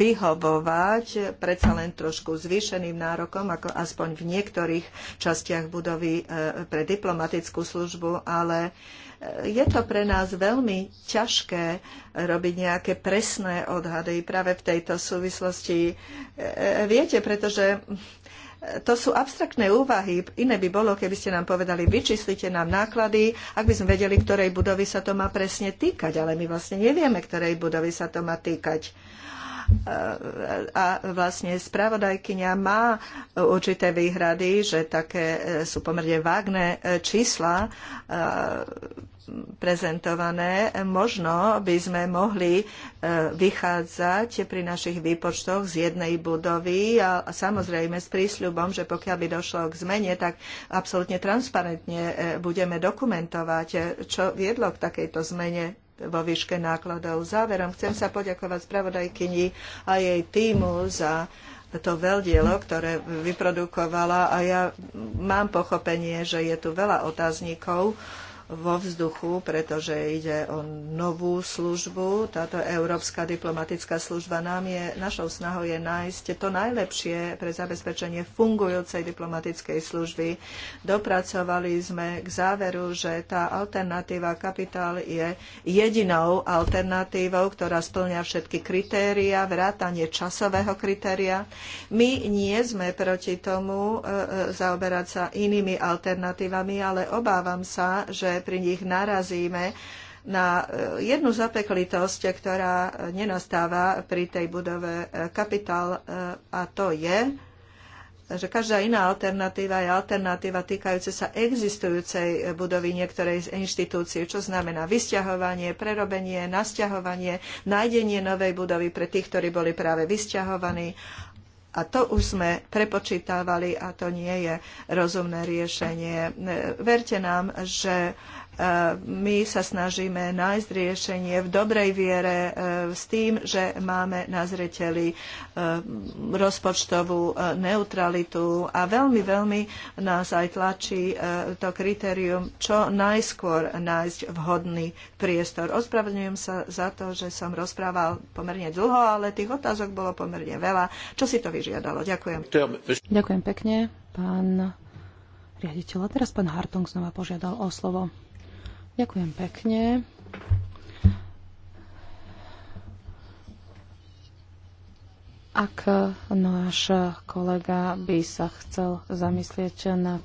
vyhovovať predsa len trošku zvýšeným nárokom, ako aspoň v niektorých častiach budovy pre diplomatické laickú službu, ale e, je to pre nás veľmi ťažké robiť nejaké presné odhady práve v tejto súvislosti. E, e, viete, pretože to sú abstraktné úvahy. Iné by bolo, keby ste nám povedali, vyčíslite nám náklady, ak by sme vedeli, ktorej budovy sa to má presne týkať, ale my vlastne nevieme, ktorej budovy sa to má týkať a vlastne spravodajkyňa má určité výhrady, že také e, sú pomerne vágne e, čísla e, prezentované. Možno by sme mohli vychádzať pri našich výpočtoch z jednej budovy a samozrejme s prísľubom, že pokiaľ by došlo k zmene, tak absolútne transparentne budeme dokumentovať, čo viedlo k takejto zmene vo výške nákladov. Záverom chcem sa poďakovať spravodajkyni a jej týmu za to veľdielo, ktoré vyprodukovala a ja mám pochopenie, že je tu veľa otáznikov, vo vzduchu, pretože ide o novú službu. Táto Európska diplomatická služba nám je, našou snahou je nájsť to najlepšie pre zabezpečenie fungujúcej diplomatickej služby. Dopracovali sme k záveru, že tá alternatíva kapitál je jedinou alternatívou, ktorá splňa všetky kritéria, vrátanie časového kritéria. My nie sme proti tomu e, e, zaoberať sa inými alternatívami, ale obávam sa, že pri nich narazíme na e, jednu zapeklitosť, ktorá nenastáva pri tej budove e, kapitál e, a to je, že každá iná alternatíva je alternatíva týkajúce sa existujúcej budovy niektorej z inštitúcií, čo znamená vysťahovanie, prerobenie, nasťahovanie, nájdenie novej budovy pre tých, ktorí boli práve vysťahovaní a to už sme prepočítavali a to nie je rozumné riešenie. Verte nám, že my sa snažíme nájsť riešenie v dobrej viere e, s tým, že máme na zreteli e, rozpočtovú e, neutralitu a veľmi, veľmi nás aj tlačí to kritérium, čo najskôr nájsť vhodný priestor. Ospravedlňujem sa za to, že som rozprával pomerne dlho, ale tých otázok bolo pomerne veľa. Čo si to vyžiadalo? Ďakujem. Ďakujem pekne, pán riaditeľ. A teraz pán Hartung znova požiadal o slovo. Ďakujem pekne. Ak náš kolega by sa chcel zamyslieť nad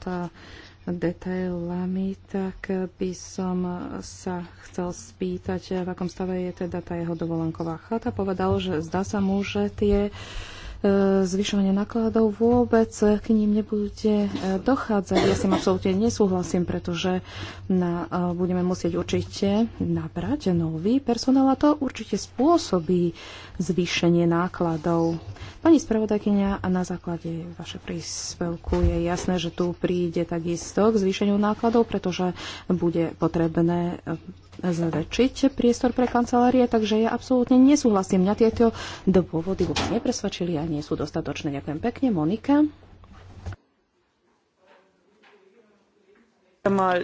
detailami, tak by som sa chcel spýtať, v akom stave je teda tá jeho dovolenková chata. Povedal, že zdá sa mu, že tie uh, E, zvyšovania nákladov vôbec k ním nebude e, dochádzať. Ja s tým absolútne nesúhlasím, pretože na, e, budeme musieť určite nabrať nový personál a to určite spôsobí zvýšenie nákladov. Pani spravodajkynia, a na základe vašej príspevku je jasné, že tu príde takisto k zvýšeniu nákladov, pretože bude potrebné zväčšiť priestor pre kancelárie, takže ja absolútne nesúhlasím. Mňa tieto dôvody vôbec nepresvedčili a nie sú dostatočné. Ďakujem pekne. Monika?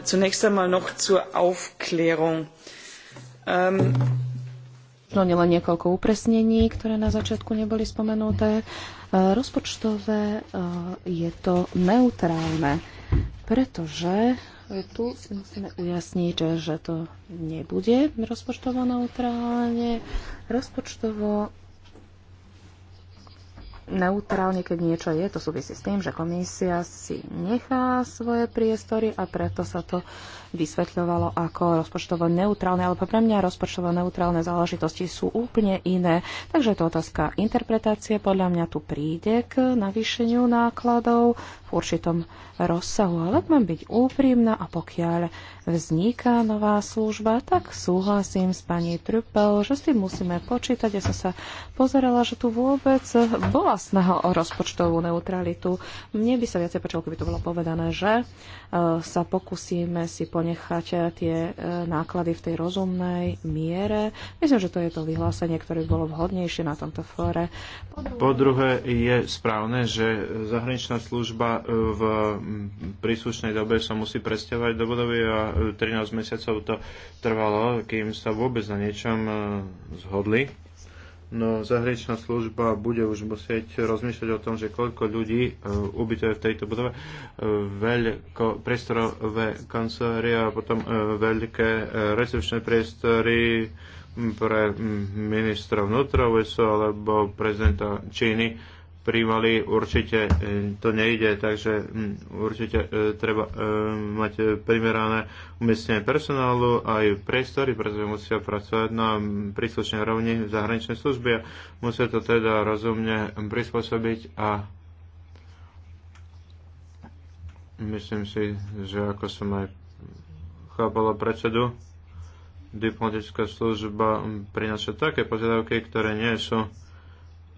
zunächst einmal noch zur Aufklärung. Ähm, no nielen niekoľko upresnení, ktoré na začiatku neboli spomenuté. Äh, rozpočtové äh, je to neutrálne, pretože E, tu si musíme ujasniť, že to nebude rozpočtovo neutrálne. Rozpočtovo neutrálne, keď niečo je, to súvisí s tým, že komisia si nechá svoje priestory a preto sa to vysvetľovalo ako rozpočtovo neutrálne, ale pre mňa rozpočtovo neutrálne záležitosti sú úplne iné. Takže je to otázka interpretácie. Podľa mňa tu príde k navýšeniu nákladov určitom rozsahu. Ale ak mám byť úprimná a pokiaľ vzniká nová služba, tak súhlasím s pani Trupel, že s tým musíme počítať. Ja som sa pozerala, že tu vôbec bola snaha o rozpočtovú neutralitu. Mne by sa viacej páčilo, keby to bolo povedané, že e, sa pokúsime si ponechať e, tie e, náklady v tej rozumnej miere. Myslím, že to je to vyhlásenie, ktoré bolo vhodnejšie na tomto fóre. Po druhé je správne, že zahraničná služba v príslušnej dobe sa musí presťahovať do budovy a 13 e, mesiacov to trvalo, kým sa vôbec na niečom e, zhodli. No zahraničná služba bude už musieť rozmýšľať o tom, že koľko ľudí uh, ubytuje v tejto budove. Uh, veľko, priestorové kancelári a potom uh, veľké uh, recepčné priestory pre ministra vnútra USA alebo prezidenta Číny Uh, príjmali, určite e, to nejde, takže určite e, treba e, mať primerané umiestnenie personálu aj priestory, pretože musia pracovať na príslušnej rovni v zahraničnej službe. Musia to teda rozumne prispôsobiť a myslím si, že ako som aj chápala predsedu, diplomatická služba prináša také požiadavky, ktoré nie sú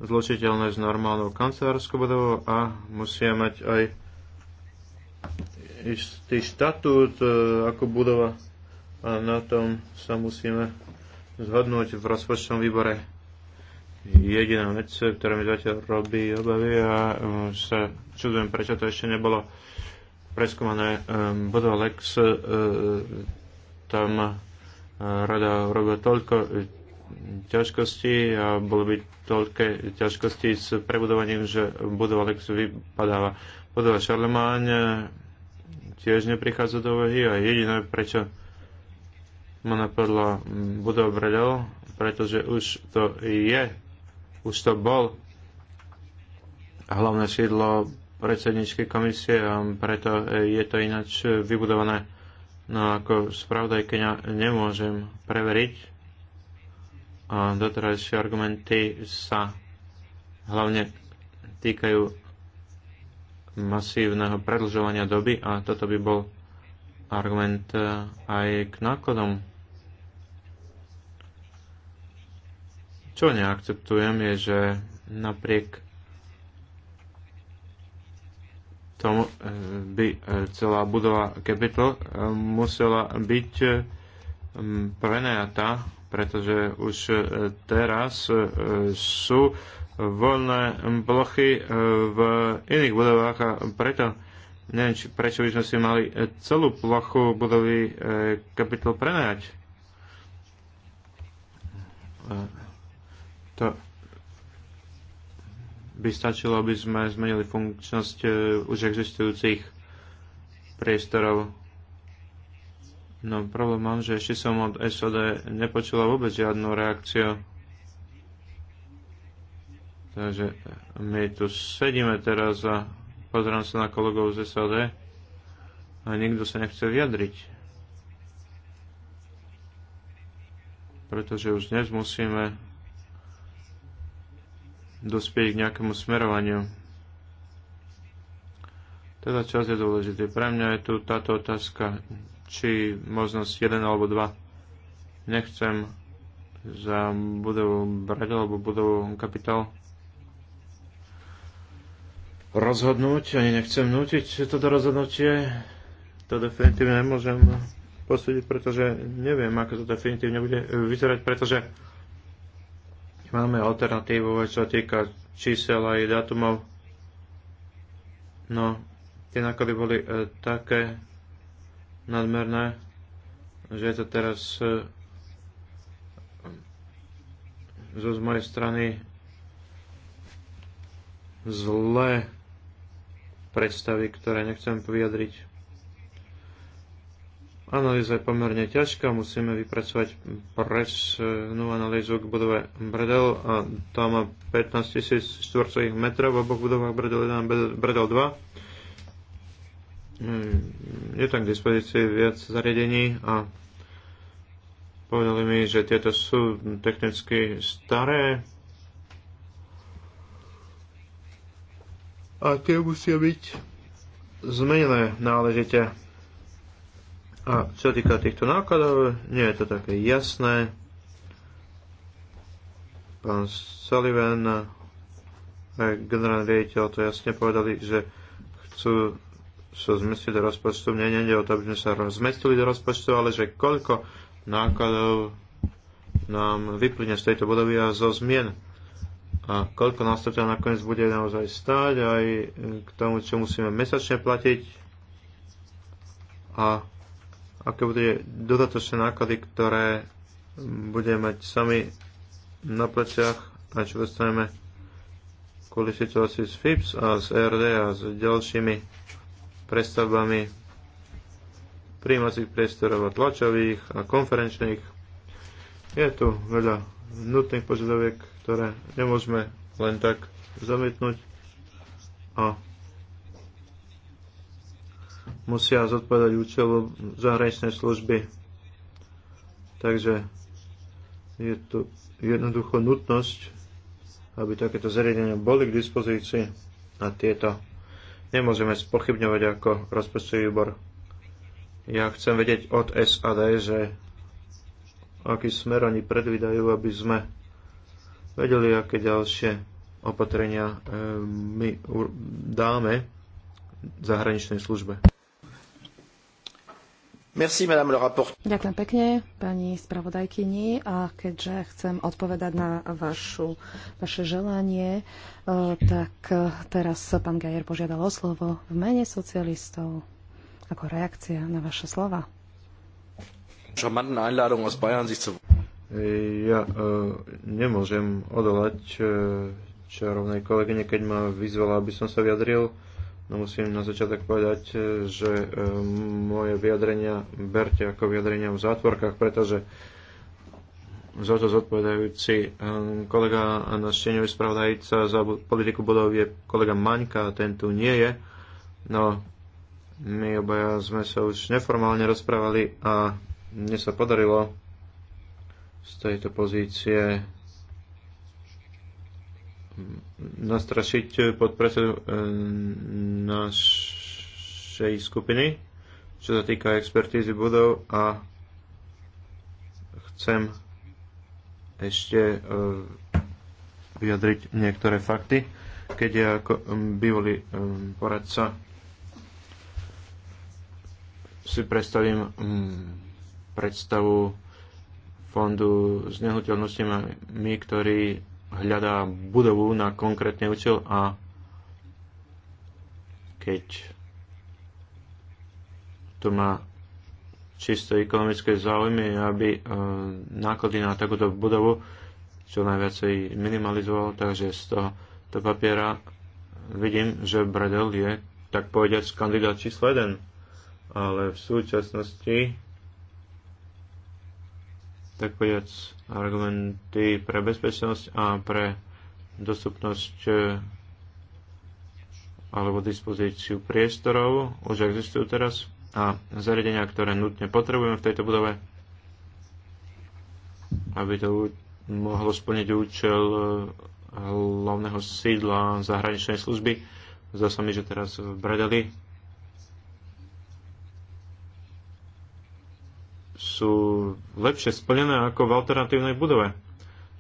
zločiteľné s normálnou kancelárskou budovou a musia mať aj istý štatút e, ako budova a na tom sa musíme zhodnúť v rozpočtovom výbore. Jediná vec, ktorá mi zatiaľ robí obavy a e, sa čudujem, prečo to ešte nebolo preskúmané. E, budova Lex tam rada robila toľko ťažkosti a boli by toľké ťažkosti s prebudovaním, že budova Lex vypadáva. Budova Šarlemáň eh, tiež neprichádza do úvahy a jediné, prečo ma napadla budova Bredel, pretože už to je, už to bol hlavné sídlo predsedničky komisie a preto eh, je to ináč vybudované. No ako spravodajkyňa nemôžem preveriť, a doterajšie argumenty sa hlavne týkajú masívneho predlžovania doby a toto by bol argument e, aj k nákladom. Čo neakceptujem je, že napriek tomu e, by e, celá budova Capitol musela byť prenajatá pretože už e, teraz e, sú voľné plochy e, v iných budovách a preto neviem, či, prečo by sme si mali celú plochu budovy kapitol prenajať. to by stačilo, aby sme zmenili funkčnosť už existujúcich priestorov No problém mám, že ešte som od SOD nepočula vôbec žiadnu reakciu. Takže my tu sedíme teraz a pozerám sa na kolegov z SAD a nikto sa nechce vyjadriť. Pretože už dnes musíme dospieť k nejakému smerovaniu. Teda čas je dôležitý. Pre mňa je tu táto otázka či možnosť 1 alebo 2. Nechcem za budovu brať alebo budovu kapitál rozhodnúť, ani nechcem nútiť toto rozhodnutie. To definitívne nemôžem posúdiť, pretože neviem, ako to definitívne bude vyzerať, pretože máme alternatívu, čo týka čísel aj dátumov. No, tie náklady boli e, také, nadmerné, že je to teraz e, zo z mojej strany zlé predstavy, ktoré nechcem vyjadriť. Analýza je pomerne ťažká, musíme vypracovať presnú analýzu k budove Bredel a tam má 15 000 štvorcových metrov v oboch budovách Bredel 1 a Bredel 2 Mm, je tam k dispozícii viac zariadení a povedali mi, že tieto sú technicky staré a tie musia byť zmenené náležite. A čo týka týchto nákladov, nie je to také jasné. Pán Sullivan a generálny riaditeľ to jasne povedali, že chcú sa zmestili do rozpočtu. Mne nejde o to, aby sme sa zmestili do rozpočtu, ale že koľko nákladov nám vyplyne z tejto budovy a zo zmien. A koľko nás to teda nakoniec bude naozaj stáť aj k tomu, čo musíme mesačne platiť a aké bude dodatočné náklady, ktoré budeme mať sami na pleciach a čo dostaneme kvôli situácii s FIPS a s e RD a s ďalšími prestavbami príjmacích priestorov a tlačových a konferenčných. Je tu veľa nutných požiadaviek, ktoré nemôžeme len tak zamietnúť a musia zodpovedať účelu zahraničnej služby. Takže je tu jednoducho nutnosť, aby takéto zariadenia boli k dispozícii a tieto nemôžeme spochybňovať ako rozpočtový výbor. Ja chcem vedieť od SAD, že aký smer oni predvídajú, aby sme vedeli, aké ďalšie opatrenia eh, my dáme zahraničnej službe. Merci, madame le rapport. Ďakujem pekne, pani spravodajkyni. A keďže chcem odpovedať na vašu, vaše želanie, e, tak teraz pán Gajer požiadal o slovo v mene socialistov ako reakcia na vaše slova. E, ja e, nemôžem odolať čarovnej kolegyne, keď ma vyzvala, aby som sa vyjadril No musím na začiatok povedať, e, že e, moje vyjadrenia berte ako vyjadrenia v zátvorkách, pretože za to zodpovedajúci e, kolega a náš tieňový spravodajca za politiku budov je kolega Maňka, ten tu nie je. No, my obaja sme sa už neformálne rozprávali a mne sa podarilo z tejto pozície nastrašiť podpredsedu eh, našej skupiny, čo sa týka expertízy budov a chcem ešte eh, vyjadriť niektoré fakty. Keď je ako eh, bývalý poradca si predstavím mm, predstavu fondu s nehnuteľnosťami, my, ktorí hľadá budovu na konkrétny účel a keď to má čisto ekonomické záujmy, aby e, náklady na takúto budovu čo najviacej minimalizoval, takže z toho to papiera vidím, že Bradel je, tak povediať, kandidát číslo 1. Ale v súčasnosti tak povedať, argumenty pre bezpečnosť a pre dostupnosť e, alebo dispozíciu priestorov už existujú teraz a zariadenia, ktoré nutne potrebujeme v tejto budove, aby to mohlo splniť účel e, hlavného sídla zahraničnej služby. Zdá sa mi, že teraz v Bredeli sú lepšie splnené ako v alternatívnej budove.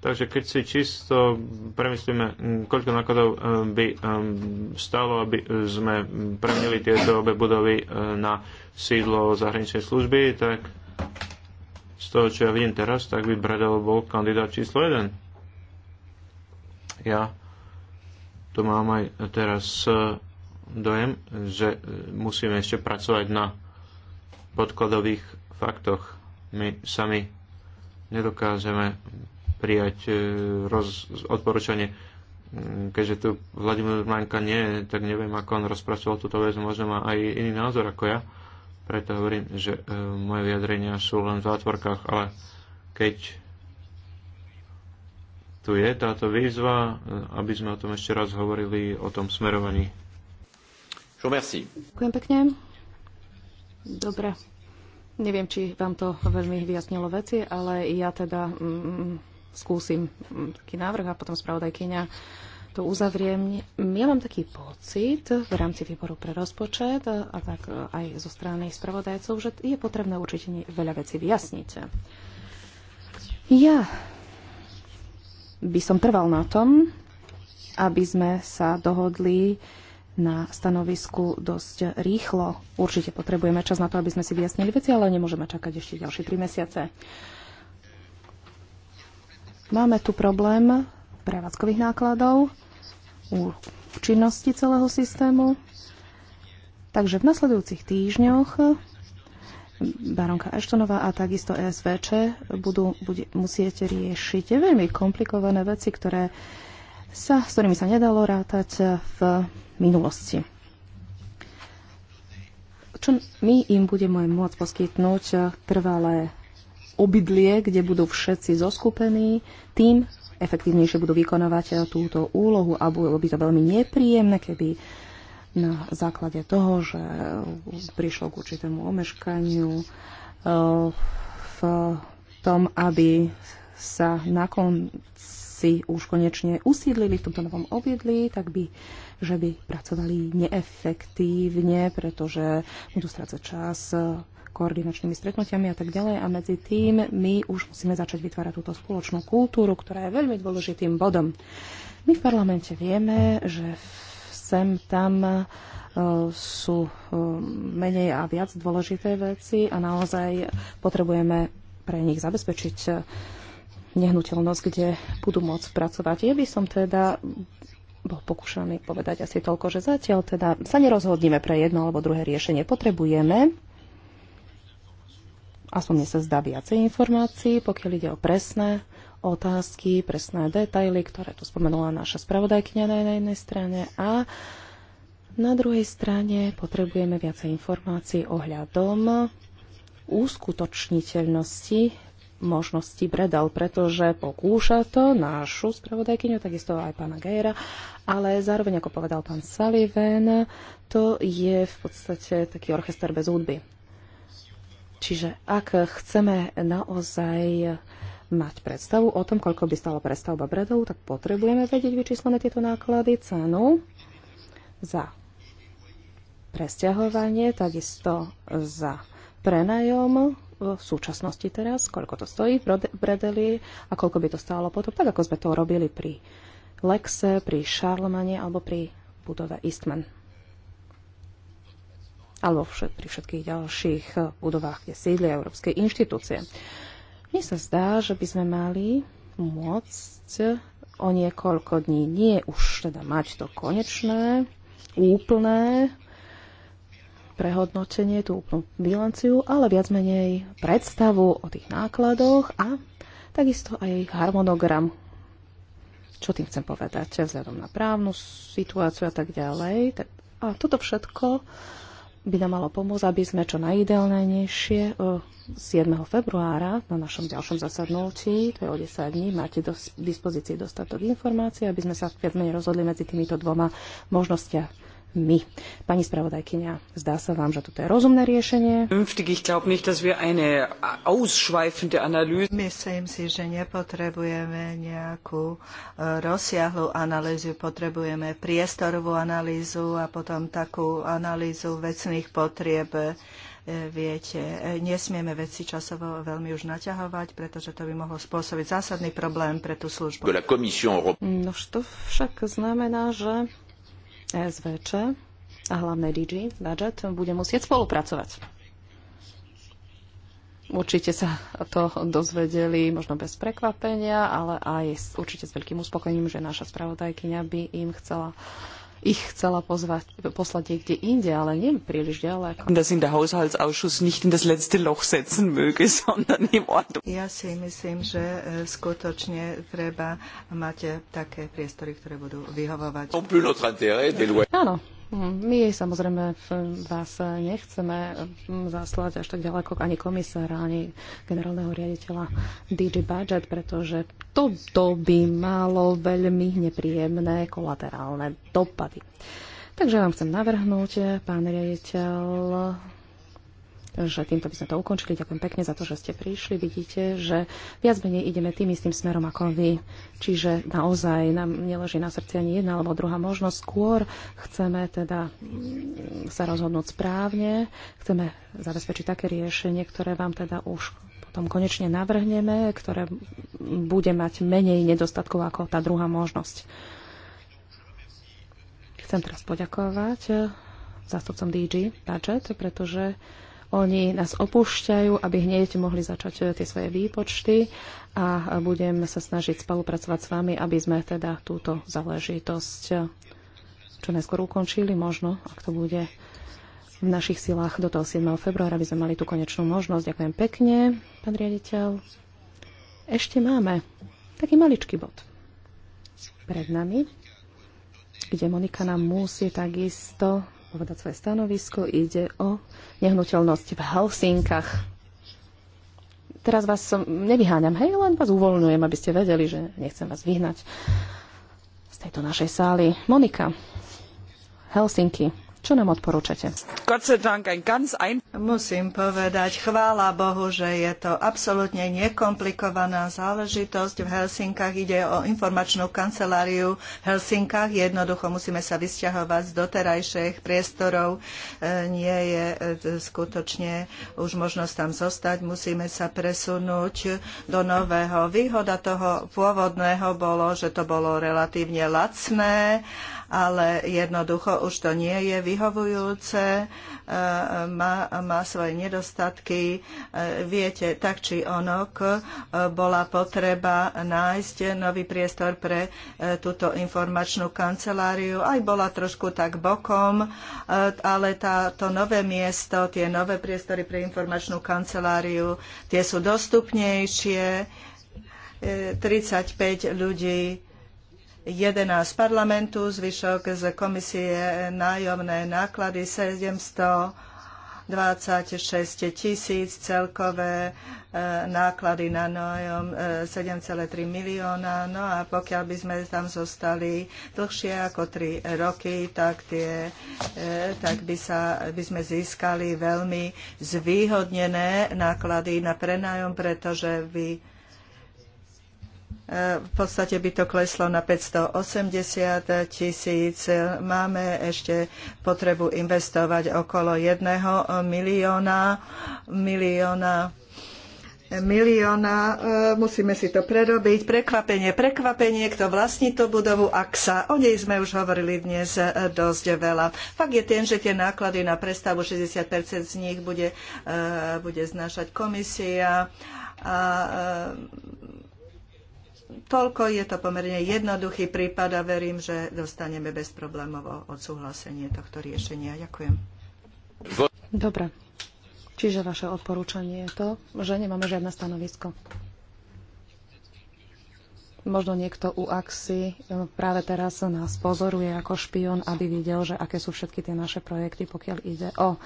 Takže keď si čisto premyslíme, koľko nákladov by stálo, aby sme premenili tieto obe budovy e, na sídlo zahraničnej služby, tak z toho, čo ja vidím teraz, tak by Bradel bol kandidát číslo 1. Ja to mám aj teraz e, dojem, že e, musíme ešte pracovať na podkladových faktoch my sami nedokážeme prijať e, roz, odporúčanie. Mm, keďže tu Vladimír Manka nie, tak neviem, ako on rozpracoval túto vec, možno má aj iný názor ako ja. Preto hovorím, že e, moje vyjadrenia sú len v zátvorkách, ale keď tu je táto výzva, e, aby sme o tom ešte raz hovorili, o tom smerovaní. Ďakujem pekne. Dobre. Neviem, či vám to veľmi vyjasnilo veci, ale ja teda mm, skúsim mm, taký návrh a potom spravodajkyňa to uzavriem. Ja mám taký pocit v rámci výboru pre rozpočet a tak eh, aj zo strany spravodajcov, že je potrebné určite veľa vecí vyjasniť. Ja by som trval na tom, aby sme sa dohodli na stanovisku dosť rýchlo. Určite potrebujeme čas na to, aby sme si vyjasnili veci, ale nemôžeme čakať ešte ďalšie tri mesiace. Máme tu problém prevádzkových nákladov u činnosti celého systému. Takže v nasledujúcich týždňoch baronka Eštonová a takisto ESVČ budú bude, musieť riešiť veľmi komplikované veci, ktoré sa, s ktorými sa nedalo rátať v minulosti. Čo my im budeme môcť poskytnúť eh, trvalé obydlie, kde budú všetci zoskupení, tým efektívnejšie budú vykonovať eh, túto úlohu a bolo by to veľmi nepríjemné, keby na základe toho, že prišlo k určitému omeškaniu eh, v tom, aby sa na konci si už konečne usídlili v tomto novom obiedli, tak by, že by pracovali neefektívne, pretože budú strácať čas koordinačnými stretnutiami a tak ďalej. A medzi tým my už musíme začať vytvárať túto spoločnú kultúru, ktorá je veľmi dôležitým bodom. My v parlamente vieme, že sem tam e, sú e, menej a viac dôležité veci a naozaj potrebujeme pre nich zabezpečiť e, nehnuteľnosť, kde budú môcť pracovať. Ja by som teda bol pokúšaný povedať asi toľko, že zatiaľ teda sa nerozhodneme pre jedno alebo druhé riešenie. Potrebujeme, aspoň mne sa zdá viacej informácií, pokiaľ ide o presné otázky, presné detaily, ktoré tu spomenula naša spravodajkňa na jednej strane a na druhej strane potrebujeme viacej informácií ohľadom uskutočniteľnosti možnosti predal, pretože pokúša to našu spravodajkyňu, takisto aj pána Gejera, ale zároveň, ako povedal pán Sullivan, to je v podstate taký orchester bez hudby. Čiže ak chceme naozaj mať predstavu o tom, koľko by stala prestavba bredov, tak potrebujeme vedieť vyčíslené tieto náklady, cenu za presťahovanie, takisto za prenajom v súčasnosti teraz, koľko to stojí v Bredeli a koľko by to stálo potom, tak ako sme to robili pri Lexe, pri Charlemane alebo pri budove Eastman. Alebo všet, pri všetkých ďalších eh, budovách, kde sídli Európskej inštitúcie. Mne sa zdá, že by sme mali môcť o niekoľko dní, nie už teda mať to konečné, úplné prehodnotenie, tú úplnú bilanciu, ale viac menej predstavu o tých nákladoch a takisto aj harmonogram. Čo tým chcem povedať? Vzhľadom na právnu situáciu a tak ďalej. A toto všetko by nám malo pomôcť, aby sme čo najideálnejšie 7. Eh, februára na našom ďalšom zasadnutí, to je o 10 dní, máte do dispozícii dostatok informácií, aby sme sa viac menej rozhodli medzi týmito dvoma možnostiami my. Pani spravodajkyňa, zdá sa vám, že toto je rozumné riešenie? Myslím si, že nepotrebujeme nejakú e, rozsiahlu analýzu, potrebujeme priestorovú analýzu a potom takú analýzu vecných potrieb e, viete, e, nesmieme veci časovo veľmi už naťahovať, pretože to by mohlo spôsobiť zásadný problém pre tú službu. No to však znamená, že SVČ a hlavné DG budget bude musieť spolupracovať. Určite sa to dozvedeli, možno bez prekvapenia, ale aj určite s veľkým uspokojením, že naša spravodajkyňa by im chcela ich chcela pozvať, poslať niekde inde, ale nie príliš ďaleko. Dass in der Haushaltsausschuss nicht in das letzte Loch setzen möge, sondern im Ordnung. Ja si myslím, že e, skutočne treba mať e, také priestory, ktoré budú vyhovovať. Áno, my samozrejme vás nechceme zaslať až tak ďaleko ani komisára, ani generálneho riaditeľa DG Budget, pretože toto by malo veľmi nepríjemné kolaterálne dopady. Takže vám chcem navrhnúť, pán riaditeľ, Takže týmto by sme to ukončili. Ďakujem pekne za to, že ste prišli. Vidíte, že viac menej ideme tým istým smerom ako vy. Čiže naozaj nám neleží na srdci ani jedna alebo druhá možnosť. Skôr chceme teda mm, sa rozhodnúť správne, chceme zabezpečiť také riešenie, ktoré vám teda už potom konečne navrhneme, ktoré bude mať menej nedostatkov ako tá druhá možnosť. Chcem teraz poďakovať eh, zástupcom DG Budget, pretože oni nás opúšťajú, aby hneď mohli začať eh, tie svoje výpočty a budem sa snažiť spolupracovať s vami, aby sme teda túto záležitosť eh, čo najskôr ukončili, možno, ak to bude v našich silách do toho 7. februára, aby sme mali tú konečnú možnosť. Ďakujem pekne, pán riaditeľ. Ešte máme taký maličký bod pred nami, kde Monika nám musí takisto povedať svoje stanovisko. Ide o nehnuteľnosť v Helsinkách. Teraz vás som, nevyháňam, hej, len vás uvoľňujem, aby ste vedeli, že nechcem vás vyhnať z tejto našej sály. Monika, Helsinky, čo nám odporúčate? Musím povedať, chvála Bohu, že je to absolútne nekomplikovaná záležitosť. V Helsinkách ide o informačnú kanceláriu v Helsinkách. Jednoducho musíme sa vysťahovať z doterajších priestorov. E, nie je e, skutočne už možnosť tam zostať. Musíme sa presunúť do nového. Výhoda toho pôvodného bolo, že to bolo relatívne lacné ale jednoducho už to nie je vyhovujúce, e, má, má svoje nedostatky. E, viete, tak či onok e, bola potreba nájsť nový priestor pre túto informačnú kanceláriu. Aj bola trošku tak bokom, ale tá, to nové miesto, tie nové priestory pre informačnú kanceláriu, tie sú dostupnejšie. 35 ľudí 11 z parlamentu, zvyšok z komisie nájomné náklady 726 tisíc, celkové e, náklady na nájom 7,3 e, milióna. No a pokiaľ by sme tam zostali dlhšie ako 3 roky, tak, tie, e, tak by, sa, by sme získali veľmi zvýhodnené náklady na prenájom, pretože by v podstate by to kleslo na 580 tisíc. Máme ešte potrebu investovať okolo jedného milióna, milióna milióna. E, musíme si to prerobiť. Prekvapenie, prekvapenie, kto vlastní tú budovu AXA. O nej sme už hovorili dnes dosť veľa. Fakt je ten, že tie náklady na prestavu 60% z nich bude, e, bude znášať komisia. A, e, toľko je to pomerne jednoduchý prípad a verím, že dostaneme bezproblémovo odsúhlasenie tohto riešenia. Ďakujem. Dobre. Čiže vaše odporúčanie je to, že nemáme žiadne stanovisko. Možno niekto u AXI e, práve teraz nás pozoruje ako špion, aby videl, že aké sú všetky tie naše projekty, pokiaľ ide o e,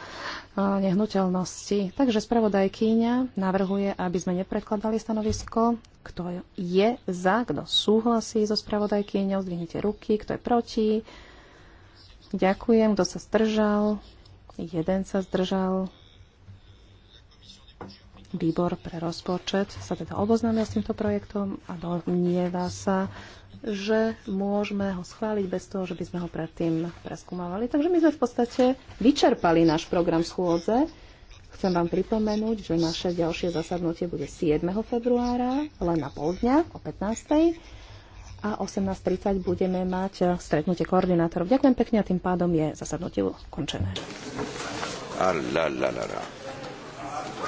nehnuteľnosti. Takže spravodajkýňa navrhuje, aby sme nepredkladali stanovisko, kto je za, kto súhlasí so spravodajkýňou, zdvihnite ruky, kto je proti. Ďakujem, kto sa zdržal, jeden sa zdržal. Výbor pre rozpočet sa teda oboznámil s týmto projektom a domnieva sa, že môžeme ho schváliť bez toho, že by sme ho predtým preskúmavali. Takže my sme v podstate vyčerpali náš program schôdze. Chcem vám pripomenúť, že naše ďalšie zasadnutie bude 7. februára, len na pol dňa, o 15. A 18.30 budeme mať eh, stretnutie koordinátorov. Ďakujem pekne a tým pádom je zasadnutie ukončené. Ah, la, la, la, la.